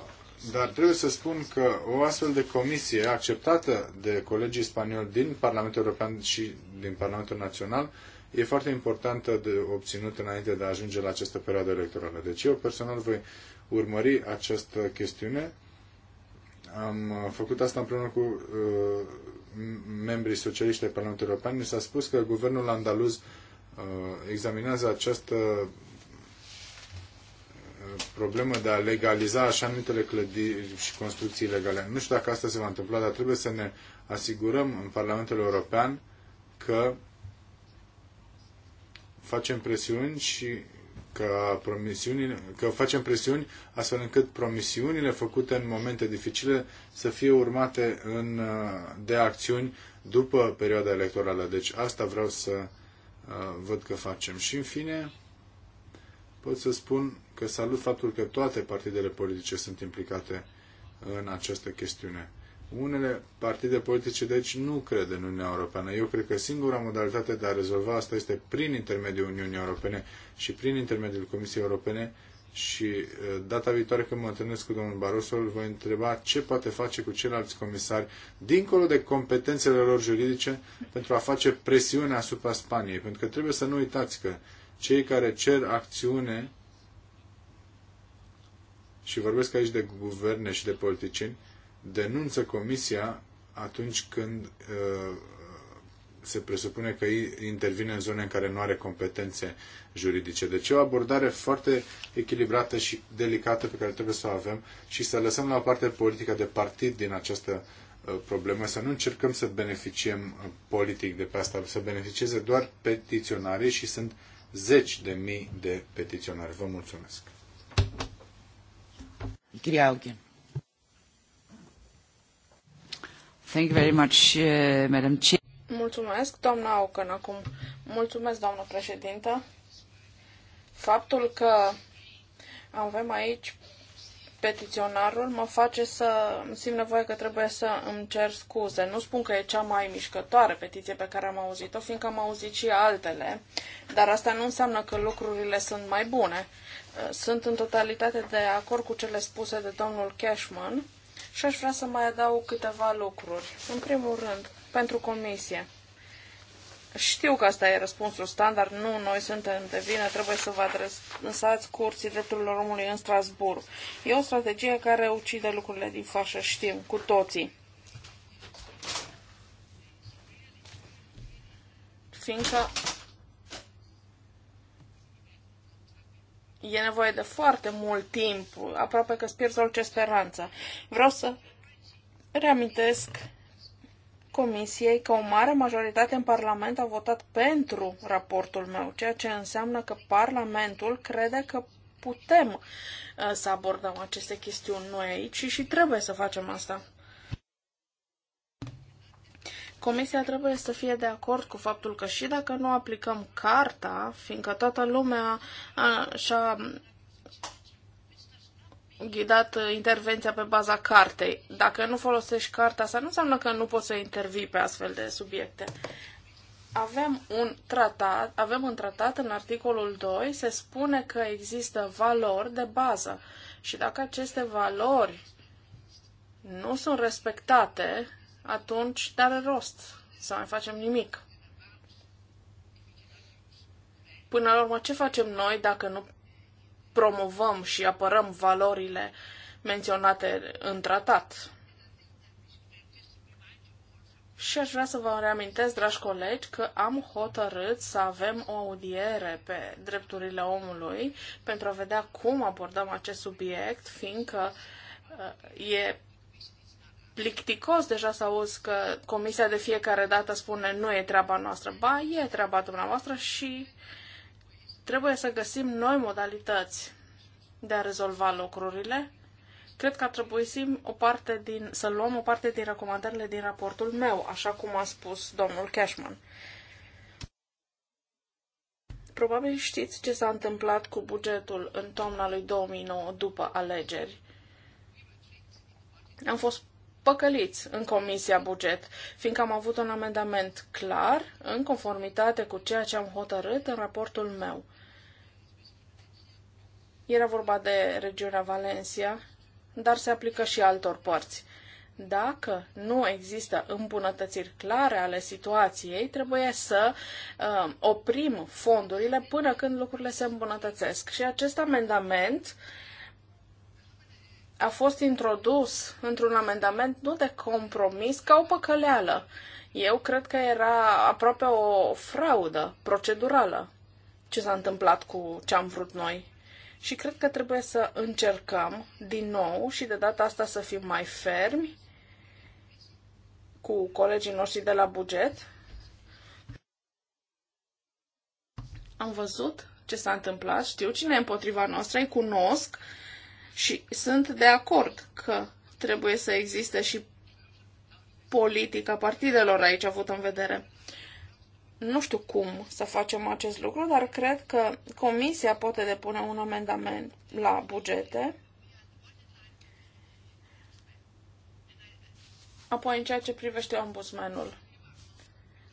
dar trebuie să spun că o astfel de comisie acceptată de colegii spanioli din Parlamentul European și din Parlamentul Național e foarte importantă de obținut înainte de a ajunge la această perioadă electorală. Deci eu personal voi urmări această chestiune. Am uh, făcut asta împreună cu uh, membrii socialiști ai Parlamentului European. Mi s-a spus că guvernul andaluz Uh, examinează această uh, problemă de a legaliza așa numitele clădiri și construcții legale. Nu știu dacă asta se va întâmpla, dar trebuie să ne asigurăm în Parlamentul European că facem presiuni și că, promisiunile, că facem presiuni astfel încât promisiunile făcute în momente dificile să fie urmate în, uh, de acțiuni după perioada electorală. Deci asta vreau să văd că facem. Și în fine, pot să spun că salut faptul că toate partidele politice sunt implicate în această chestiune. Unele partide politice, deci, nu cred în Uniunea Europeană. Eu cred că singura modalitate de a rezolva asta este prin intermediul Uniunii Europene și prin intermediul Comisiei Europene și data viitoare când mă întâlnesc cu domnul Barroso, îl voi întreba ce poate face cu ceilalți comisari, dincolo de competențele lor juridice, pentru a face presiune asupra Spaniei. Pentru că trebuie să nu uitați că cei care cer acțiune, și vorbesc aici de guverne și de politicieni, denunță Comisia atunci când uh, se presupune că intervine în zone în care nu are competențe juridice. Deci e o abordare foarte echilibrată și delicată pe care trebuie să o avem și să lăsăm la o parte politica de partid din această uh, problemă, să nu încercăm să beneficiem uh, politic de pe asta, să beneficieze doar petiționarii și sunt zeci de mii de petiționari. Vă mulțumesc. Thank you very much, uh, Madam Chair. Mulțumesc, doamna Ocan, acum. Mulțumesc, doamnă președintă. Faptul că avem aici petiționarul mă face să simt nevoie că trebuie să îmi cer scuze. Nu spun că e cea mai mișcătoare petiție pe care am auzit-o, fiindcă am auzit și altele, dar asta nu înseamnă că lucrurile sunt mai bune. Sunt în totalitate de acord cu cele spuse de domnul Cashman și aș vrea să mai adaug câteva lucruri. În primul rând, pentru comisie. Știu că asta e răspunsul standard, nu noi suntem de vină, trebuie să vă adresați curții drepturilor omului în Strasburg. E o strategie care ucide lucrurile din fașă, știm, cu toții. Fiindcă e nevoie de foarte mult timp, aproape că îți pierzi orice speranță. Vreau să reamintesc Comisiei că o mare majoritate în Parlament a votat pentru raportul meu, ceea ce înseamnă că Parlamentul crede că putem uh, să abordăm aceste chestiuni noi aici și, și trebuie să facem asta. Comisia trebuie să fie de acord cu faptul că și dacă nu aplicăm carta, fiindcă toată lumea și-a ghidat uh, intervenția pe baza cartei. Dacă nu folosești cartea asta, nu înseamnă că nu poți să intervii pe astfel de subiecte. Avem un tratat, avem un tratat în articolul 2, se spune că există valori de bază și dacă aceste valori nu sunt respectate, atunci dar are rost să mai facem nimic. Până la urmă, ce facem noi dacă nu promovăm și apărăm valorile menționate în tratat. Și aș vrea să vă reamintesc, dragi colegi, că am hotărât să avem o audiere pe drepturile omului pentru a vedea cum abordăm acest subiect, fiindcă uh, e plicticos deja să auzi că comisia de fiecare dată spune nu e treaba noastră. Ba, e treaba dumneavoastră și Trebuie să găsim noi modalități de a rezolva lucrurile. Cred că ar trebui să, o parte din, să luăm o parte din recomandările din raportul meu, așa cum a spus domnul Cashman. Probabil știți ce s-a întâmplat cu bugetul în toamna lui 2009 după alegeri. Am fost păcăliți în Comisia Buget, fiindcă am avut un amendament clar, în conformitate cu ceea ce am hotărât în raportul meu. Era vorba de regiunea Valencia, dar se aplică și altor părți. Dacă nu există îmbunătățiri clare ale situației, trebuie să uh, oprim fondurile până când lucrurile se îmbunătățesc. Și acest amendament uh, a fost introdus într-un amendament nu de compromis, ca o păcăleală. Eu cred că era aproape o fraudă procedurală ce s-a întâmplat cu ce am vrut noi. Și cred că trebuie să încercăm din nou și de data asta să fim mai fermi cu colegii noștri de la buget. Am văzut ce s-a întâmplat, știu cine e împotriva noastră, îi cunosc și sunt de acord că trebuie să existe și politica partidelor aici avut în vedere. Nu știu cum să facem acest lucru, dar cred că Comisia poate depune un amendament la bugete. Apoi, în ceea ce privește ombudsmanul,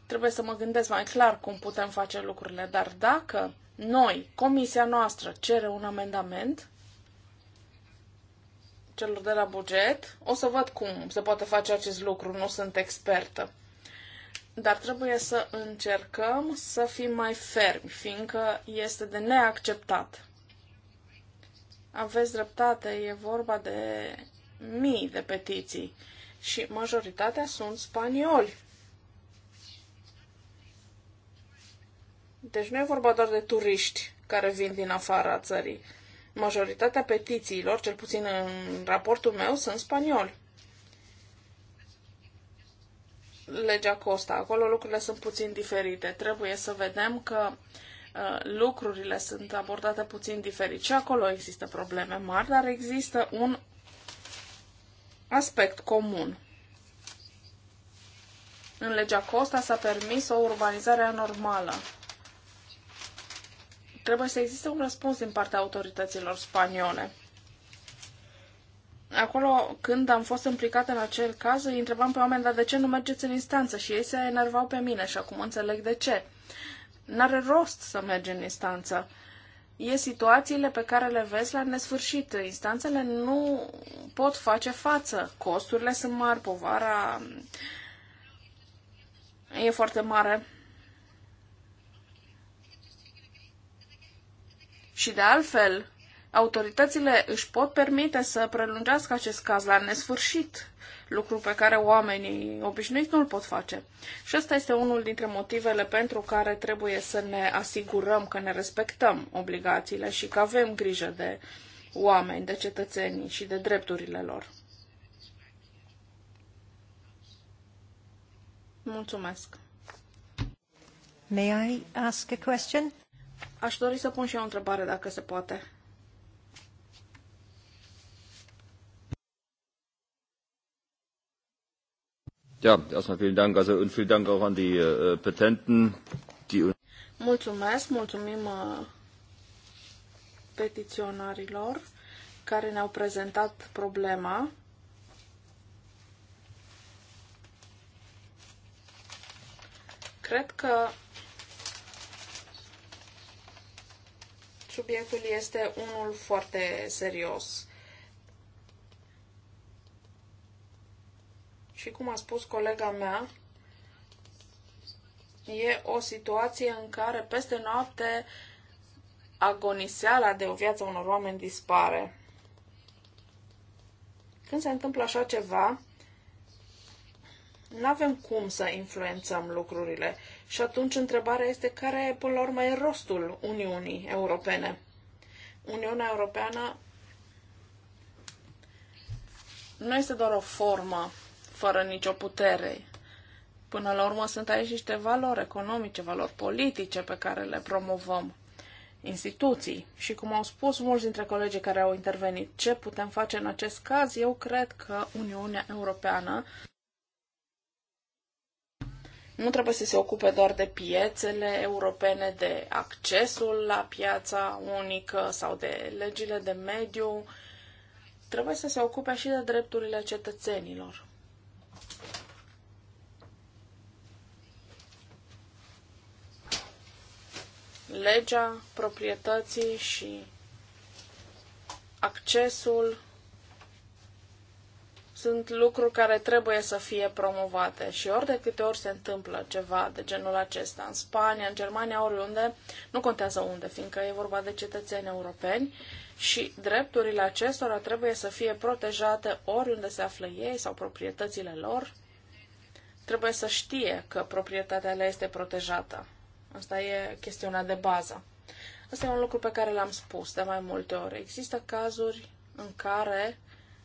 trebuie să mă gândesc mai clar cum putem face lucrurile, dar dacă noi, Comisia noastră, cere un amendament, celor de la buget. O să văd cum se poate face acest lucru, nu sunt expertă. Dar trebuie să încercăm să fim mai fermi, fiindcă este de neacceptat. Aveți dreptate, e vorba de mii de petiții și majoritatea sunt spanioli. Deci nu e vorba doar de turiști care vin din afara țării. Majoritatea petițiilor, cel puțin în raportul meu, sunt spanioli. Legea Costa, acolo lucrurile sunt puțin diferite. Trebuie să vedem că uh, lucrurile sunt abordate puțin diferit. Și acolo există probleme mari, dar există un aspect comun. În legea Costa s-a permis o urbanizare anormală Trebuie să existe un răspuns din partea autorităților spaniole. Acolo, când am fost implicată în acel caz, îi întrebam pe oameni, dar de ce nu mergeți în instanță? Și ei se enervau pe mine și acum înțeleg de ce. N-are rost să mergi în instanță. E situațiile pe care le vezi la nesfârșit. Instanțele nu pot face față. Costurile sunt mari, povara mm, e foarte mare. Și de altfel, autoritățile își pot permite să prelungească acest caz la nesfârșit, lucru pe care oamenii obișnuiți nu îl pot face. Și ăsta este unul dintre motivele pentru care trebuie să ne asigurăm că ne respectăm obligațiile și că avem grijă de oameni, de cetățenii și de drepturile lor. Mulțumesc. May I ask a question? Aș dori să pun și eu o întrebare, dacă se poate. Ja, erstmal vielen Dank, also und vielen Dank auch an die äh, Petenten, die uns. Mulțumesc, mulțumim uh, petiționarilor care ne-au prezentat problema. Cred că Subiectul este unul foarte serios. Și cum a spus colega mea, e o situație în care peste noapte agoniseala de o viață unor oameni dispare. Când se întâmplă așa ceva, nu avem cum să influențăm lucrurile și atunci întrebarea este care, e până la urmă, e rostul Uniunii Europene. Uniunea Europeană nu este doar o formă fără nicio putere. Până la urmă sunt aici niște valori economice, valori politice pe care le promovăm instituții. Și cum au spus mulți dintre colegii care au intervenit, ce putem face în acest caz, eu cred că Uniunea Europeană nu trebuie să se ocupe doar de piețele europene, de accesul la piața unică sau de legile de mediu. Trebuie să se ocupe și de drepturile cetățenilor. Legea proprietății și accesul sunt lucruri care trebuie să fie promovate și ori de câte ori se întâmplă ceva de genul acesta în Spania, în Germania, oriunde, nu contează unde, fiindcă e vorba de cetățeni europeni și drepturile acestora trebuie să fie protejate oriunde se află ei sau proprietățile lor. Trebuie să știe că proprietatea le este protejată. Asta e chestiunea de bază. Asta e un lucru pe care l-am spus de mai multe ori. Există cazuri în care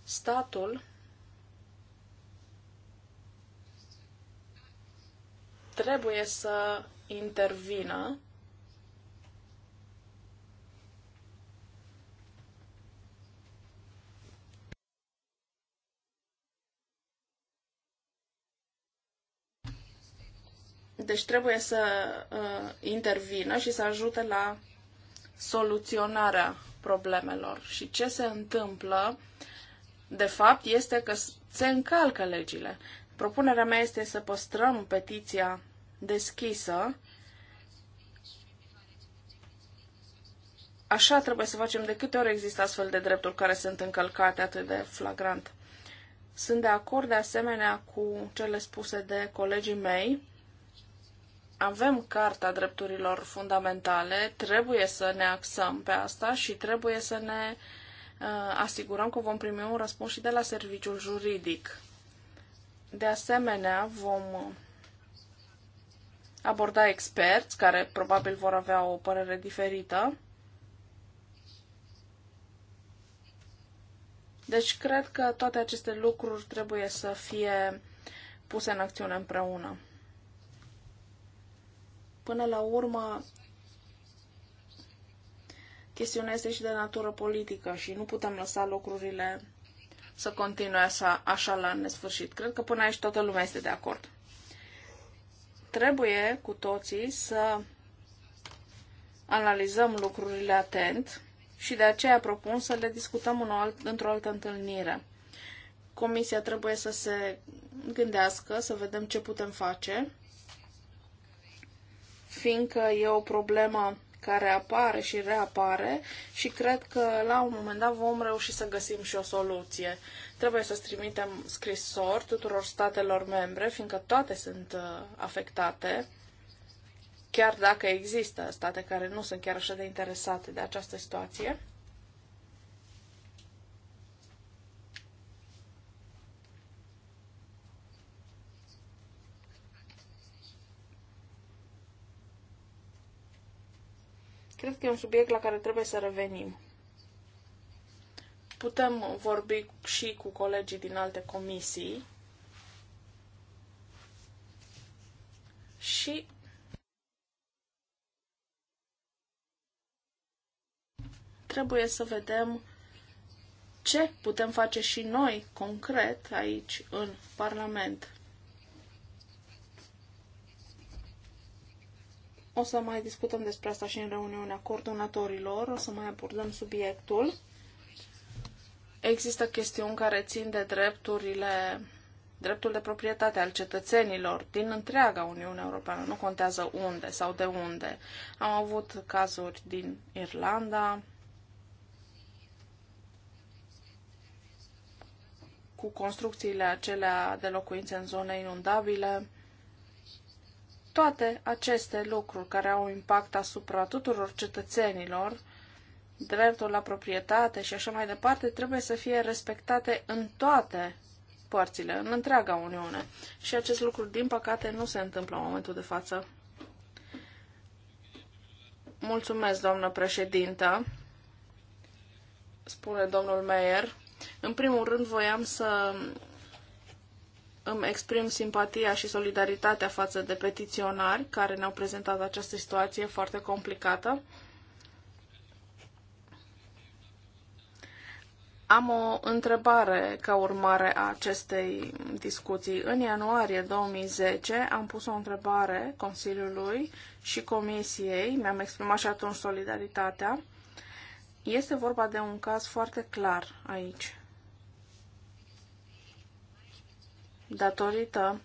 statul trebuie să intervină Deci trebuie să uh, intervină și să ajute la soluționarea problemelor. Și ce se întâmplă, de fapt, este că se încalcă legile. Propunerea mea este să păstrăm petiția deschisă. Așa trebuie să facem de câte ori există astfel de drepturi care sunt încălcate atât de flagrant. Sunt de acord de asemenea cu cele spuse de colegii mei. Avem Carta Drepturilor Fundamentale, trebuie să ne axăm pe asta și trebuie să ne uh, asigurăm că vom primi un răspuns și de la serviciul juridic de asemenea, vom aborda experți care probabil vor avea o părere diferită. Deci cred că toate aceste lucruri trebuie să fie puse în acțiune împreună. Până la urmă, chestiunea este și de natură politică și nu putem lăsa lucrurile să continue așa, așa la nesfârșit. Cred că până aici toată lumea este de acord. Trebuie cu toții să analizăm lucrurile atent și de aceea propun să le discutăm în alt, într-o altă întâlnire. Comisia trebuie să se gândească, să vedem ce putem face, fiindcă e o problemă care apare și reapare și cred că la un moment dat vom reuși să găsim și o soluție. Trebuie să trimitem scrisori tuturor statelor membre, fiindcă toate sunt uh, afectate, chiar dacă există state care nu sunt chiar așa de interesate de această situație. Cred că e un subiect la care trebuie să revenim. Putem vorbi și cu colegii din alte comisii și trebuie să vedem ce putem face și noi concret aici în Parlament. O să mai discutăm despre asta și în reuniunea coordonatorilor, o să mai abordăm subiectul. Există chestiuni care țin de drepturile, dreptul de proprietate al cetățenilor din întreaga Uniune Europeană, nu contează unde sau de unde. Am avut cazuri din Irlanda, cu construcțiile acelea de locuințe în zone inundabile, toate aceste lucruri care au impact asupra tuturor cetățenilor, dreptul la proprietate și așa mai departe, trebuie să fie respectate în toate părțile, în întreaga Uniune. Și acest lucru, din păcate, nu se întâmplă în momentul de față. Mulțumesc, doamnă președintă, spune domnul Meyer. În primul rând, voiam să îmi exprim simpatia și solidaritatea față de petiționari care ne-au prezentat această situație foarte complicată. Am o întrebare ca urmare a acestei discuții. În ianuarie 2010 am pus o întrebare Consiliului și Comisiei, mi-am exprimat și atunci solidaritatea. Este vorba de un caz foarte clar aici. datorită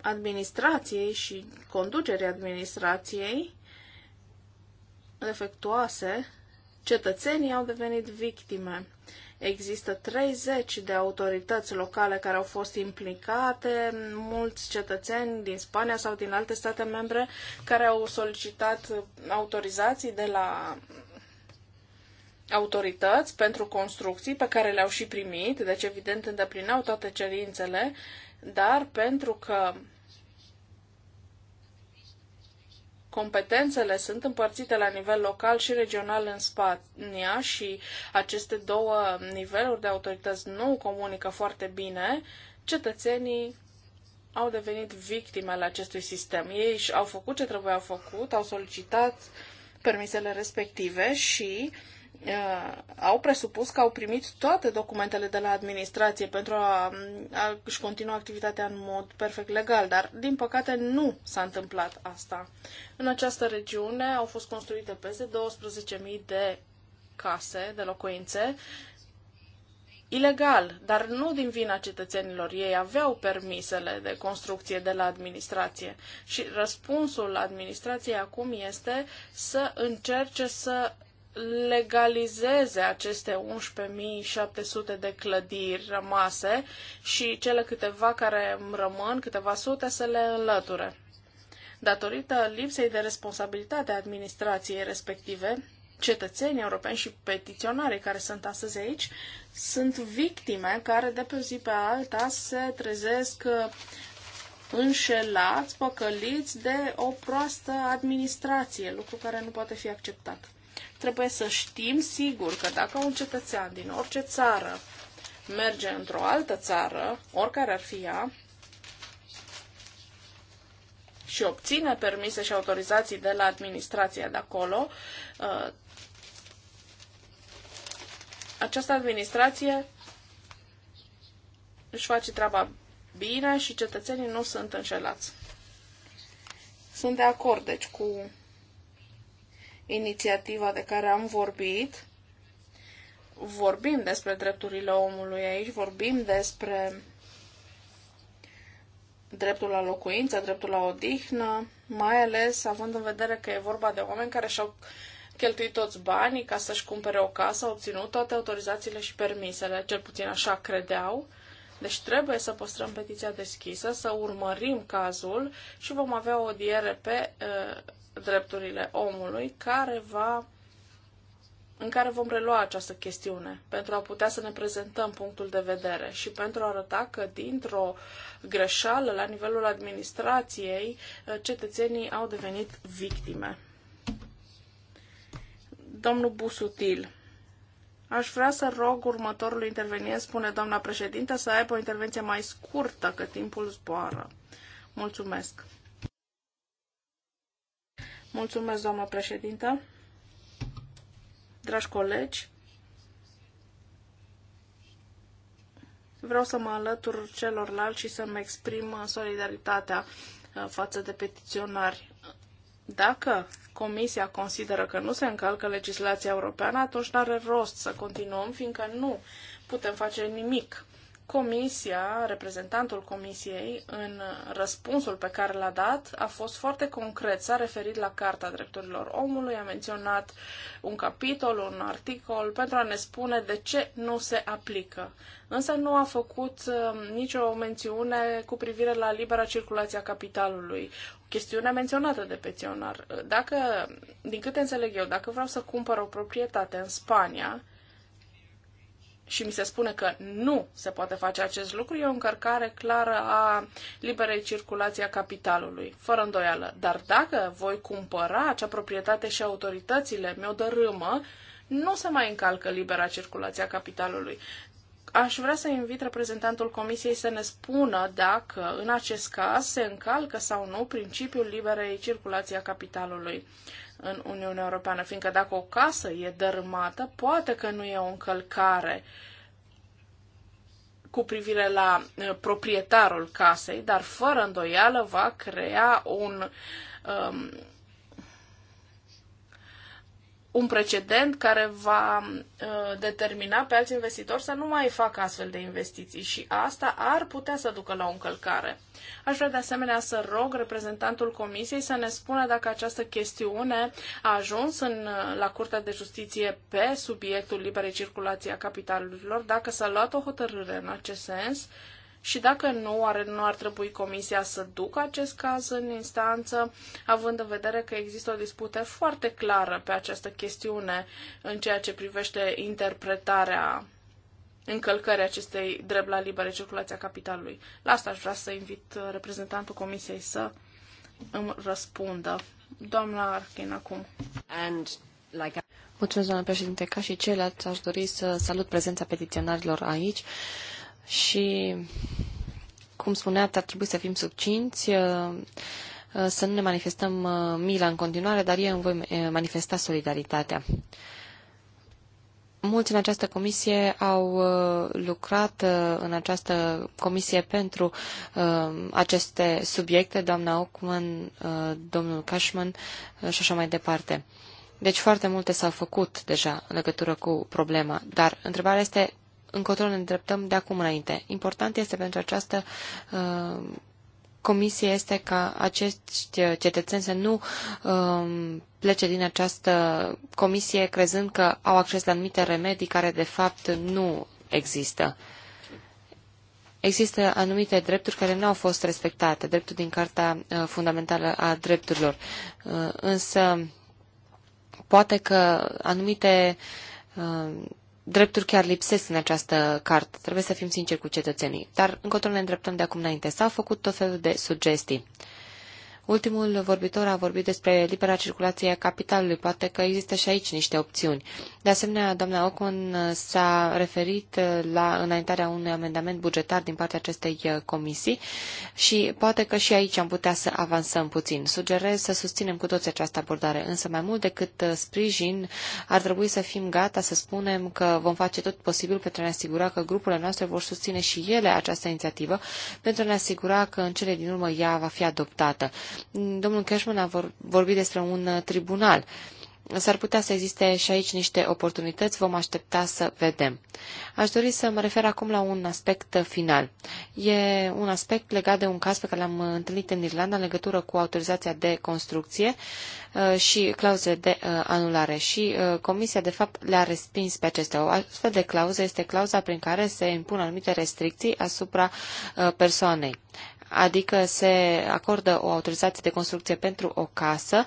administrației și conducerii administrației defectuoase, cetățenii au devenit victime. Există 30 de autorități locale care au fost implicate, mulți cetățeni din Spania sau din alte state membre care au solicitat autorizații de la autorități pentru construcții pe care le-au și primit, deci evident îndeplinau toate cerințele, dar pentru că competențele sunt împărțite la nivel local și regional în Spania și aceste două niveluri de autorități nu comunică foarte bine, cetățenii au devenit victime ale acestui sistem. Ei au făcut ce trebuia făcut, au solicitat permisele respective și uh, uh, au presupus că au primit toate documentele de la administrație pentru a, a își continua activitatea în mod perfect legal, dar din păcate nu s-a întâmplat asta. În această regiune au fost construite peste 12.000 de case, de locuințe, ilegal, dar nu din vina cetățenilor. Ei aveau permisele de construcție de la administrație. Și răspunsul administrației acum este să încerce să legalizeze aceste 11.700 de clădiri rămase și cele câteva care rămân, câteva sute, să le înlăture. Datorită lipsei de responsabilitate a administrației respective, cetățenii europeni și petiționarii care sunt astăzi aici sunt victime care de pe o zi pe alta se trezesc uh, înșelați, păcăliți de o proastă administrație, lucru care nu poate fi acceptat trebuie să știm sigur că dacă un cetățean din orice țară merge într-o altă țară, oricare ar fi ea, și obține permise și autorizații de la administrația de acolo, uh, această administrație își face treaba bine și cetățenii nu sunt înșelați. Sunt de acord, deci, cu inițiativa de care am vorbit. Vorbim despre drepturile omului aici, vorbim despre dreptul la locuință, dreptul la odihnă, mai ales având în vedere că e vorba de oameni care și-au cheltuit toți banii ca să-și cumpere o casă, au obținut toate autorizațiile și permisele, cel puțin așa credeau. Deci trebuie să păstrăm petiția deschisă, să urmărim cazul și vom avea o diere pe uh, drepturile omului, care va, în care vom relua această chestiune pentru a putea să ne prezentăm punctul de vedere și pentru a arăta că dintr-o greșeală la nivelul administrației cetățenii au devenit victime. Domnul Busutil. Aș vrea să rog următorul intervenient, spune doamna președintă, să aibă o intervenție mai scurtă, că timpul zboară. Mulțumesc. Mulțumesc, doamnă președintă. Dragi colegi, vreau să mă alătur celorlalți și să-mi exprim solidaritatea uh, față de petiționari. Dacă Comisia consideră că nu se încalcă legislația europeană, atunci nu are rost să continuăm, fiindcă nu putem face nimic Comisia, reprezentantul Comisiei, în răspunsul pe care l-a dat, a fost foarte concret. S-a referit la Carta Drepturilor Omului, a menționat un capitol, un articol, pentru a ne spune de ce nu se aplică. Însă nu a făcut um, nicio mențiune cu privire la libera circulație a capitalului, o chestiune menționată de peționar. Dacă, din câte înțeleg eu, dacă vreau să cumpăr o proprietate în Spania, și mi se spune că nu se poate face acest lucru, e o încărcare clară a liberei circulații a capitalului, fără îndoială. Dar dacă voi cumpăra acea proprietate și autoritățile mi-o dărâmă, nu se mai încalcă libera circulație a capitalului. Aș vrea să invit reprezentantul Comisiei să ne spună dacă, în acest caz, se încalcă sau nu principiul liberei circulații a capitalului în Uniunea Europeană, fiindcă dacă o casă e dărâmată, poate că nu e o încălcare cu privire la uh, proprietarul casei, dar fără îndoială va crea un um, un precedent care va uh, determina pe alți investitori să nu mai facă astfel de investiții și asta ar putea să ducă la o încălcare. Aș vrea de asemenea să rog reprezentantul Comisiei să ne spună dacă această chestiune a ajuns în, uh, la Curtea de Justiție pe subiectul liberei circulații a capitalurilor, dacă s-a luat o hotărâre în acest sens și dacă nu, are, nu ar trebui comisia să ducă acest caz în instanță, având în vedere că există o dispută foarte clară pe această chestiune în ceea ce privește interpretarea încălcării acestei drept la liberă circulație a capitalului. La asta aș vrea să invit reprezentantul comisiei să îmi răspundă. Doamna Arkin, acum. And like... Mulțumesc, doamna președinte. Ca și ceilalți, aș dori să salut prezența petiționarilor aici și, cum spuneați, ar trebui să fim subcinți, uh, uh, să nu ne manifestăm uh, mila în continuare, dar eu îmi voi manifesta solidaritatea. Mulți în această comisie au lucrat în această comisie pentru aceste subiecte, doamna Ockman, domnul Cashman și așa mai departe. Deci foarte multe s-au făcut deja în legătură cu problema, dar întrebarea este încotro ne îndreptăm de acum înainte. Important este pentru această uh, comisie este ca acești uh, cetățeni să nu um, plece din această comisie crezând că au acces la anumite remedii care de fapt nu există. Există anumite drepturi care nu au fost respectate, dreptul din Carta uh, Fundamentală a Drepturilor, uh, însă poate că anumite drepturi chiar lipsesc în această carte. Trebuie să fim sinceri cu cetățenii. Dar încotro ne îndreptăm de acum înainte. S-au făcut tot felul de sugestii. Ultimul vorbitor a vorbit despre libera circulație a capitalului. Poate că există și aici niște opțiuni. De asemenea, doamna Ocon s-a referit la înaintarea unui amendament bugetar din partea acestei uh, comisii și poate că și aici am putea să avansăm puțin. Sugerez să susținem cu toți această abordare, însă mai mult decât uh, sprijin, ar trebui să fim gata să spunem că vom face tot posibil pentru a ne asigura că grupurile noastre vor susține și ele această inițiativă pentru a ne asigura că în cele din urmă ea va fi adoptată. Domnul Cashman a vorbit despre un uh, tribunal. S-ar putea să existe și aici niște oportunități, vom aștepta să vedem. Aș dori să mă refer acum la un aspect uh, final. E un aspect legat de un caz pe care l-am uh, întâlnit în Irlanda în legătură cu autorizația de construcție și clauze de anulare și comisia de fapt le-a respins pe acestea. O astfel de clauză este clauza prin care se impun anumite restricții asupra persoanei adică se acordă o autorizație de construcție pentru o casă,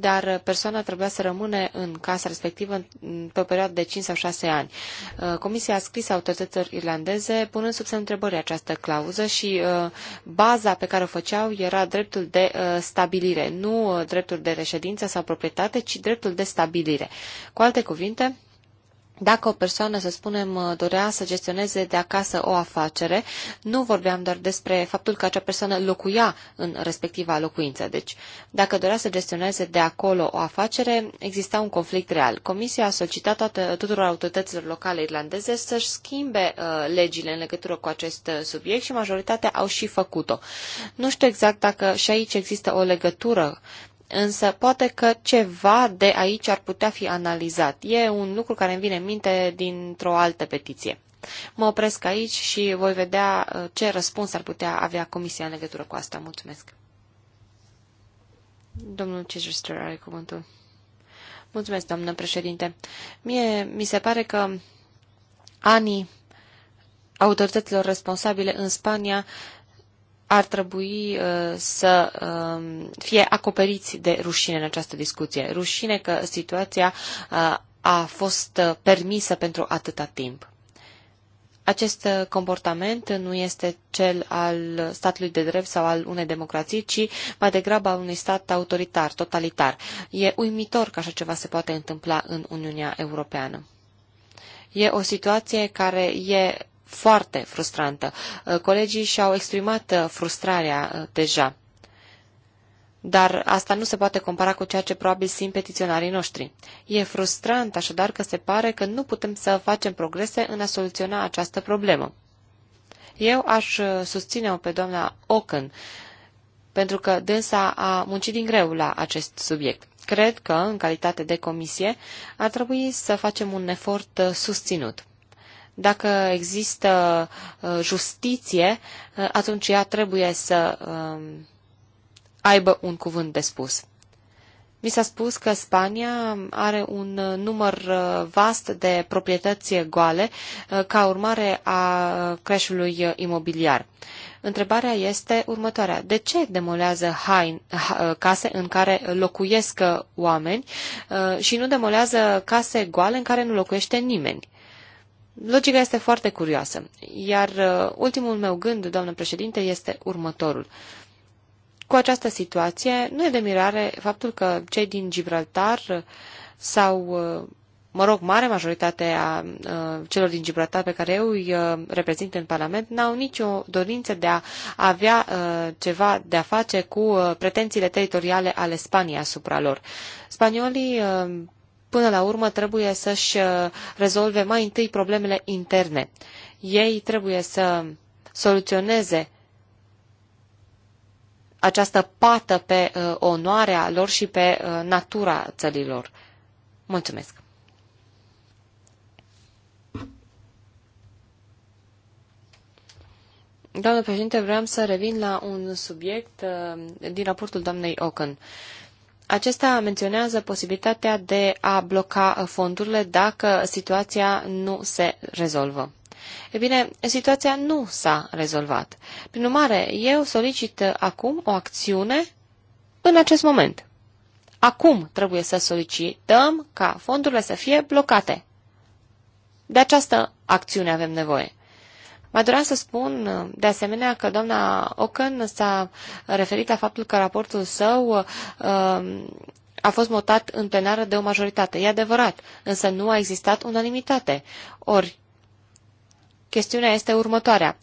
dar persoana trebuia să rămâne în casa respectivă pe o perioadă de 5 sau 6 ani. Uh, Comisia a scris autorităților irlandeze punând sub semn întrebări această clauză și uh, baza pe care o făceau era dreptul de uh, stabilire, nu dreptul de reședință sau proprietate, ci dreptul de stabilire. Cu alte cuvinte, dacă o persoană, să spunem, dorea să gestioneze de acasă o afacere, nu vorbeam doar despre faptul că acea persoană locuia în respectiva locuință. Deci, dacă dorea să gestioneze de acolo o afacere, exista un conflict real. Comisia a solicitat toate, tuturor autorităților locale irlandeze să-și schimbe uh, legile în legătură cu acest uh, subiect și majoritatea au și făcut-o. Nu știu exact dacă și aici există o legătură însă poate că ceva de aici ar putea fi analizat. E un lucru care îmi vine în minte dintr-o altă petiție. Mă opresc aici și voi vedea uh, ce răspuns ar putea avea Comisia în legătură cu asta. Mulțumesc. Domnul Chichester are cuvântul. Mulțumesc, doamnă președinte. Mie mi se pare că anii autorităților responsabile în Spania ar trebui uh, să uh, fie acoperiți de rușine în această discuție. Rușine că situația uh, a fost uh, permisă pentru atâta timp. Acest uh, comportament nu este cel al statului de drept sau al unei democrații, ci mai degrabă al unui stat autoritar, totalitar. E uimitor că așa ceva se poate întâmpla în Uniunea Europeană. E o situație care e foarte frustrantă. Uh, colegii și-au exprimat uh, frustrarea uh, deja. Dar asta nu se poate compara cu ceea ce probabil simt petiționarii noștri. E frustrant așadar că se pare că nu putem să facem progrese în a soluționa această problemă. Eu aș susține-o pe doamna Ocken, pentru că dânsa a muncit din greu la acest subiect. Cred că, în calitate de comisie, ar trebui să facem un efort susținut. Dacă există uh, justiție, uh, atunci ea trebuie să um, aibă un cuvânt de spus. Mi s-a spus că Spania are un uh, număr vast de proprietăți goale ca urmare a creșului imobiliar. Întrebarea este următoarea. De ce demolează hain, case în care locuiesc oameni și nu demolează case goale în care nu locuiește nimeni? Logica este foarte curioasă, iar uh, ultimul meu gând, doamnă președinte, este următorul. Cu această situație, nu e de mirare faptul că cei din Gibraltar uh, sau, uh, mă rog, mare majoritate a celor din Gibraltar pe care eu îi reprezint în Parlament n-au nicio dorință de a avea ceva de a face cu pretențiile teritoriale ale Spaniei asupra lor. Spaniolii până la urmă trebuie să-și uh, rezolve mai întâi problemele interne. Ei trebuie să soluționeze această pată pe uh, onoarea lor și pe uh, natura țărilor. Mulțumesc! Doamnă președinte, vreau să revin la un subiect uh, din raportul doamnei Ocken. Uh, acesta menționează posibilitatea de a bloca uh, fondurile dacă situația nu se rezolvă. E bine, situația nu s-a rezolvat. Prin urmare, eu solicit uh, acum o acțiune în acest moment. Acum trebuie să solicităm ca fondurile să fie blocate. De această acțiune avem nevoie. Mai doream să spun, de asemenea, că doamna Ocan s-a referit la faptul că raportul său um, a fost votat în plenară de o majoritate. E adevărat, însă nu a existat unanimitate. Ori, chestiunea este următoarea.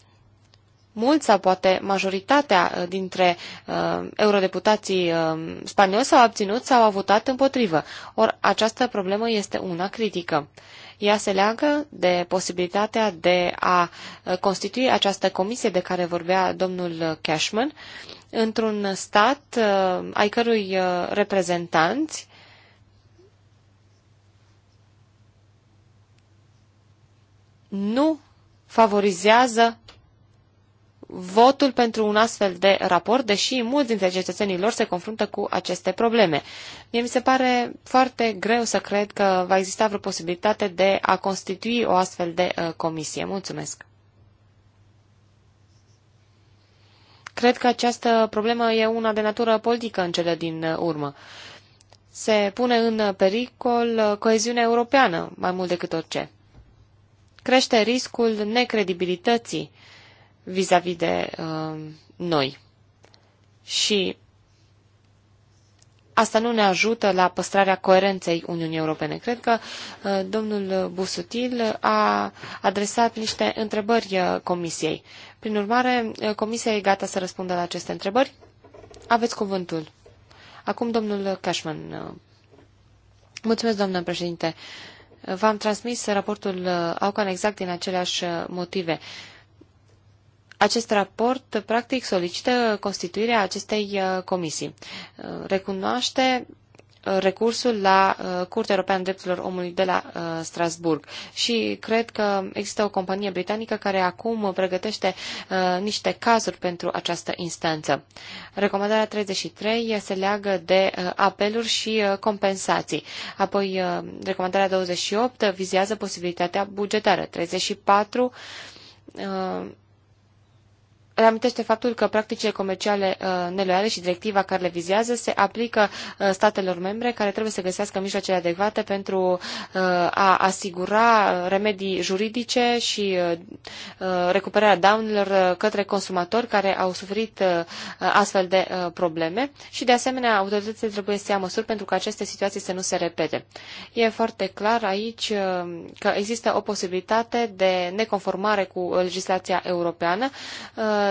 Mulți sau poate majoritatea uh, dintre uh, eurodeputații uh, spanioli s-au abținut sau au votat împotrivă. Ori această problemă este una critică. Uh, ea se leagă de posibilitatea de a uh, constitui această comisie de care vorbea domnul Cashman într-un stat uh, ai cărui uh, reprezentanți nu favorizează votul pentru un astfel de raport, deși mulți dintre cetățenii lor se confruntă cu aceste probleme. Mie mi se pare foarte greu să cred că va exista vreo posibilitate de a constitui o astfel de uh, comisie. Mulțumesc! Cred că această problemă e una de natură politică în cele din uh, urmă. Se pune în pericol uh, coeziunea europeană mai mult decât orice. Crește riscul necredibilității uh, vis-a-vis -vis de uh, noi. Și asta nu ne ajută la păstrarea coerenței Uniunii Europene. Cred că uh, domnul Busutil a adresat niște întrebări uh, Comisiei. Prin urmare, uh, Comisia e gata să răspundă la aceste întrebări? Aveți cuvântul. Acum domnul Cashman. Uh, mulțumesc, domnule președinte. V-am transmis raportul uh, Aucan exact din aceleași uh, motive. Acest raport, practic, solicită constituirea acestei uh, comisii. Uh, recunoaște uh, recursul la Curtea Europeană a Drepturilor Omului de la Strasburg. Și cred că există o companie britanică care acum pregătește niște cazuri pentru această instanță. Recomandarea 33 se leagă de apeluri și compensații. Apoi, recomandarea 28 vizează posibilitatea bugetară. 34 reamintește faptul că practicile comerciale uh, neloiale și directiva care le vizează se aplică uh, statelor membre care trebuie să găsească mijloacele adecvate pentru uh, a asigura remedii juridice și recuperarea daunelor către consumatori care au suferit astfel de probleme și de asemenea autoritățile trebuie să ia măsuri pentru ca aceste situații să nu se repete. E foarte clar aici că există o posibilitate de neconformare cu legislația europeană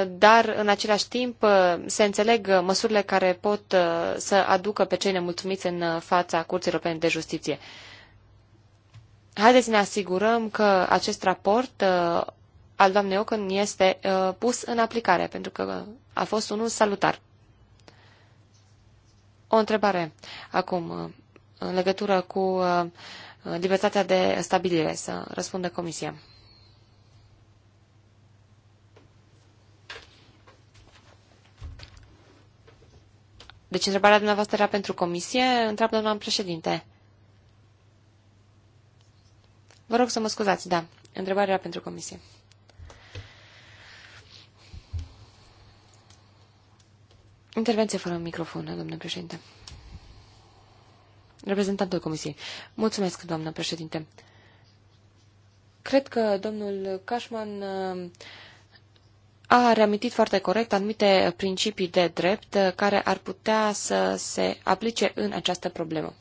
dar în același timp uh, se înțeleg măsurile care pot uh, să aducă pe cei nemulțumiți în uh, fața Curții Europene de Justiție. Haideți să ne asigurăm că acest raport al doamnei Ocăn este pus în aplicare, pentru că a fost unul salutar. O întrebare acum în legătură cu libertatea de stabilire, să răspundă Comisia. Deci întrebarea dumneavoastră era pentru comisie, întreabă doamna președinte. Vă rog să mă scuzați, da. Întrebarea era pentru comisie. Intervenție fără microfon, domnule președinte. Reprezentantul comisiei. Mulțumesc, doamnă președinte. Cred că domnul Cashman a reamintit foarte corect anumite principii de drept uh, care ar putea să se aplice în această problemă.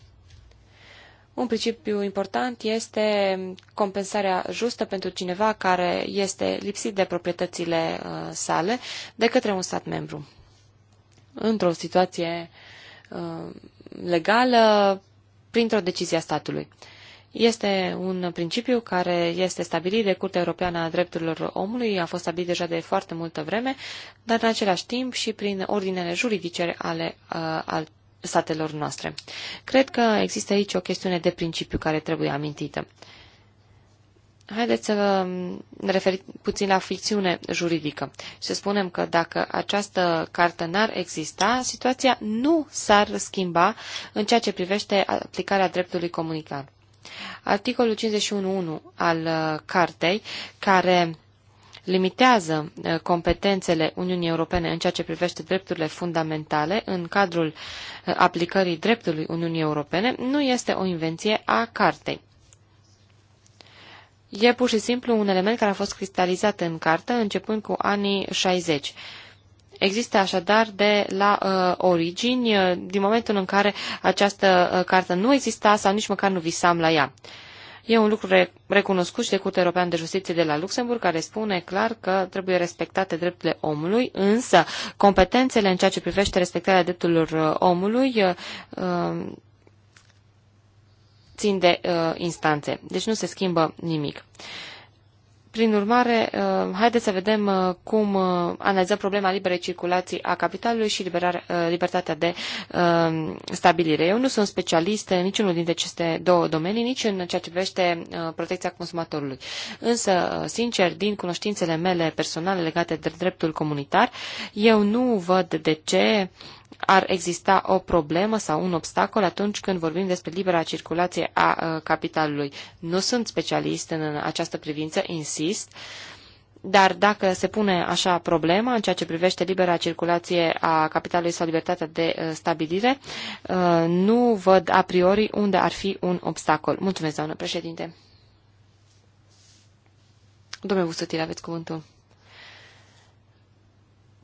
Un principiu important este compensarea justă pentru cineva care este lipsit de proprietățile uh, sale de către un stat membru. Într-o situație uh, legală, printr-o decizie a statului. Este un principiu care este stabilit de Curtea Europeană a Drepturilor Omului, a fost stabilit deja de foarte multă vreme, dar în același timp și prin ordinele juridice ale, uh, al statelor noastre. Cred că există aici o chestiune de principiu care trebuie amintită. Haideți să vă referi puțin la ficțiune juridică. Să spunem că dacă această carte n-ar exista, situația nu s-ar schimba în ceea ce privește aplicarea dreptului comunicar. Articolul 51.1 al uh, cartei, care limitează uh, competențele Uniunii Europene în ceea ce privește drepturile fundamentale în cadrul uh, aplicării dreptului Uniunii Europene, nu este o invenție a cartei. E pur și simplu un element care a fost cristalizat în cartă începând cu anii 60 Există așadar de la uh, origini, uh, din momentul în care această uh, carte nu exista sau nici măcar nu visam la ea. E un lucru re- recunoscut și de Curtea Europeană de Justiție de la Luxemburg, care spune clar că trebuie respectate drepturile omului, însă competențele în ceea ce privește respectarea drepturilor uh, omului uh, uh, țin de uh, instanțe. Deci nu se schimbă nimic. Uh, prin urmare, uh, haideți să vedem uh, cum uh, analizăm problema liberei circulații a capitalului și liberar, libertatea de stabilire. Eu nu sunt specialist în niciunul dintre aceste două domenii, nici în ceea ce privește protecția consumatorului. Însă, sincer, din cunoștințele mele personale legate de dreptul comunitar, eu nu văd de ce uh, ar exista o problemă sau un obstacol atunci când vorbim despre libera circulație a uh, capitalului. Nu sunt specialist în această privință, insist, dar dacă se pune așa problema în ceea ce privește libera circulație a capitalului sau libertatea de uh, stabilire, uh, nu văd a priori unde ar fi un obstacol. Mulțumesc, doamnă președinte. Domnule Busutile, aveți cuvântul.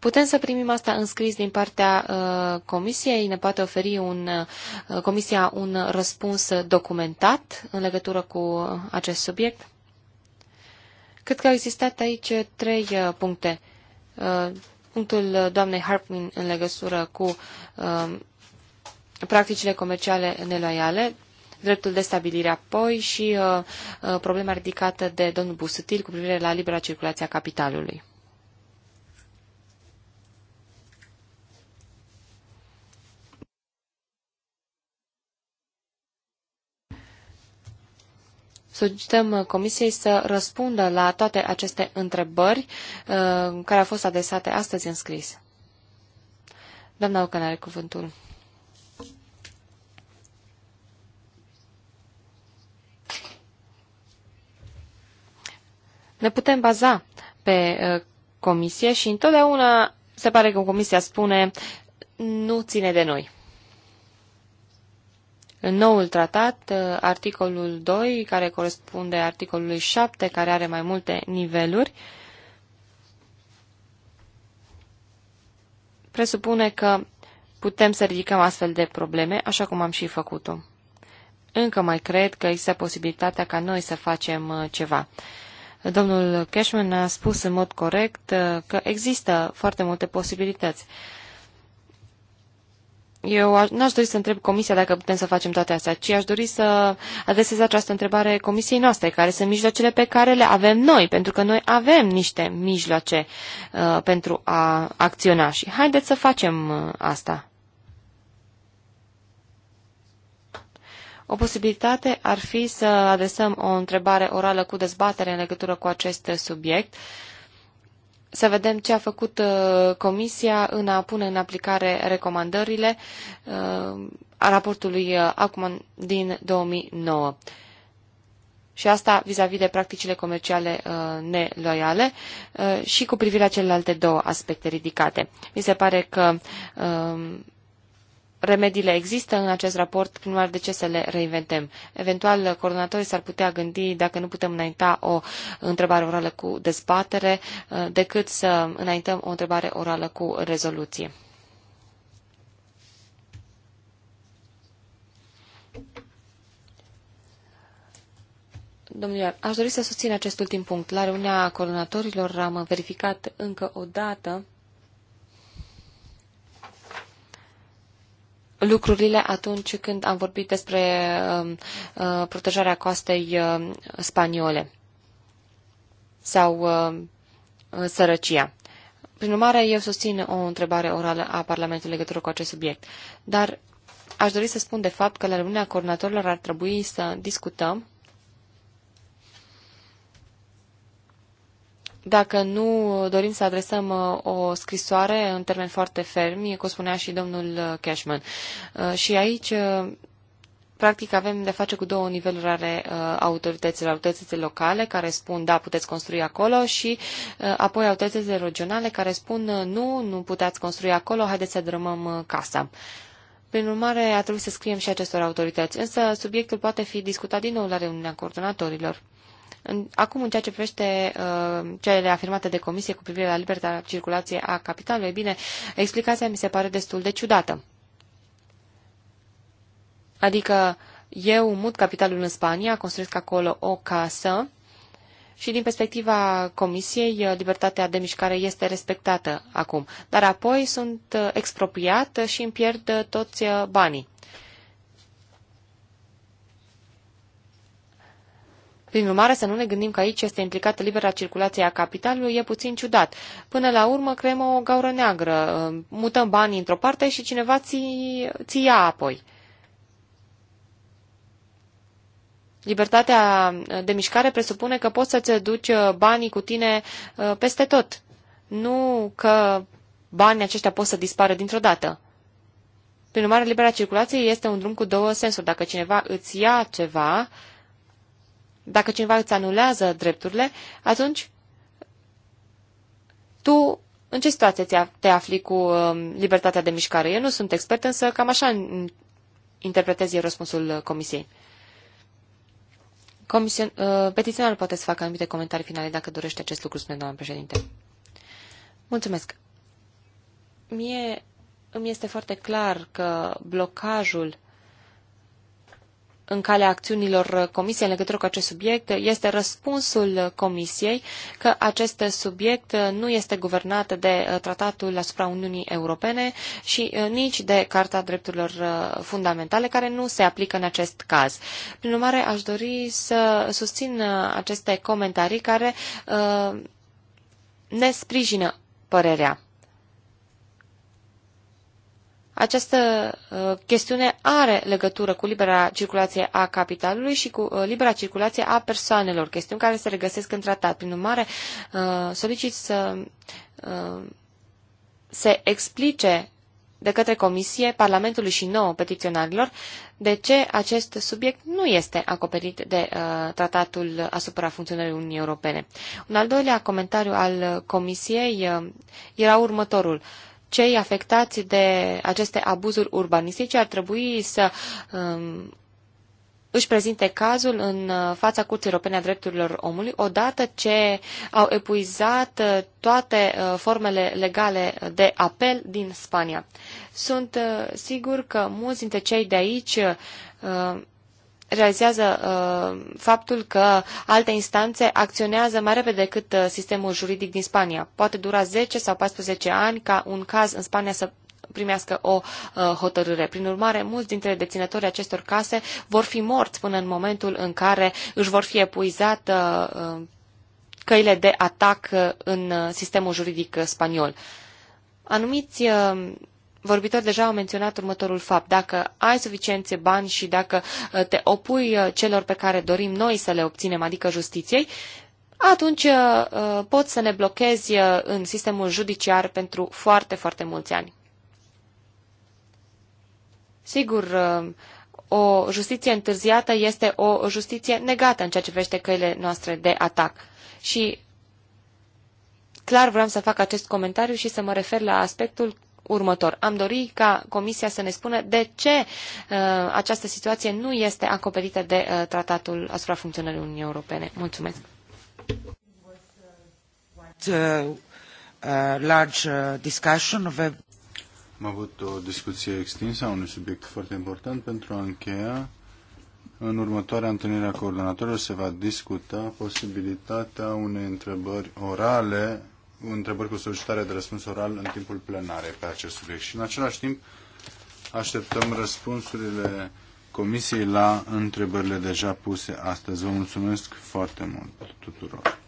Putem să primim asta înscris din partea uh, comisiei, ne poate oferi un, uh, comisia un răspuns documentat în legătură cu acest subiect? Cred că au existat aici trei uh, puncte. Uh, punctul doamnei Harpin în legătură cu uh, practicile comerciale neloiale, dreptul de stabilire apoi și uh, uh, problema ridicată de domnul Busutil cu privire la libera circulație a capitalului. solicităm uh, Comisiei să răspundă la toate aceste întrebări uh, care au fost adresate astăzi în scris. Doamna Ocan are cuvântul. Ne putem baza pe uh, comisie și întotdeauna se pare că comisia spune nu ține de noi. În noul tratat, uh, articolul 2, care corespunde articolului 7, care are mai multe niveluri, presupune că putem să ridicăm astfel de probleme, așa cum am și făcut-o. Încă mai cred că există posibilitatea ca noi să facem uh, ceva. Domnul Cashman a spus în mod corect uh, că există foarte multe posibilități. Eu n-aș dori să întreb Comisia dacă putem să facem toate astea, ci aș dori să adresez această întrebare Comisiei noastre, care sunt mijloacele pe care le avem noi, pentru că noi avem niște mijloace uh, pentru a acționa și haideți să facem uh, asta. O posibilitate ar fi să adresăm o întrebare orală cu dezbatere în legătură cu acest subiect. Uh, să vedem ce a făcut uh, Comisia în a pune în aplicare recomandările uh, a raportului uh, acum din 2009. Și asta vis-a-vis -vis de practicile comerciale neloiale și cu privire la celelalte două aspecte ridicate. Mi se pare că remediile există în acest raport, prin urmare de ce să le reinventăm? Eventual, coordonatorii s-ar putea gândi dacă nu putem înainta o întrebare orală cu dezbatere, uh, decât să înaintăm o întrebare orală cu rezoluție. Domnule, aș dori să susțin acest ultim punct. La reuniunea coordonatorilor am verificat încă o dată lucrurile atunci când am vorbit despre um, uh, protejarea coastei um, spaniole sau um, uh, sărăcia. Prin urmare, eu susțin o întrebare orală a Parlamentului legătură cu acest subiect. Dar aș dori să spun de fapt că la reuniunea coordonatorilor ar trebui să discutăm Dacă nu dorim să adresăm uh, o scrisoare în termen foarte fermi, cum spunea și domnul uh, Cashman. Uh, și aici practic avem de face cu două niveluri ale autorităților. Autoritățile locale care spun da, puteți construi acolo și apoi autoritățile regionale care spun nu, nu puteți construi acolo, haideți să drămăm casa. Prin urmare, a trebuit să scriem și acestor autorități, însă subiectul poate fi discutat din nou la reuniunea coordonatorilor. Acum, în ceea ce privește uh, cele afirmate de comisie cu privire la libertatea circulației a capitalului, bine, explicația mi se pare destul de ciudată. Adică eu mut capitalul în Spania, construiesc acolo o casă și din perspectiva comisiei, uh, libertatea de mișcare este respectată acum. Dar apoi sunt uh, expropriat și îmi pierd uh, toți banii. Prin urmare, să nu ne gândim că aici este implicată libera circulație a capitalului e puțin ciudat. Până la urmă, creăm o gaură neagră, mutăm banii într-o parte și cineva ți, ți ia apoi. Libertatea de mișcare presupune că poți să-ți duci uh, banii cu tine uh, peste tot. Nu că banii aceștia pot să dispară dintr-o dată. Prin urmare, libera circulație este un drum cu două sensuri. Dacă cineva îți ia ceva, dacă cineva îți anulează drepturile, atunci tu în ce situație te afli cu um, libertatea de mișcare? Eu nu sunt expert, însă cam așa interpretez eu răspunsul uh, comisiei. Uh, petiționarul poate să facă anumite comentarii finale dacă dorește acest lucru, spune doamna președinte. Mulțumesc. Mie îmi este foarte clar că blocajul în calea acțiunilor Comisiei în legătură cu acest subiect este răspunsul Comisiei că acest subiect nu este guvernat de uh, Tratatul asupra Uniunii Europene și uh, nici de Carta Drepturilor uh, Fundamentale, care nu se aplică în acest caz. Prin urmare, aș dori să susțin aceste comentarii care ne sprijină părerea această uh, chestiune are legătură cu libera circulație a capitalului și cu uh, libera circulație a persoanelor, chestiuni care se regăsesc în tratat. Prin urmare, uh, solicit să uh, se explice de către Comisie, Parlamentului și nouă petiționarilor de ce acest subiect nu este acoperit de uh, tratatul asupra funcționării Uniunii Europene. Un al doilea comentariu al Comisiei uh, era următorul. Uh, cei afectați de aceste abuzuri urbanistice ar trebui să um, își prezinte cazul în uh, fața Curții Europene a Drepturilor Omului odată ce au epuizat uh, toate uh, formele legale de apel din Spania. Sunt sigur că mulți dintre cei de aici realizează uh, faptul că alte instanțe acționează mai repede decât uh, sistemul juridic din Spania. Poate dura 10 sau 14 ani ca un caz în Spania să primească o uh, hotărâre. Prin urmare, mulți dintre deținătorii acestor case vor fi morți până în momentul în care își vor fi epuizat uh, uh căile de atac uh, în uh, sistemul juridic spaniol. Anumiți uh, vorbitori deja au menționat următorul fapt. Dacă ai suficiențe bani și dacă uh, te opui uh, celor pe care dorim noi să le obținem, adică justiției, atunci uh, poți să ne blochezi în sistemul judiciar pentru foarte, foarte mulți ani. Sigur, o justiție întârziată este o justiție negată în ceea ce privește căile noastre de atac. Și clar vreau să fac acest comentariu și să mă refer la aspectul următor. Am dori ca Comisia să ne spună de ce uh, această situație nu este acoperită de uh, tratatul asupra funcționării Uniunii Europene. Mulțumesc! Uh, Am avut o discuție extinsă a unui subiect foarte important pentru a încheia. În următoarea întâlnire a coordonatorilor se va discuta posibilitatea unei întrebări orale întrebări cu solicitare de răspuns oral în timpul plenarei pe acest subiect. Și în același timp așteptăm răspunsurile Comisiei la întrebările deja puse astăzi. Vă mulțumesc foarte mult tuturor.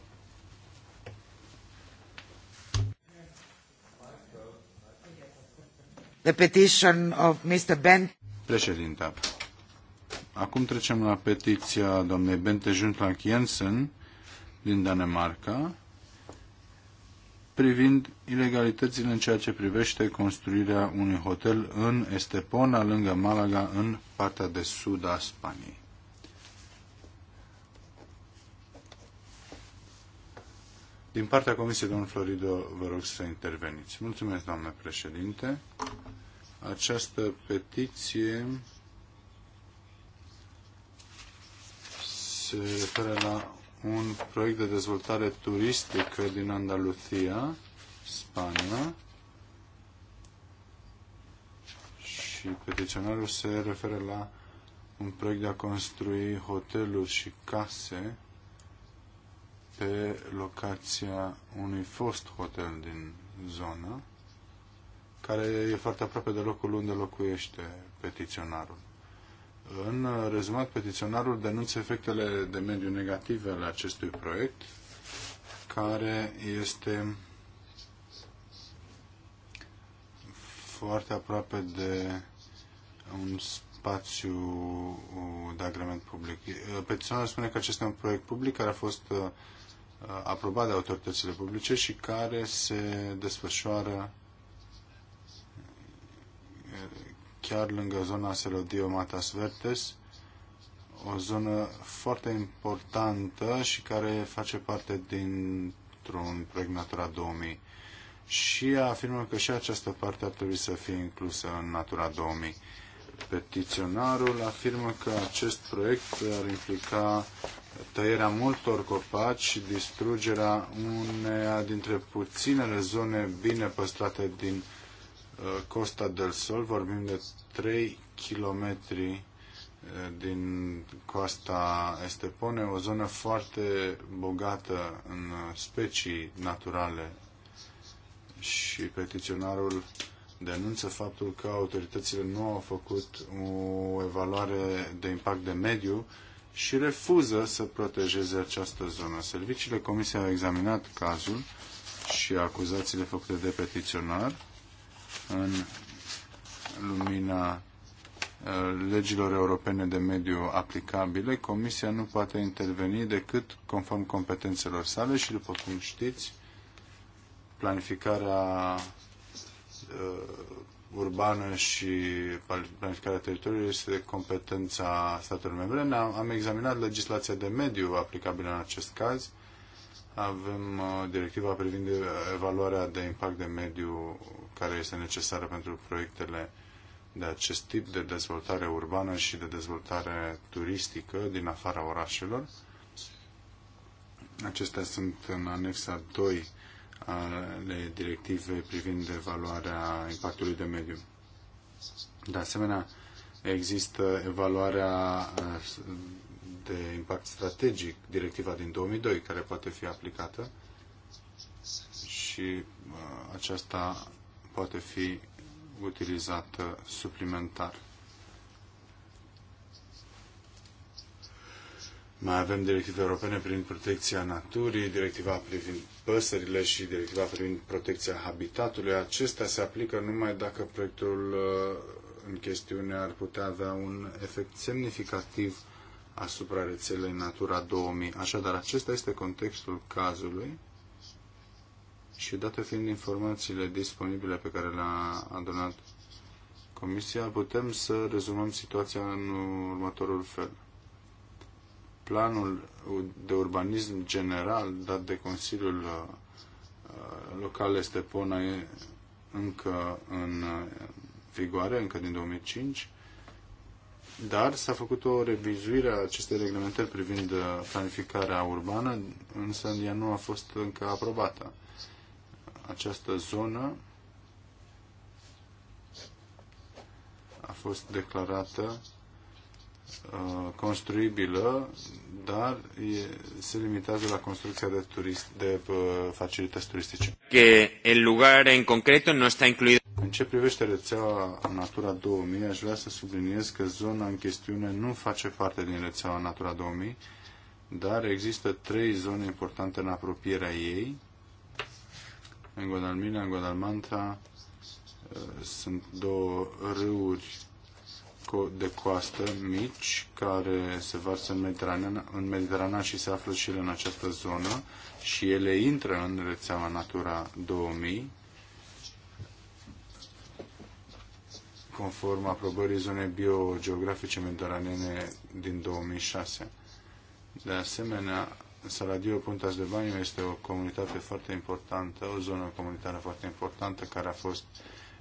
The petition of Mr. Ben. Președinta. Acum trecem la petiția doamnei Bente Juntlank Jensen din Danemarca privind ilegalitățile în ceea ce privește construirea unui hotel în Estepona, lângă Malaga, în partea de sud a Spaniei. Din partea Comisiei, domnul Florido, vă rog să interveniți. Mulțumesc, doamnă președinte. Această petiție se referă la un proiect de dezvoltare turistică din Andaluzia, Spania. Și petiționarul se referă la un proiect de a construi hoteluri și case pe locația unui fost hotel din zonă, care e foarte aproape de locul unde locuiește petiționarul. În rezumat, petiționarul denunță efectele de mediu negative ale acestui proiect, care este foarte aproape de un spațiu de agrement public. Petiționarul spune că acesta este un proiect public care a fost uh, aprobat de autoritățile publice și care se desfășoară chiar lângă zona Selodio Matas Vertes, o zonă foarte importantă și care face parte dintr-un proiect Natura 2000 și afirmă că și această parte ar trebui să fie inclusă în Natura 2000. Petiționarul afirmă că acest proiect ar implica tăierea multor copaci și distrugerea uneia dintre puținele zone bine păstrate din Costa del Sol, vorbim de 3 km eh, din coasta Estepone, o zonă foarte bogată în specii naturale și petiționarul denunță faptul că autoritățile nu au făcut o evaluare de impact de mediu și refuză să protejeze această zonă. Serviciile Comisiei au examinat cazul și acuzațiile făcute de petiționar în lumina uh, legilor europene de mediu aplicabile, Comisia nu poate interveni decât conform competențelor sale și, după cum știți, planificarea uh, urbană și planificarea teritoriului este de competența statelor membre. Am examinat legislația de mediu aplicabilă în acest caz. Avem uh, directiva privind evaluarea de impact de mediu care este necesară pentru proiectele de acest tip de dezvoltare urbană și de dezvoltare turistică din afara orașelor. Acestea sunt în anexa 2 ale directivei privind evaluarea impactului de mediu. De asemenea, există evaluarea uh, de impact strategic, directiva din 2002, care poate fi aplicată și uh, aceasta poate fi utilizată suplimentar. Mai avem directive europene privind protecția naturii, directiva privind păsările și directiva privind protecția habitatului. Acestea se aplică numai dacă proiectul uh, în chestiune ar putea avea un efect semnificativ asupra rețelei Natura 2000. Așadar, acesta este contextul cazului și dată fiind informațiile disponibile pe care le-a adunat Comisia, putem să rezumăm situația în următorul fel. Planul de urbanism general dat de Consiliul uh, Local este e încă în vigoare, încă din 2005, dar s-a făcut o revizuire a acestei reglementări privind uh, planificarea urbană, însă ea nu a fost încă aprobată această zonă a fost declarată uh, construibilă, dar e, se limitează la construcția de, turist, de uh, facilități turistice. Că el lugar în concret nu este incluit. În ce privește rețeaua Natura 2000, aș vrea să subliniez că zona în chestiune nu face parte din rețeaua Natura 2000, dar există trei zone importante în apropierea ei, în Guadalmina, în Guadalmantra. Eh, sunt două râuri de coastă mici care se varsă în Mediterana, în Mediterana și se află și ele în această zonă și ele intră în rețeaua Natura 2000 conform aprobării zonei biogeografice mediteranene din 2006. De asemenea, Saladio Puntas de Baniu este o comunitate foarte importantă, o zonă comunitară foarte importantă care a fost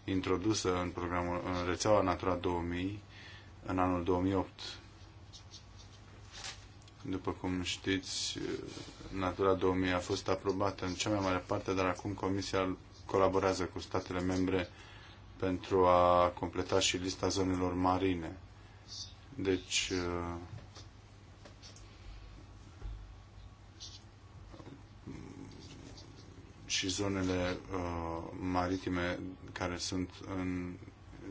introdusă în, programul, în rețeaua Natura 2000 în anul 2008. După cum știți, Natura 2000 a fost aprobată în cea mai mare parte, dar acum Comisia colaborează cu statele membre pentru a completa și lista zonelor marine. Deci, și zonele uh, maritime care sunt în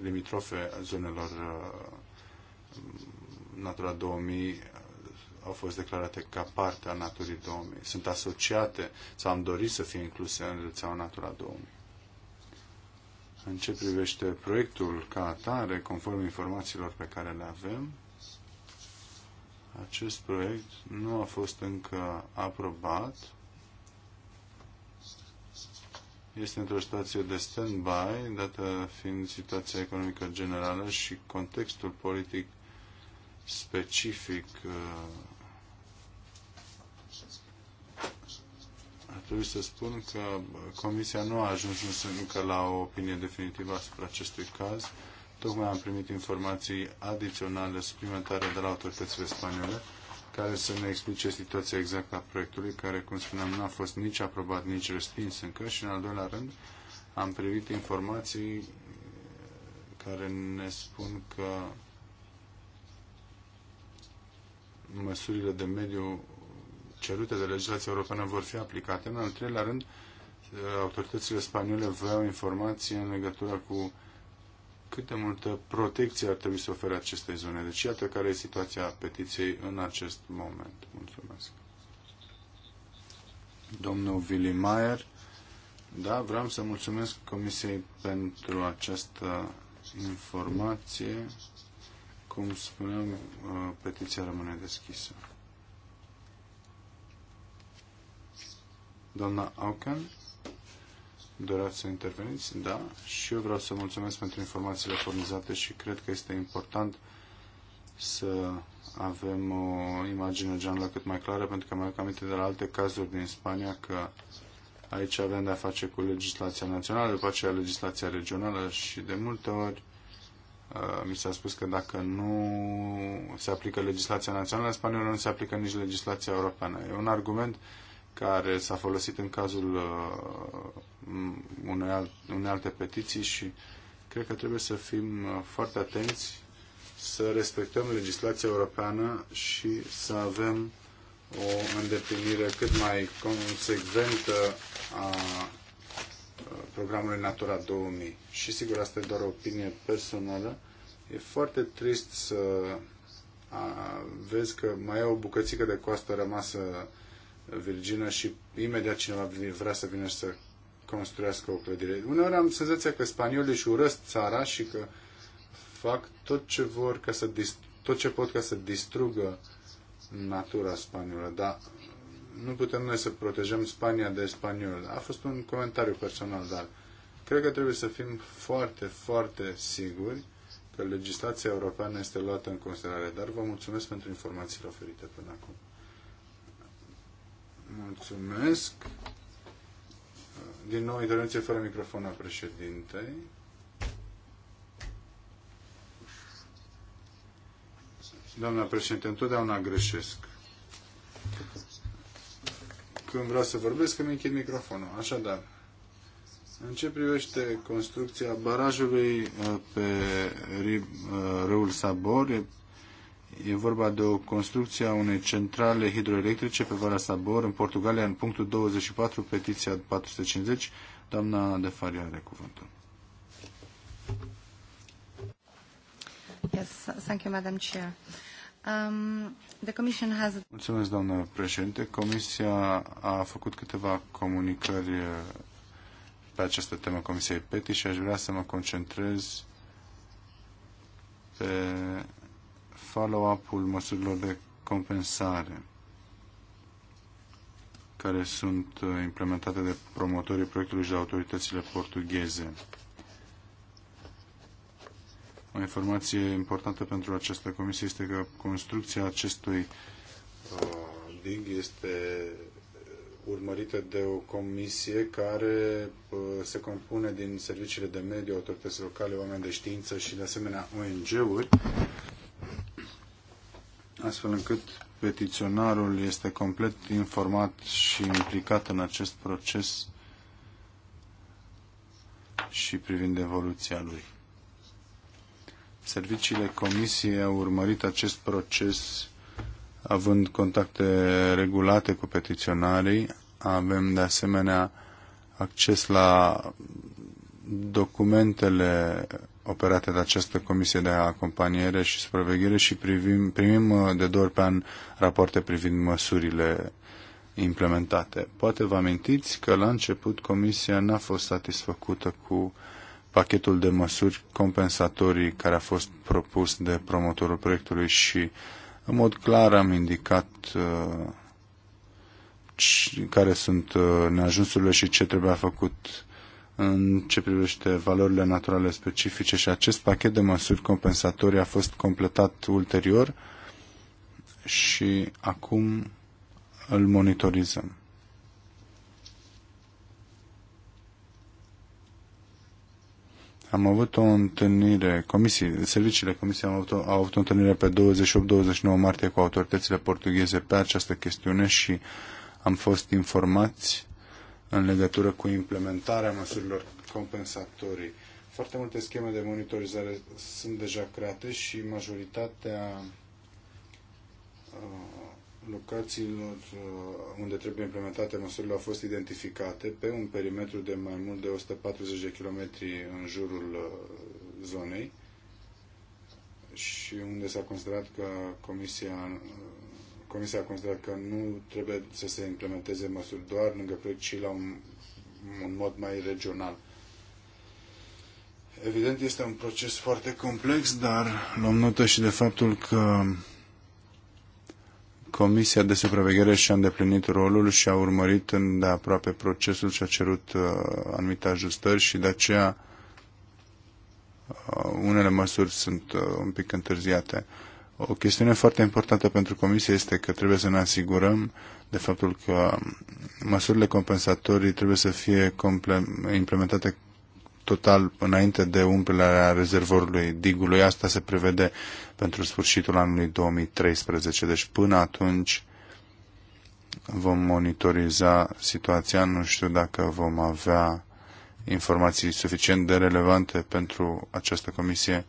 limitrofe zonelor uh, Natura 2000 uh, au fost declarate ca parte a Naturii 2000. Sunt asociate sau am dorit să fie incluse în rețeaua Natura 2000. În ce privește proiectul ca atare, conform informațiilor pe care le avem, acest proiect nu a fost încă aprobat este într-o situație de stand-by, dată fiind situația economică generală și contextul politic specific uh, ar trebui să spun că Comisia nu a ajuns însă încă la o opinie definitivă asupra acestui caz. Tocmai am primit informații adiționale, suplimentare de la autoritățile spaniole care să ne explice situația exactă a proiectului, care, cum spuneam, nu a fost nici aprobat, nici respins încă și, în al doilea rând, am privit informații care ne spun că măsurile de mediu cerute de legislația europeană vor fi aplicate. În al treilea rând, autoritățile spaniole vreau informații în legătură cu cât de multă protecție ar trebui să ofere acestei zone. Deci iată care e situația petiției în acest moment. Mulțumesc. Domnul Willy Maier, da, vreau să mulțumesc Comisiei pentru această informație. Cum spuneam, uh, petiția rămâne deschisă. Doamna Auken? doreați să interveniți? Da. Și eu vreau să mulțumesc pentru informațiile furnizate și cred că este important să avem o imagine generală cât mai clară, pentru că mai am aminte de la alte cazuri din Spania că aici avem de-a face cu legislația națională, după aceea legislația regională și de multe ori uh, mi s-a spus că dacă nu se aplică legislația națională spaniolă, nu se aplică nici legislația europeană. E un argument uh, care s-a folosit în cazul uh, unei, unei alte petiții și cred că trebuie să fim uh, foarte atenți să respectăm legislația europeană și să avem o îndeplinire cât mai consecventă a uh, programului Natura 2000. Și sigur, asta e doar o opinie personală. E foarte trist să a, vezi că mai e o bucățică de coastă rămasă Virginia și imediat cineva vrea să vină și să construiască o clădire. Uneori am senzația că spaniolii își urăsc țara și că fac tot ce vor ca să tot ce pot ca să distrugă natura spaniolă, dar nu putem noi să protejăm Spania de spaniol. A fost un comentariu personal, dar cred că trebuie să fim foarte, foarte siguri că legislația europeană este luată în considerare. Dar vă mulțumesc pentru informațiile oferite până acum. Mulțumesc. Din nou, intervenție fără microfon a președintei. Doamna președinte, întotdeauna greșesc. Când vreau să vorbesc, îmi închid microfonul. Așadar, în ce privește construcția barajului uh, pe uh, râul Sabor, e E vorba de o construcție a unei centrale hidroelectrice pe Valea Sabor, în Portugalia, în punctul 24, petiția 450. Doamna de Faria are cuvântul. Yes, thank you, Madam Chair. Um, the commission has... Mulțumesc, doamnă președinte. Comisia a făcut câteva comunicări uh, pe această temă Comisiei PETI și aș vrea să mă concentrez pe follow-up-ul măsurilor de compensare care sunt uh, implementate de promotorii proiectului și de autoritățile portugheze. O informație importantă pentru această comisie este că construcția acestui dig uh, este uh, urmărită de o comisie care se compune din serviciile de mediu, autorități locale, oameni de știință și de asemenea ONG-uri astfel încât petiționarul este complet informat și implicat în acest proces și privind evoluția lui. Serviciile Comisiei au urmărit acest proces având contacte regulate cu petiționarii. Avem de asemenea acces la documentele operate de această comisie de acompaniere și supraveghere și privim, primim uh, de două ori pe an rapoarte privind măsurile implementate. Poate vă amintiți că la început comisia n-a fost satisfăcută cu pachetul de măsuri compensatorii care a fost propus de promotorul proiectului și în mod clar am indicat uh, care sunt uh, neajunsurile și ce trebuia făcut în ce privește valorile naturale specifice și acest pachet de măsuri compensatorii a fost completat ulterior și acum îl monitorizăm. Am avut o întâlnire, comisii, serviciile comisiei au avut, o, au avut o întâlnire pe 28-29 martie cu autoritățile portugheze pe această chestiune și am fost informați în legătură cu implementarea măsurilor compensatorii. Foarte multe scheme de monitorizare sunt deja create și majoritatea uh, locațiilor uh, unde trebuie implementate măsurile au fost identificate pe un perimetru de mai mult de 140 de km în jurul uh, zonei și unde s-a considerat că Comisia Comisia a considerat că nu trebuie să se implementeze măsuri doar lângă proiect, ci la un, un mod mai regional. Evident, este un proces foarte complex, dar luăm notă și de faptul că Comisia de Supraveghere și-a îndeplinit rolul și a urmărit îndeaproape procesul și a cerut uh, anumite ajustări și de aceea uh, unele măsuri sunt uh, un pic întârziate. Uh, o chestiune foarte importantă pentru Comisie este că trebuie să ne asigurăm de faptul că măsurile compensatorii trebuie să fie implementate total înainte de umplerea rezervorului digului. Asta se prevede pentru sfârșitul anului 2013. Deci până atunci vom monitoriza situația. Nu știu dacă vom avea informații suficient de relevante pentru această comisie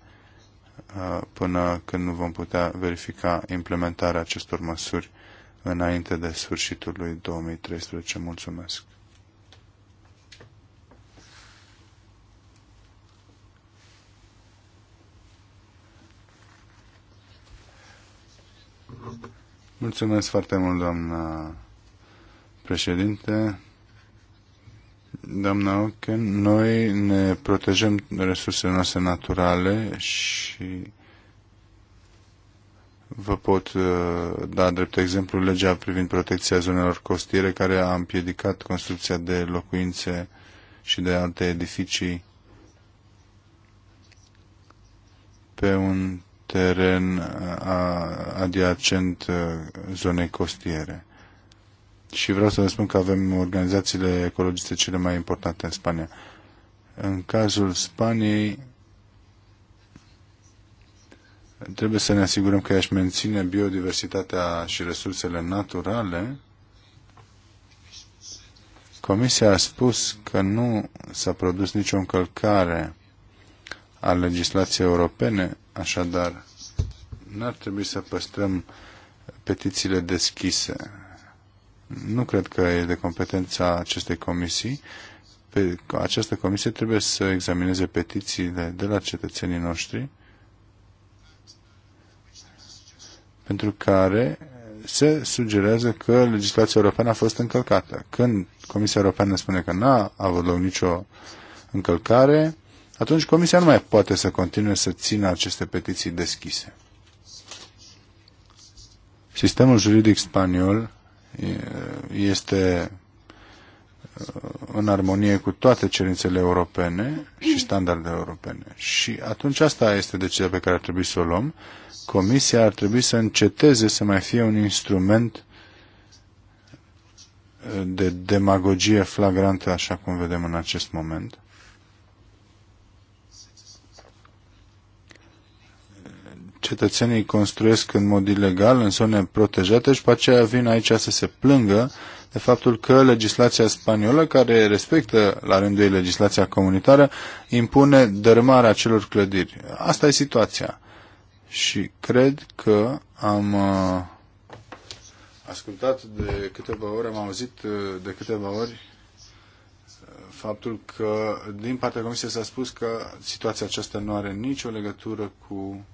Uh, până când nu vom putea verifica implementarea acestor măsuri înainte de sfârșitul lui 2013. Mulțumesc! Mulțumesc foarte mult, doamna președinte doamna Oken, noi ne protejăm resursele noastre naturale și vă pot uh, da drept exemplu legea privind protecția zonelor costiere care a împiedicat construcția de locuințe și de alte edificii pe un teren uh, adiacent uh, zonei costiere și vreau să vă spun că avem organizațiile ecologiste cele mai importante în Spania. În cazul Spaniei, trebuie să ne asigurăm că își menține biodiversitatea și resursele naturale. Comisia a spus că nu s-a produs nicio încălcare a legislației europene, așadar n-ar trebui să păstrăm petițiile deschise nu cred că e de competența acestei comisii. Pe, această comisie trebuie să examineze petițiile de la cetățenii noștri pentru care se sugerează că legislația europeană a fost încălcată. Când Comisia Europeană spune că n-a avut loc nicio încălcare, atunci Comisia nu mai poate să continue să țină aceste petiții deschise. Sistemul juridic spaniol este uh, în armonie cu toate cerințele europene și standardele europene. Și atunci asta este decizia pe care ar trebui să o luăm. Comisia ar trebui să înceteze să mai fie un instrument uh, de demagogie flagrantă, așa cum vedem în acest moment. cetățenii construiesc în mod ilegal, în zone protejate și pe aceea vin aici să se plângă de faptul că legislația spaniolă, care respectă la rândul ei legislația comunitară, impune dărâmarea acelor clădiri. Asta e situația. Și cred că am uh, ascultat de câteva ori, am auzit uh, de câteva ori uh, faptul că din partea Comisiei s-a spus că situația aceasta nu are nicio legătură cu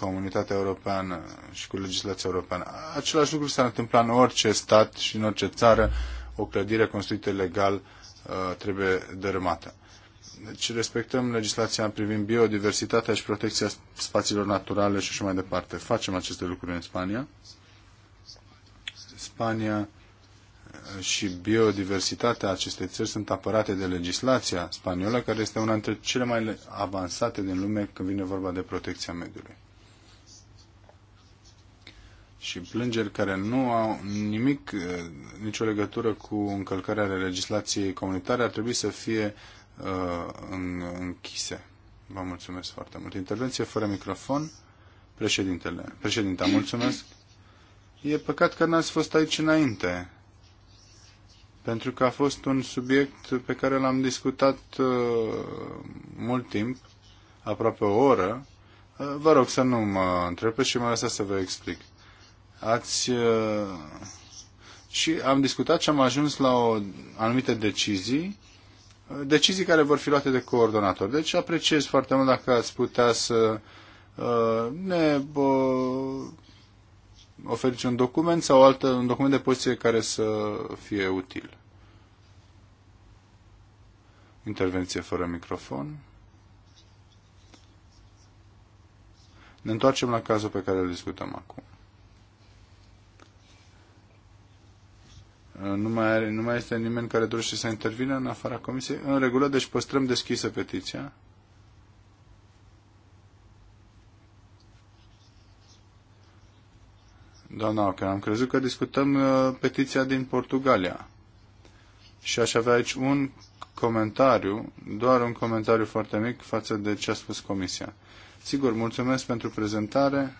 comunitatea europeană și cu legislația europeană. Același lucru s-ar întâmpla în orice stat și în orice țară. O clădire construită legal uh, trebuie dărâmată. Deci respectăm legislația privind biodiversitatea și protecția spațiilor naturale și așa mai departe. Facem aceste lucruri în Spania. Spania uh, și biodiversitatea acestei țări sunt apărate de legislația spaniolă, care este una dintre cele mai avansate din lume când vine vorba de protecția mediului și plângeri care nu au nimic, eh, nicio legătură cu încălcarea legislației comunitare ar trebui să fie uh, închise. Vă mulțumesc foarte mult. Intervenție fără microfon. Președintele. Președinta, mulțumesc. E păcat că n-ați fost aici înainte, pentru că a fost un subiect pe care l-am discutat uh, mult timp, aproape o oră. Vă rog să nu mă întrebeți și mă lăsați să vă explic ați uh, și am discutat și am ajuns la o, anumite decizii, uh, decizii care vor fi luate de coordonator. Deci apreciez foarte mult dacă ați putea să uh, ne oferiți un document sau altă, un document de poziție care să fie util. Intervenție fără microfon. Ne întoarcem la cazul pe care îl discutăm acum. Uh, nu mai, are, nu mai este nimeni care dorește să intervină în afara comisiei? În regulă, deci păstrăm deschisă petiția. Doamna că am crezut că discutăm uh, petiția din Portugalia. Și aș avea aici un comentariu, doar un comentariu foarte mic față de ce a spus comisia. Sigur, mulțumesc pentru prezentare.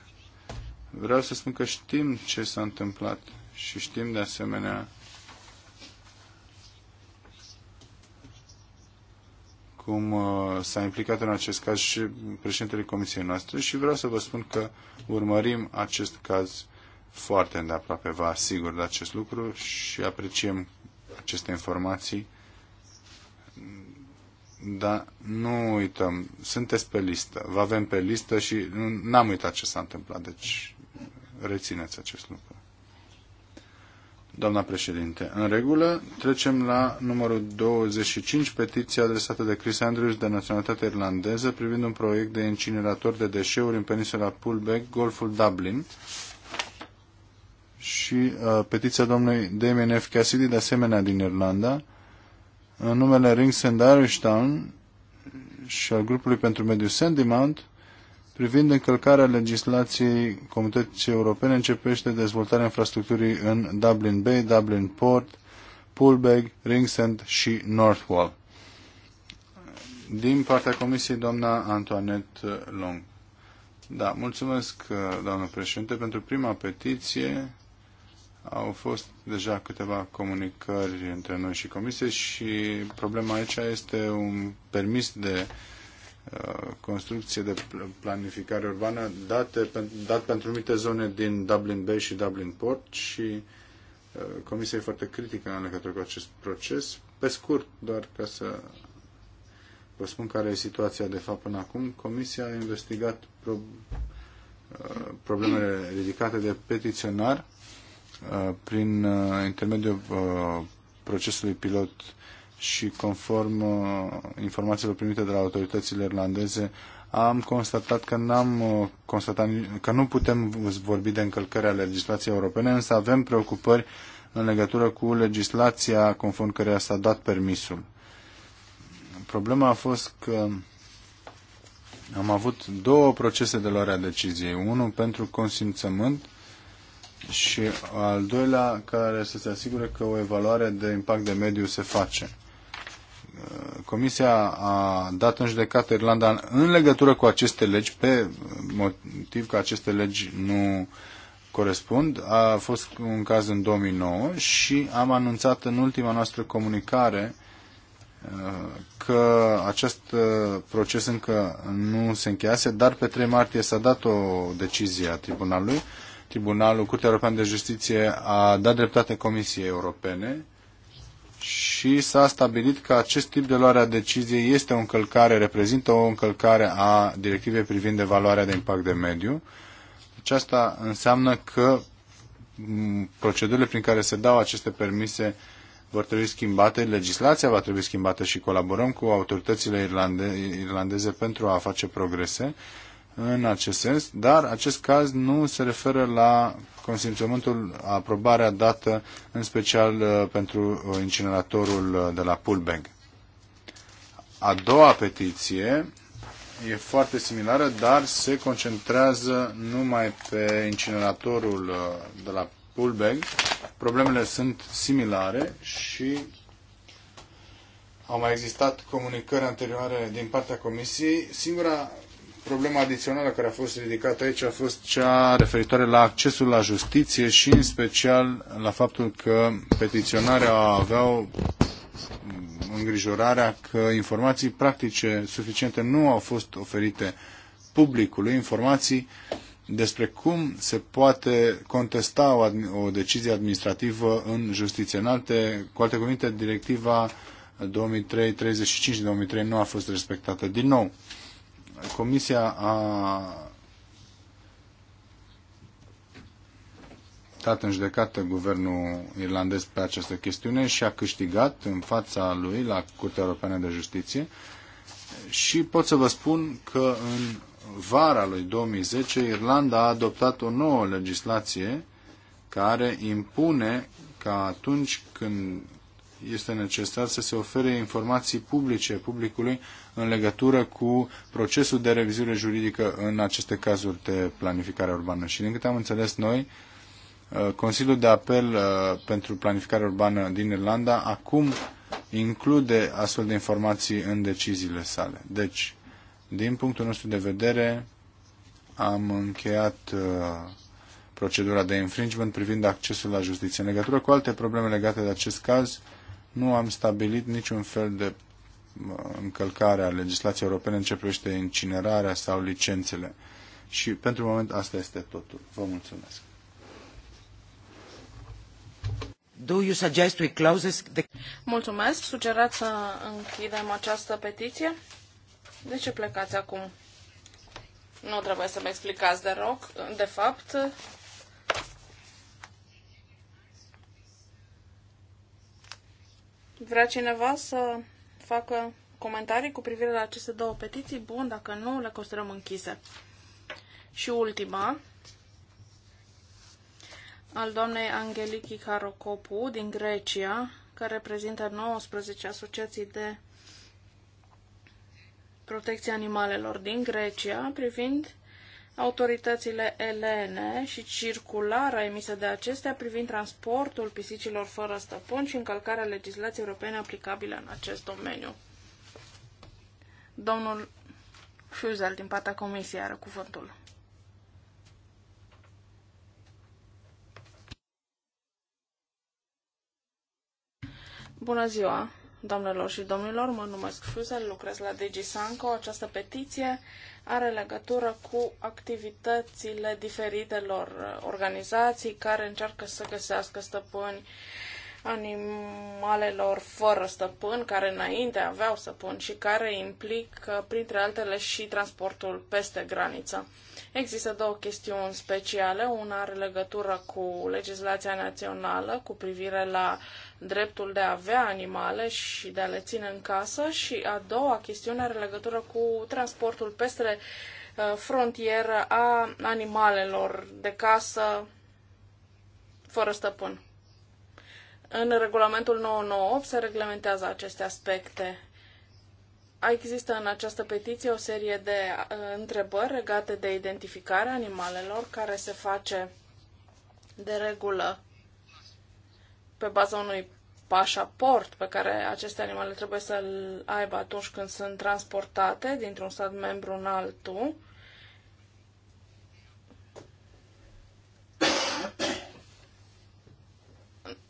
Vreau să spun că știm ce s-a întâmplat și știm de asemenea cum uh, s-a implicat în acest caz și președintele comisiei noastre și vreau să vă spun că urmărim acest caz foarte îndeaproape, vă asigur de acest lucru și apreciem aceste informații. Dar nu uităm, sunteți pe listă, vă avem pe listă și n-am uitat ce s-a întâmplat, deci rețineți acest lucru. Doamna președinte, în regulă, trecem la numărul 25, petiție adresată de Chris Andrews de naționalitate irlandeză privind un proiect de incinerator de deșeuri în peninsula Pullbeck, golful Dublin. Și uh, petiția domnului Damien F. Cassidy, de asemenea din Irlanda, în numele Rings and Irish Town și al grupului pentru mediu Sandymount, privind încălcarea legislației Comunității Europene începește dezvoltarea infrastructurii în Dublin Bay, Dublin Port, Poolbeg, Ringsend și Northwall. Din partea Comisiei, doamna Antoinette Long. Da, mulțumesc, doamnă președinte, pentru prima petiție. Au fost deja câteva comunicări între noi și comisie și problema aici este un permis de construcție de planificare urbană date, dat pentru anumite zone din Dublin Bay și Dublin Port și uh, Comisia e foarte critică în legătură cu acest proces. Pe scurt, doar ca să vă spun care e situația de fapt până acum, Comisia a investigat pro, uh, problemele ridicate de petiționar uh, prin intermediul procesului pilot și conform uh, informațiilor primite de la autoritățile irlandeze, am constatat că, n-am uh, constatat că nu putem vorbi de încălcări ale legislației europene, însă avem preocupări în legătură cu legislația conform căreia s-a dat permisul. Problema a fost că am avut două procese de luare a deciziei. Unul pentru consimțământ și al doilea care să se asigure că o evaluare de impact de mediu se face. Comisia a dat în judecată Irlanda în legătură cu aceste legi, pe motiv că aceste legi nu corespund. A fost un caz în 2009 și am anunțat în ultima noastră comunicare uh, că acest uh, proces încă nu se încheiase, dar pe 3 martie s-a dat o decizie a Tribunalului. Tribunalul, Curtea Europeană de Justiție, a dat dreptate Comisiei Europene și s-a stabilit că acest tip de luare a deciziei este o încălcare, reprezintă o încălcare a directivei privind evaluarea de impact de mediu. Deci asta înseamnă că mm, procedurile prin care se dau aceste permise vor trebui schimbate, legislația va trebui schimbată și colaborăm cu autoritățile irlande- irlandeze pentru a face progrese în acest sens, dar acest caz nu se referă la consimțământul, aprobarea dată în special uh, pentru uh, incineratorul uh, de la Pullbank. A doua petiție e foarte similară, dar se concentrează numai pe incineratorul de la Pullbank. Problemele sunt similare și au mai existat comunicări anterioare din partea Comisiei. Singura problema adițională care a fost ridicată aici a fost cea referitoare la accesul la justiție și în special la faptul că petiționarea aveau îngrijorarea că informații practice suficiente nu au fost oferite publicului, informații despre cum se poate contesta o, o decizie administrativă în justiție. În alte, cu alte cuvinte, directiva 2003-35-2003 nu a fost respectată din nou. Comisia a dat în judecată guvernul irlandez pe această chestiune și a câștigat în fața lui la Curtea Europeană de Justiție și pot să vă spun că în vara lui 2010 Irlanda a adoptat o nouă legislație care impune ca atunci când este necesar să se ofere informații publice publicului în legătură cu procesul de revizuire juridică în aceste cazuri de planificare urbană. Și din câte am înțeles noi, uh, Consiliul de Apel uh, pentru Planificare Urbană din Irlanda acum include astfel de informații în deciziile sale. Deci, din punctul nostru de vedere, am încheiat uh, procedura de infringement privind accesul la justiție. În legătură cu alte probleme legate de acest caz, nu am stabilit niciun fel de încălcare a legislației europene în ce privește incinerarea sau licențele. Și pentru moment asta este totul. Vă mulțumesc. Do you suggest we close the... Mulțumesc. Sugerați să închidem această petiție? De ce plecați acum? Nu trebuie să-mi explicați de rog, de fapt. Vrea cineva să facă comentarii cu privire la aceste două petiții? Bun, dacă nu, le considerăm închise. Și ultima, al doamnei Angeliki Karokopu din Grecia, care reprezintă 19 asociații de protecție animalelor din Grecia, privind autoritățile elene și circulara emisă de acestea privind transportul pisicilor fără stăpân și încălcarea legislației europene aplicabile în acest domeniu. Domnul Fuzel din partea comisiei are cuvântul. Bună ziua! Doamnelor și domnilor, mă numesc Fuzel, lucrez la DigiSanco. Această petiție are legătură cu activitățile diferitelor organizații care încearcă să găsească stăpâni animalelor fără stăpân, care înainte aveau stăpân și care implică, printre altele, și transportul peste graniță. Există două chestiuni speciale. Una are legătură cu legislația națională cu privire la dreptul de a avea animale și de a le ține în casă și a doua chestiune are legătură cu transportul peste uh, frontieră a animalelor de casă fără stăpân. În regulamentul 998 se reglementează aceste aspecte Există în această petiție o serie de uh, întrebări legate de identificarea animalelor care se face de regulă pe baza unui pașaport pe care aceste animale trebuie să-l aibă atunci când sunt transportate dintr-un stat membru în altul.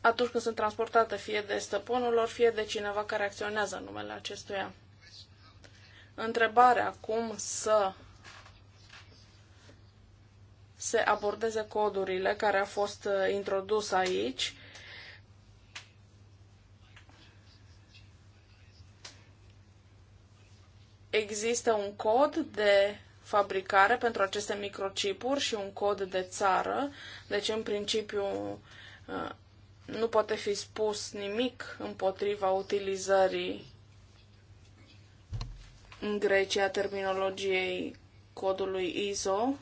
Atunci când sunt transportate fie de stăpânul lor, fie de cineva care acționează în numele acestuia. Întrebarea cum să se abordeze codurile care a fost uh, introdus aici. Există un cod de fabricare pentru aceste microchipuri și un cod de țară, deci în principiu uh, nu poate fi spus nimic împotriva utilizării în Grecia terminologiei codului ISO.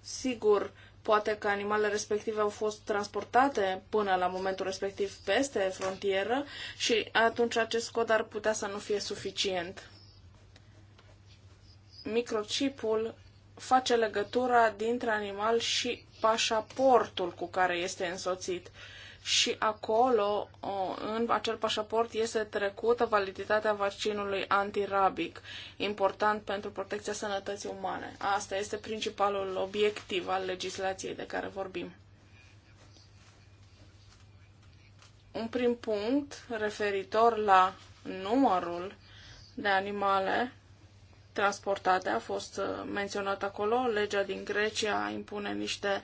Sigur, poate că animalele respective au fost transportate până la momentul respectiv peste frontieră și atunci acest cod ar putea să nu fie suficient. Microchipul face legătura dintre animal și pașaportul cu care este însoțit și acolo, în acel pașaport, este trecută validitatea vaccinului antirabic, important pentru protecția sănătății umane. Asta este principalul obiectiv al legislației de care vorbim. Un prim punct referitor la numărul de animale transportate a fost uh, menționat acolo. Legea din Grecia impune niște uh,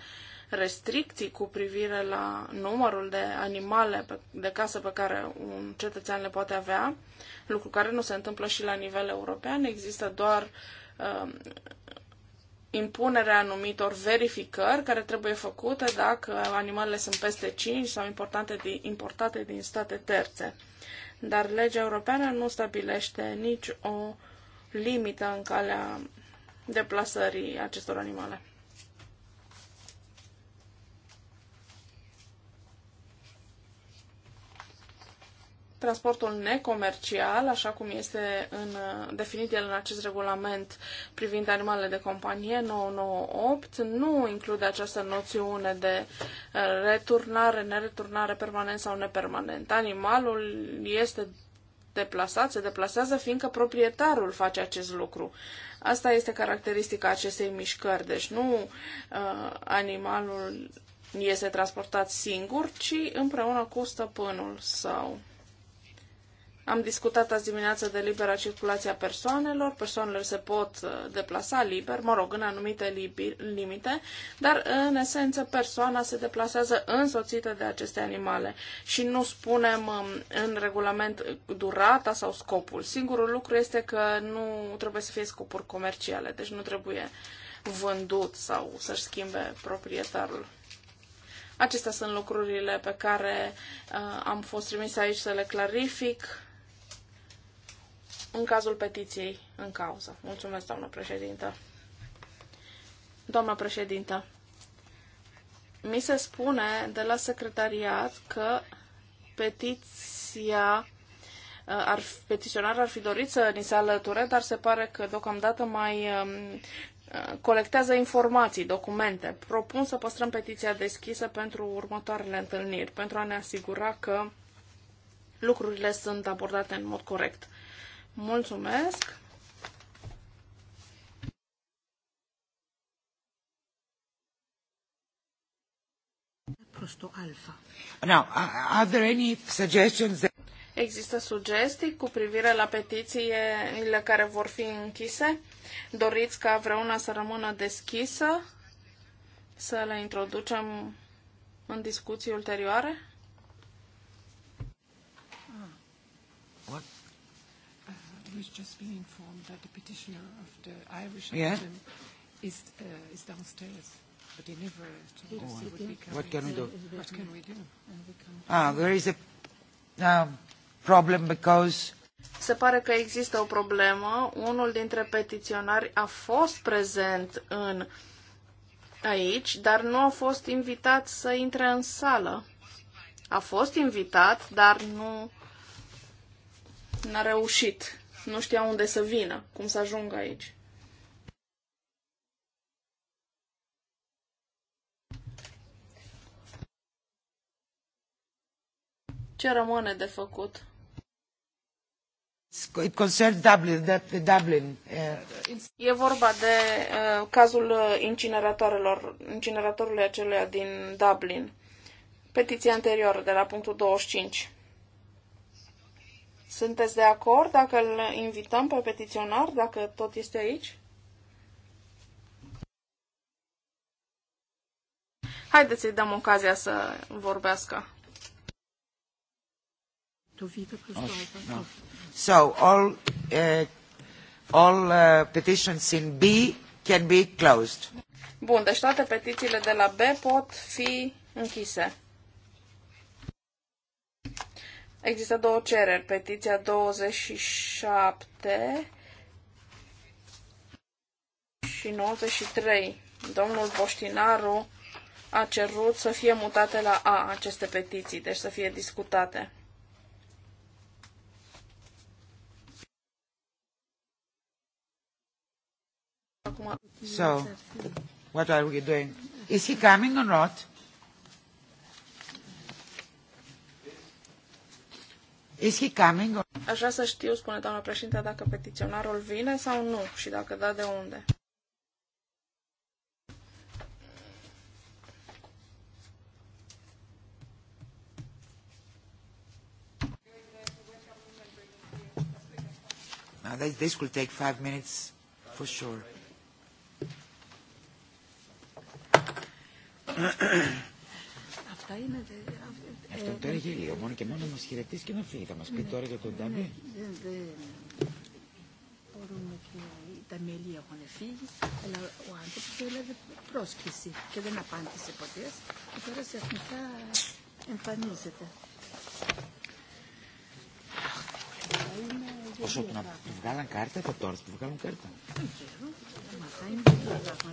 restricții cu privire la numărul de animale de casă pe care un cetățean le poate avea, lucru care nu se întâmplă și la nivel european, există doar uh, impunerea anumitor verificări care trebuie făcute dacă animalele sunt peste 5 sau importante din, importate din state terțe. Dar legea europeană nu stabilește nici o limită în calea deplasării acestor animale. transportul necomercial, așa cum este în, definit el în acest regulament privind animalele de companie 998, nu include această noțiune de uh, returnare, nereturnare permanent sau nepermanent. Animalul este deplasat, se deplasează fiindcă proprietarul face acest lucru. Asta este caracteristica acestei mișcări, deci nu uh, animalul este transportat singur, ci împreună cu stăpânul său. Am discutat azi dimineață de libera circulație a persoanelor. Persoanele se pot uh, deplasa liber, mă rog, în anumite limite, dar în esență persoana se deplasează însoțită de aceste animale și nu spunem um, în regulament durata sau scopul. Singurul lucru este că nu trebuie să fie scopuri comerciale, deci nu trebuie vândut sau să-și schimbe proprietarul. Acestea sunt lucrurile pe care uh, am fost trimis aici să le clarific în cazul petiției în cauză. Mulțumesc, doamnă președintă. Doamnă președintă, mi se spune de la secretariat că petiția uh, ar, petiționar ar fi dorit să ni se alăture, dar se pare că deocamdată mai um, uh, colectează informații, documente. Propun să păstrăm petiția deschisă pentru următoarele întâlniri, pentru a ne asigura că lucrurile sunt abordate în mod corect. Mulțumesc! Now, are there any suggestions that... Există sugestii cu privire la petițiile care vor fi închise? Doriți ca vreuna să rămână deschisă? Să le introducem în discuții ulterioare? was just being informed that the petitioner of the Irish yeah. action is, uh, is downstairs. But he never told us oh, he would be coming. What can we do? What can we do? Ah, there is a um, problem because... Se pare că există o problemă. Unul dintre petiționari a fost prezent în aici, dar nu a fost invitat să intre în sală. A fost invitat, dar nu n-a reușit. Nu știau unde să vină, cum să ajungă aici. Ce rămâne de făcut? It concerns Dublin, that Dublin. Uh, e vorba de uh, cazul uh, incineratorilor, incineratorului acelea din Dublin. Petiția anterioară de la punctul 25. Sunteți de acord dacă îl invităm pe petiționar, dacă tot este aici? Haideți să-i dăm ocazia să vorbească. Da. So, all, uh, all uh, petitions in B can be closed. Bun, deci toate petițiile de la B pot fi închise. Există două cereri. Petiția 27 și 93. Domnul Boștinaru a cerut să fie mutate la A aceste petiții, deci să fie discutate. So, what are we doing? Is he coming or not? Is he coming? Aș vrea să știu, spune doamna președinte, dacă petiționarul vine sau nu și dacă da, de unde. Now this, this will take five minutes for sure. Αυτό τώρα είναι γελίο. Μόνο και μόνο να μας χαιρετήσει και να φύγει. Θα μας πει τώρα για τον Ταμπέ. μπορούμε και τα μέλη έχουν φύγει, αλλά ο άνθρωπος έλαβε πρόσκληση και δεν απάντησε ποτέ και τώρα σε αθνικά εμφανίζεται. Όσο του, να, του βγάλαν κάρτα, θα τώρα του βγάλουν κάρτα. Δεν ξέρω. Μα θα είναι πράγματα.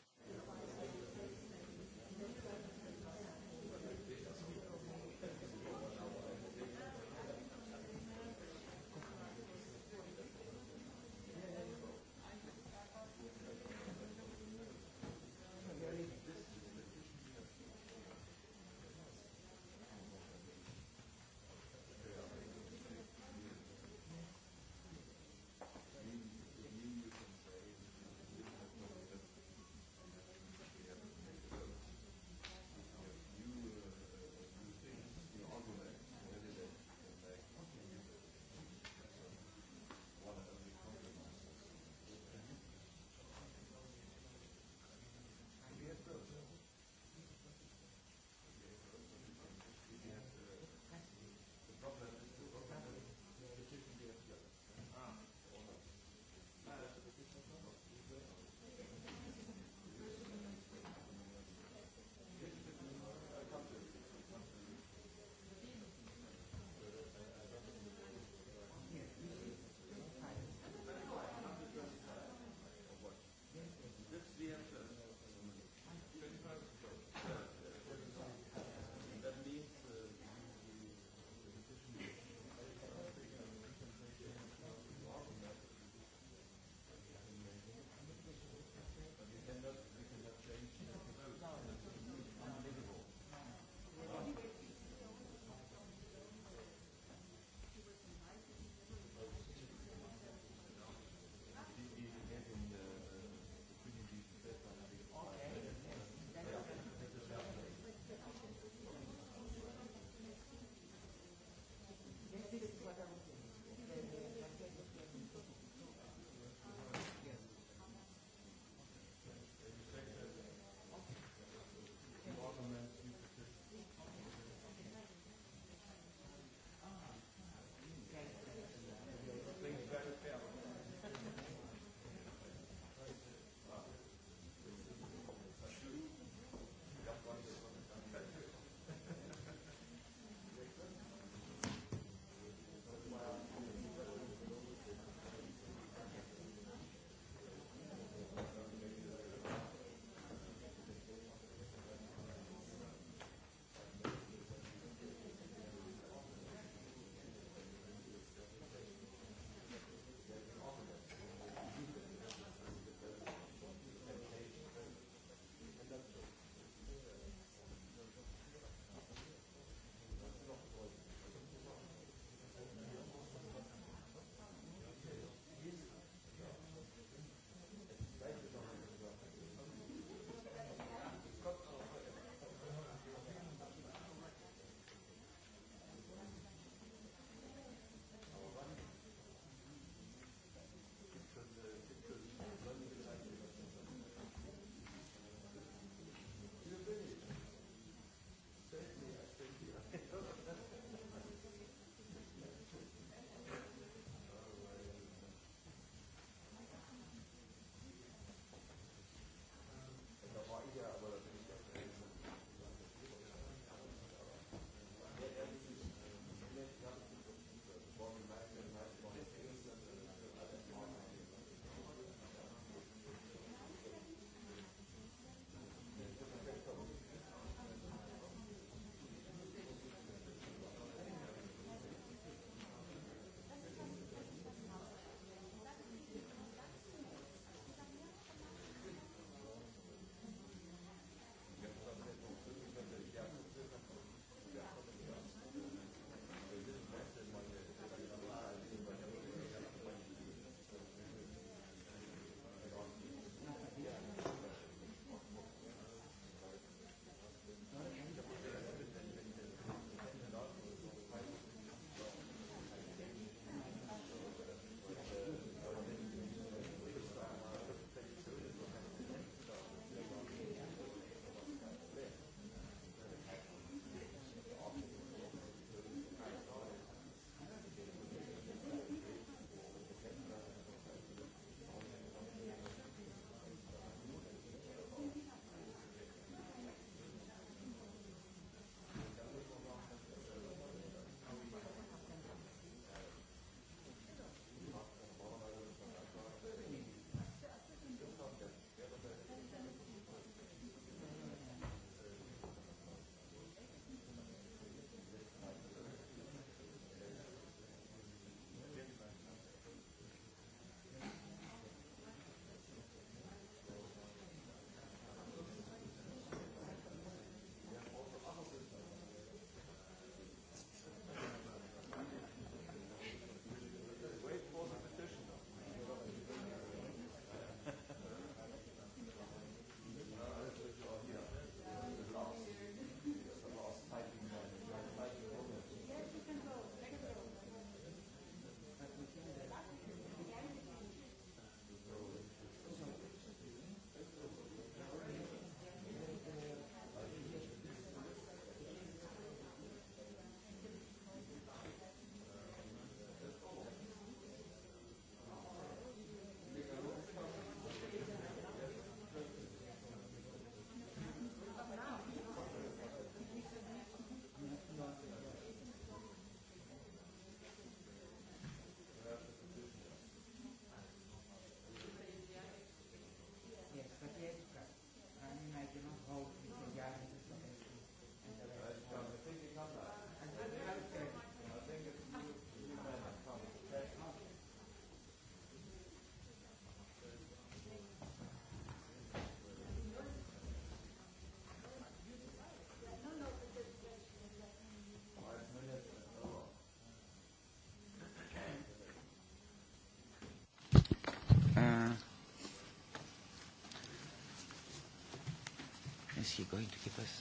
is he going to give us?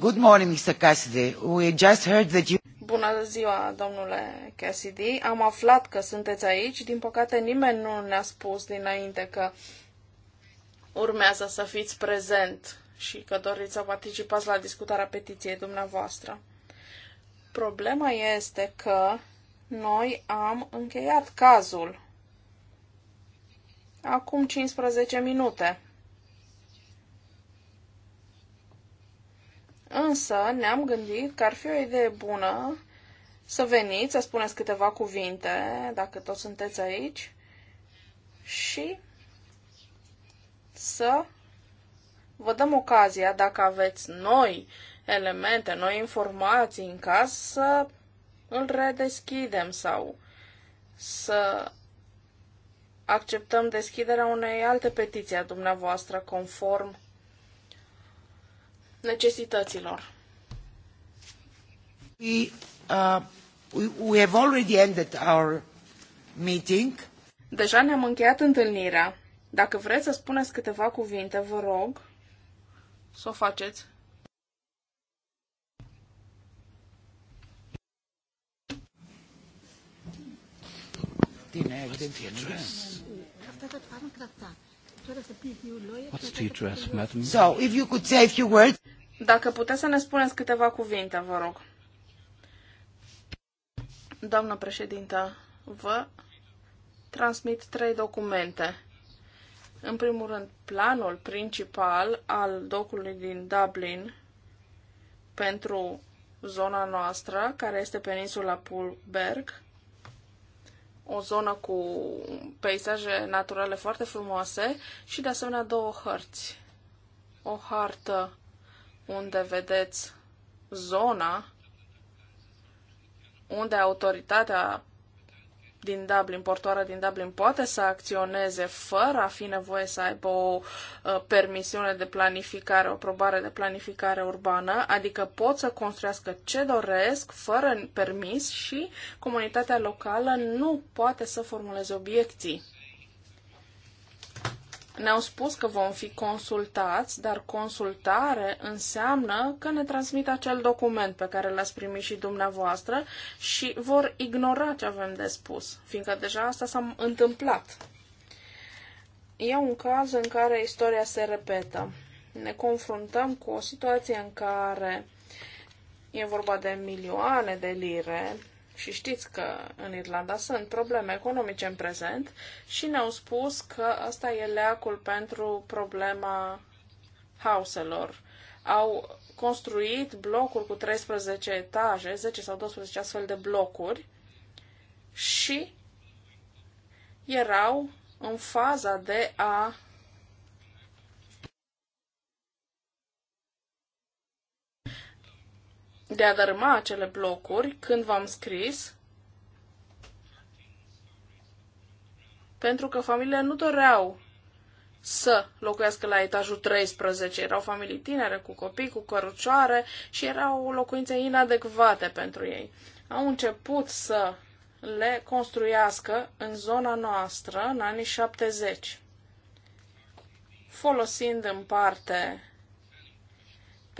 good morning, Mr. Cassidy. We just heard that you... Bună ziua, domnule Cassidy. Am aflat că sunteți aici. Din păcate, nimeni nu ne-a spus dinainte că urmează să fiți prezent și că doriți să participați la discutarea petiției dumneavoastră. Problema este că noi am încheiat cazul. Acum 15 minute. Însă ne-am gândit că ar fi o idee bună să veniți, să spuneți câteva cuvinte, dacă toți sunteți aici, și să vă dăm ocazia, dacă aveți noi elemente, noi informații în caz, să îl redeschidem sau să acceptăm deschiderea unei alte petiții a dumneavoastră conform necesităților. We, uh, we, we have already ended our meeting. Deja ne-am încheiat întâlnirea. Dacă vreți să spuneți câteva cuvinte, vă rog să o faceți. din ägd What's the address, madam? So, if you could say a few words. Dacă puteți să ne spuneți câteva cuvinte, vă rog. Doamna președintă, vă transmit trei documente. În primul rând, planul principal al docului din Dublin pentru zona noastră, care este peninsula Pulberg, o zonă cu peisaje naturale foarte frumoase și de asemenea două hărți. O hartă unde vedeți zona unde autoritatea din Dublin, portoarea din Dublin poate să acționeze fără a fi nevoie să aibă o uh, permisiune de planificare, o probare de planificare urbană, adică pot să construiască ce doresc fără permis și comunitatea locală nu poate să formuleze obiecții. Ne-au spus că vom fi consultați, dar consultare înseamnă că ne transmit acel document pe care l-ați primit și dumneavoastră și vor ignora ce avem de spus, fiindcă deja asta s-a întâmplat. E un caz în care istoria se repetă. Ne confruntăm cu o situație în care e vorba de milioane de lire și știți că în Irlanda sunt probleme economice în prezent și ne-au spus că asta e leacul pentru problema hauselor. Au construit blocuri cu 13 etaje, 10 sau 12 astfel de blocuri și erau în faza de a de a dărâma acele blocuri când v-am scris, pentru că familiile nu doreau să locuiască la etajul 13. Erau familii tinere, cu copii, cu cărucioare și erau locuințe inadecvate pentru ei. Au început să le construiască în zona noastră în anii 70, folosind în parte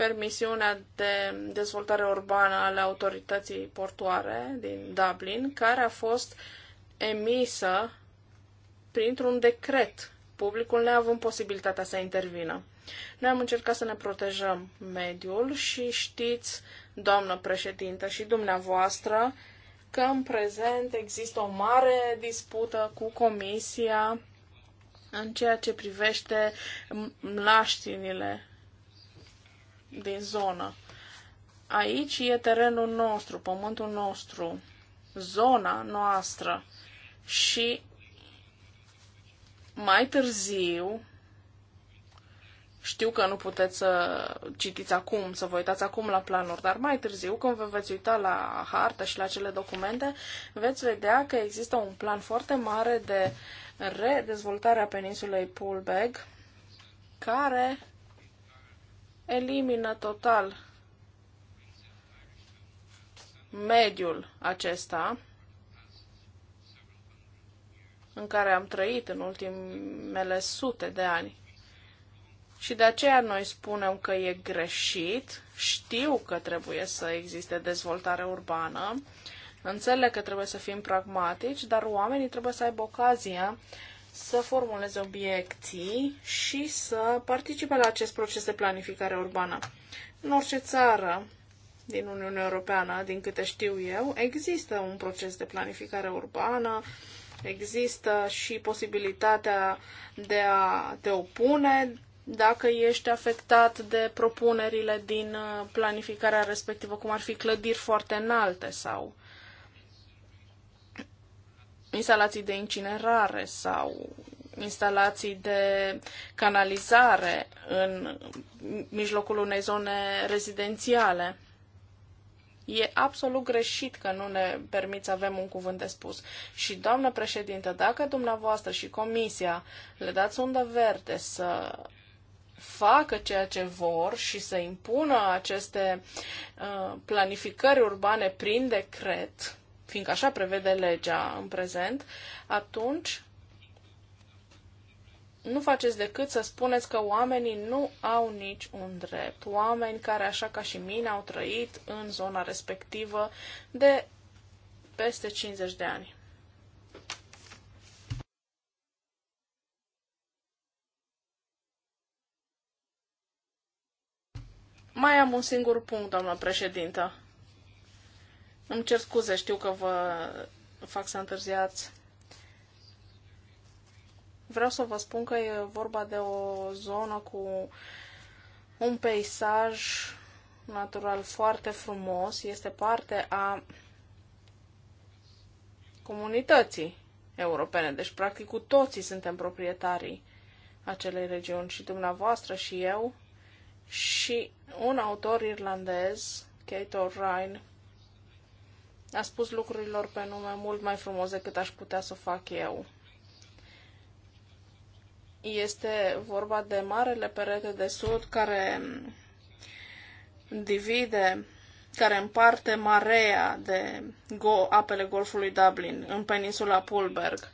permisiunea de dezvoltare urbană ale autorității portoare din Dublin, care a fost emisă printr-un decret, publicul neavând posibilitatea să intervină. Noi am încercat să ne protejăm mediul și știți, doamnă președintă și dumneavoastră, că în prezent există o mare dispută cu Comisia în ceea ce privește laștinile din zonă. Aici e terenul nostru, pământul nostru, zona noastră și mai târziu, știu că nu puteți să citiți acum, să vă uitați acum la planuri, dar mai târziu, când vă veți uita la hartă și la cele documente, veți vedea că există un plan foarte mare de redezvoltare a peninsulei Pulbeg, care elimină total mediul acesta în care am trăit în ultimele sute de ani. Și de aceea noi spunem că e greșit, știu că trebuie să existe dezvoltare urbană, înțeleg că trebuie să fim pragmatici, dar oamenii trebuie să aibă ocazia să formuleze obiecții și să participe la acest proces de planificare urbană. În orice țară din Uniunea Europeană, din câte știu eu, există un proces de planificare urbană, există și posibilitatea de a te opune dacă ești afectat de propunerile din uh, planificarea respectivă, cum ar fi clădiri foarte înalte sau instalații de incinerare sau instalații de canalizare în mijlocul unei zone rezidențiale. E absolut greșit că nu ne permit să avem un cuvânt de spus. Și, doamnă președintă, dacă dumneavoastră și comisia le dați undă verde să facă ceea ce vor și să impună aceste uh, planificări urbane prin decret, fiindcă așa prevede legea în prezent, atunci nu faceți decât să spuneți că oamenii nu au nici un drept. Oameni care, așa ca și mine, au trăit în zona respectivă de peste 50 de ani. Mai am un singur punct, doamnă președintă. Îmi cer scuze, știu că vă fac să întârziați. Vreau să vă spun că e vorba de o zonă cu un peisaj natural foarte frumos. Este parte a comunității europene. Deci, practic, cu toții suntem proprietarii acelei regiuni și dumneavoastră și eu. Și un autor irlandez, Kate O'Ryan, a spus lucrurilor pe nume mult mai frumos decât aș putea să o fac eu. Este vorba de marele perete de sud care divide, care împarte marea de go- apele Golfului Dublin în peninsula Pulberg.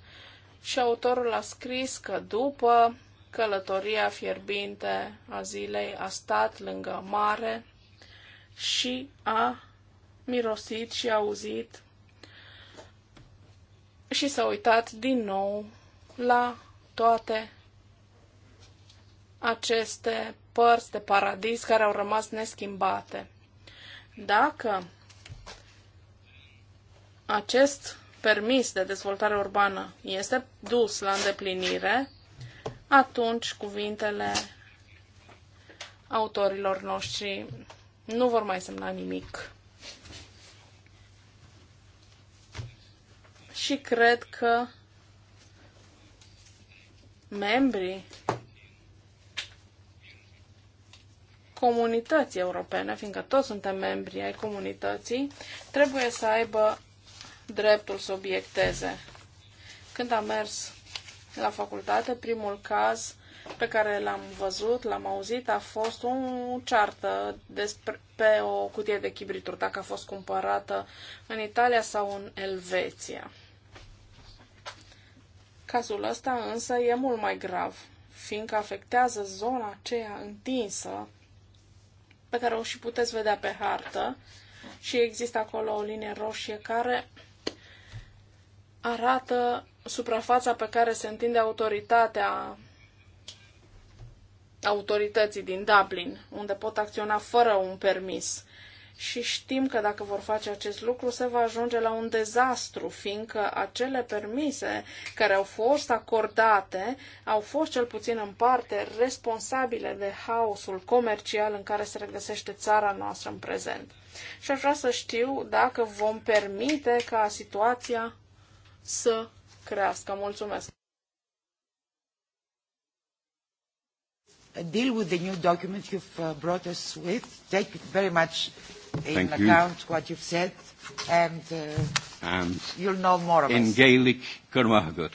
Și autorul a scris că după călătoria fierbinte a zilei a stat lângă mare și a mirosit și auzit și s-a uitat din nou la toate aceste părți de paradis care au rămas neschimbate. Dacă acest permis de dezvoltare urbană este dus la îndeplinire, atunci cuvintele autorilor noștri nu vor mai semna nimic. și cred că membrii comunității europene, fiindcă toți suntem membri ai comunității, trebuie să aibă dreptul să obiecteze. Când am mers la facultate, primul caz pe care l-am văzut, l-am auzit, a fost o ceartă despre, pe o cutie de chibrituri, dacă a fost cumpărată în Italia sau în Elveția. Cazul ăsta însă e mult mai grav, fiindcă afectează zona aceea întinsă pe care o și puteți vedea pe hartă și există acolo o linie roșie care arată suprafața pe care se întinde autoritatea autorității din Dublin, unde pot acționa fără un permis și știm că dacă vor face acest lucru se va ajunge la un dezastru, fiindcă acele permise care au fost acordate au fost cel puțin în parte responsabile de haosul comercial în care se regăsește țara noastră în prezent. Și aș vrea să știu dacă vom permite ca situația să crească. Mulțumesc! deal with the new document you've uh, brought us with. Thank you very much Thank in you. account what you've said, and, uh, and you'll know more of in us. In Gaelic, Kermahagot.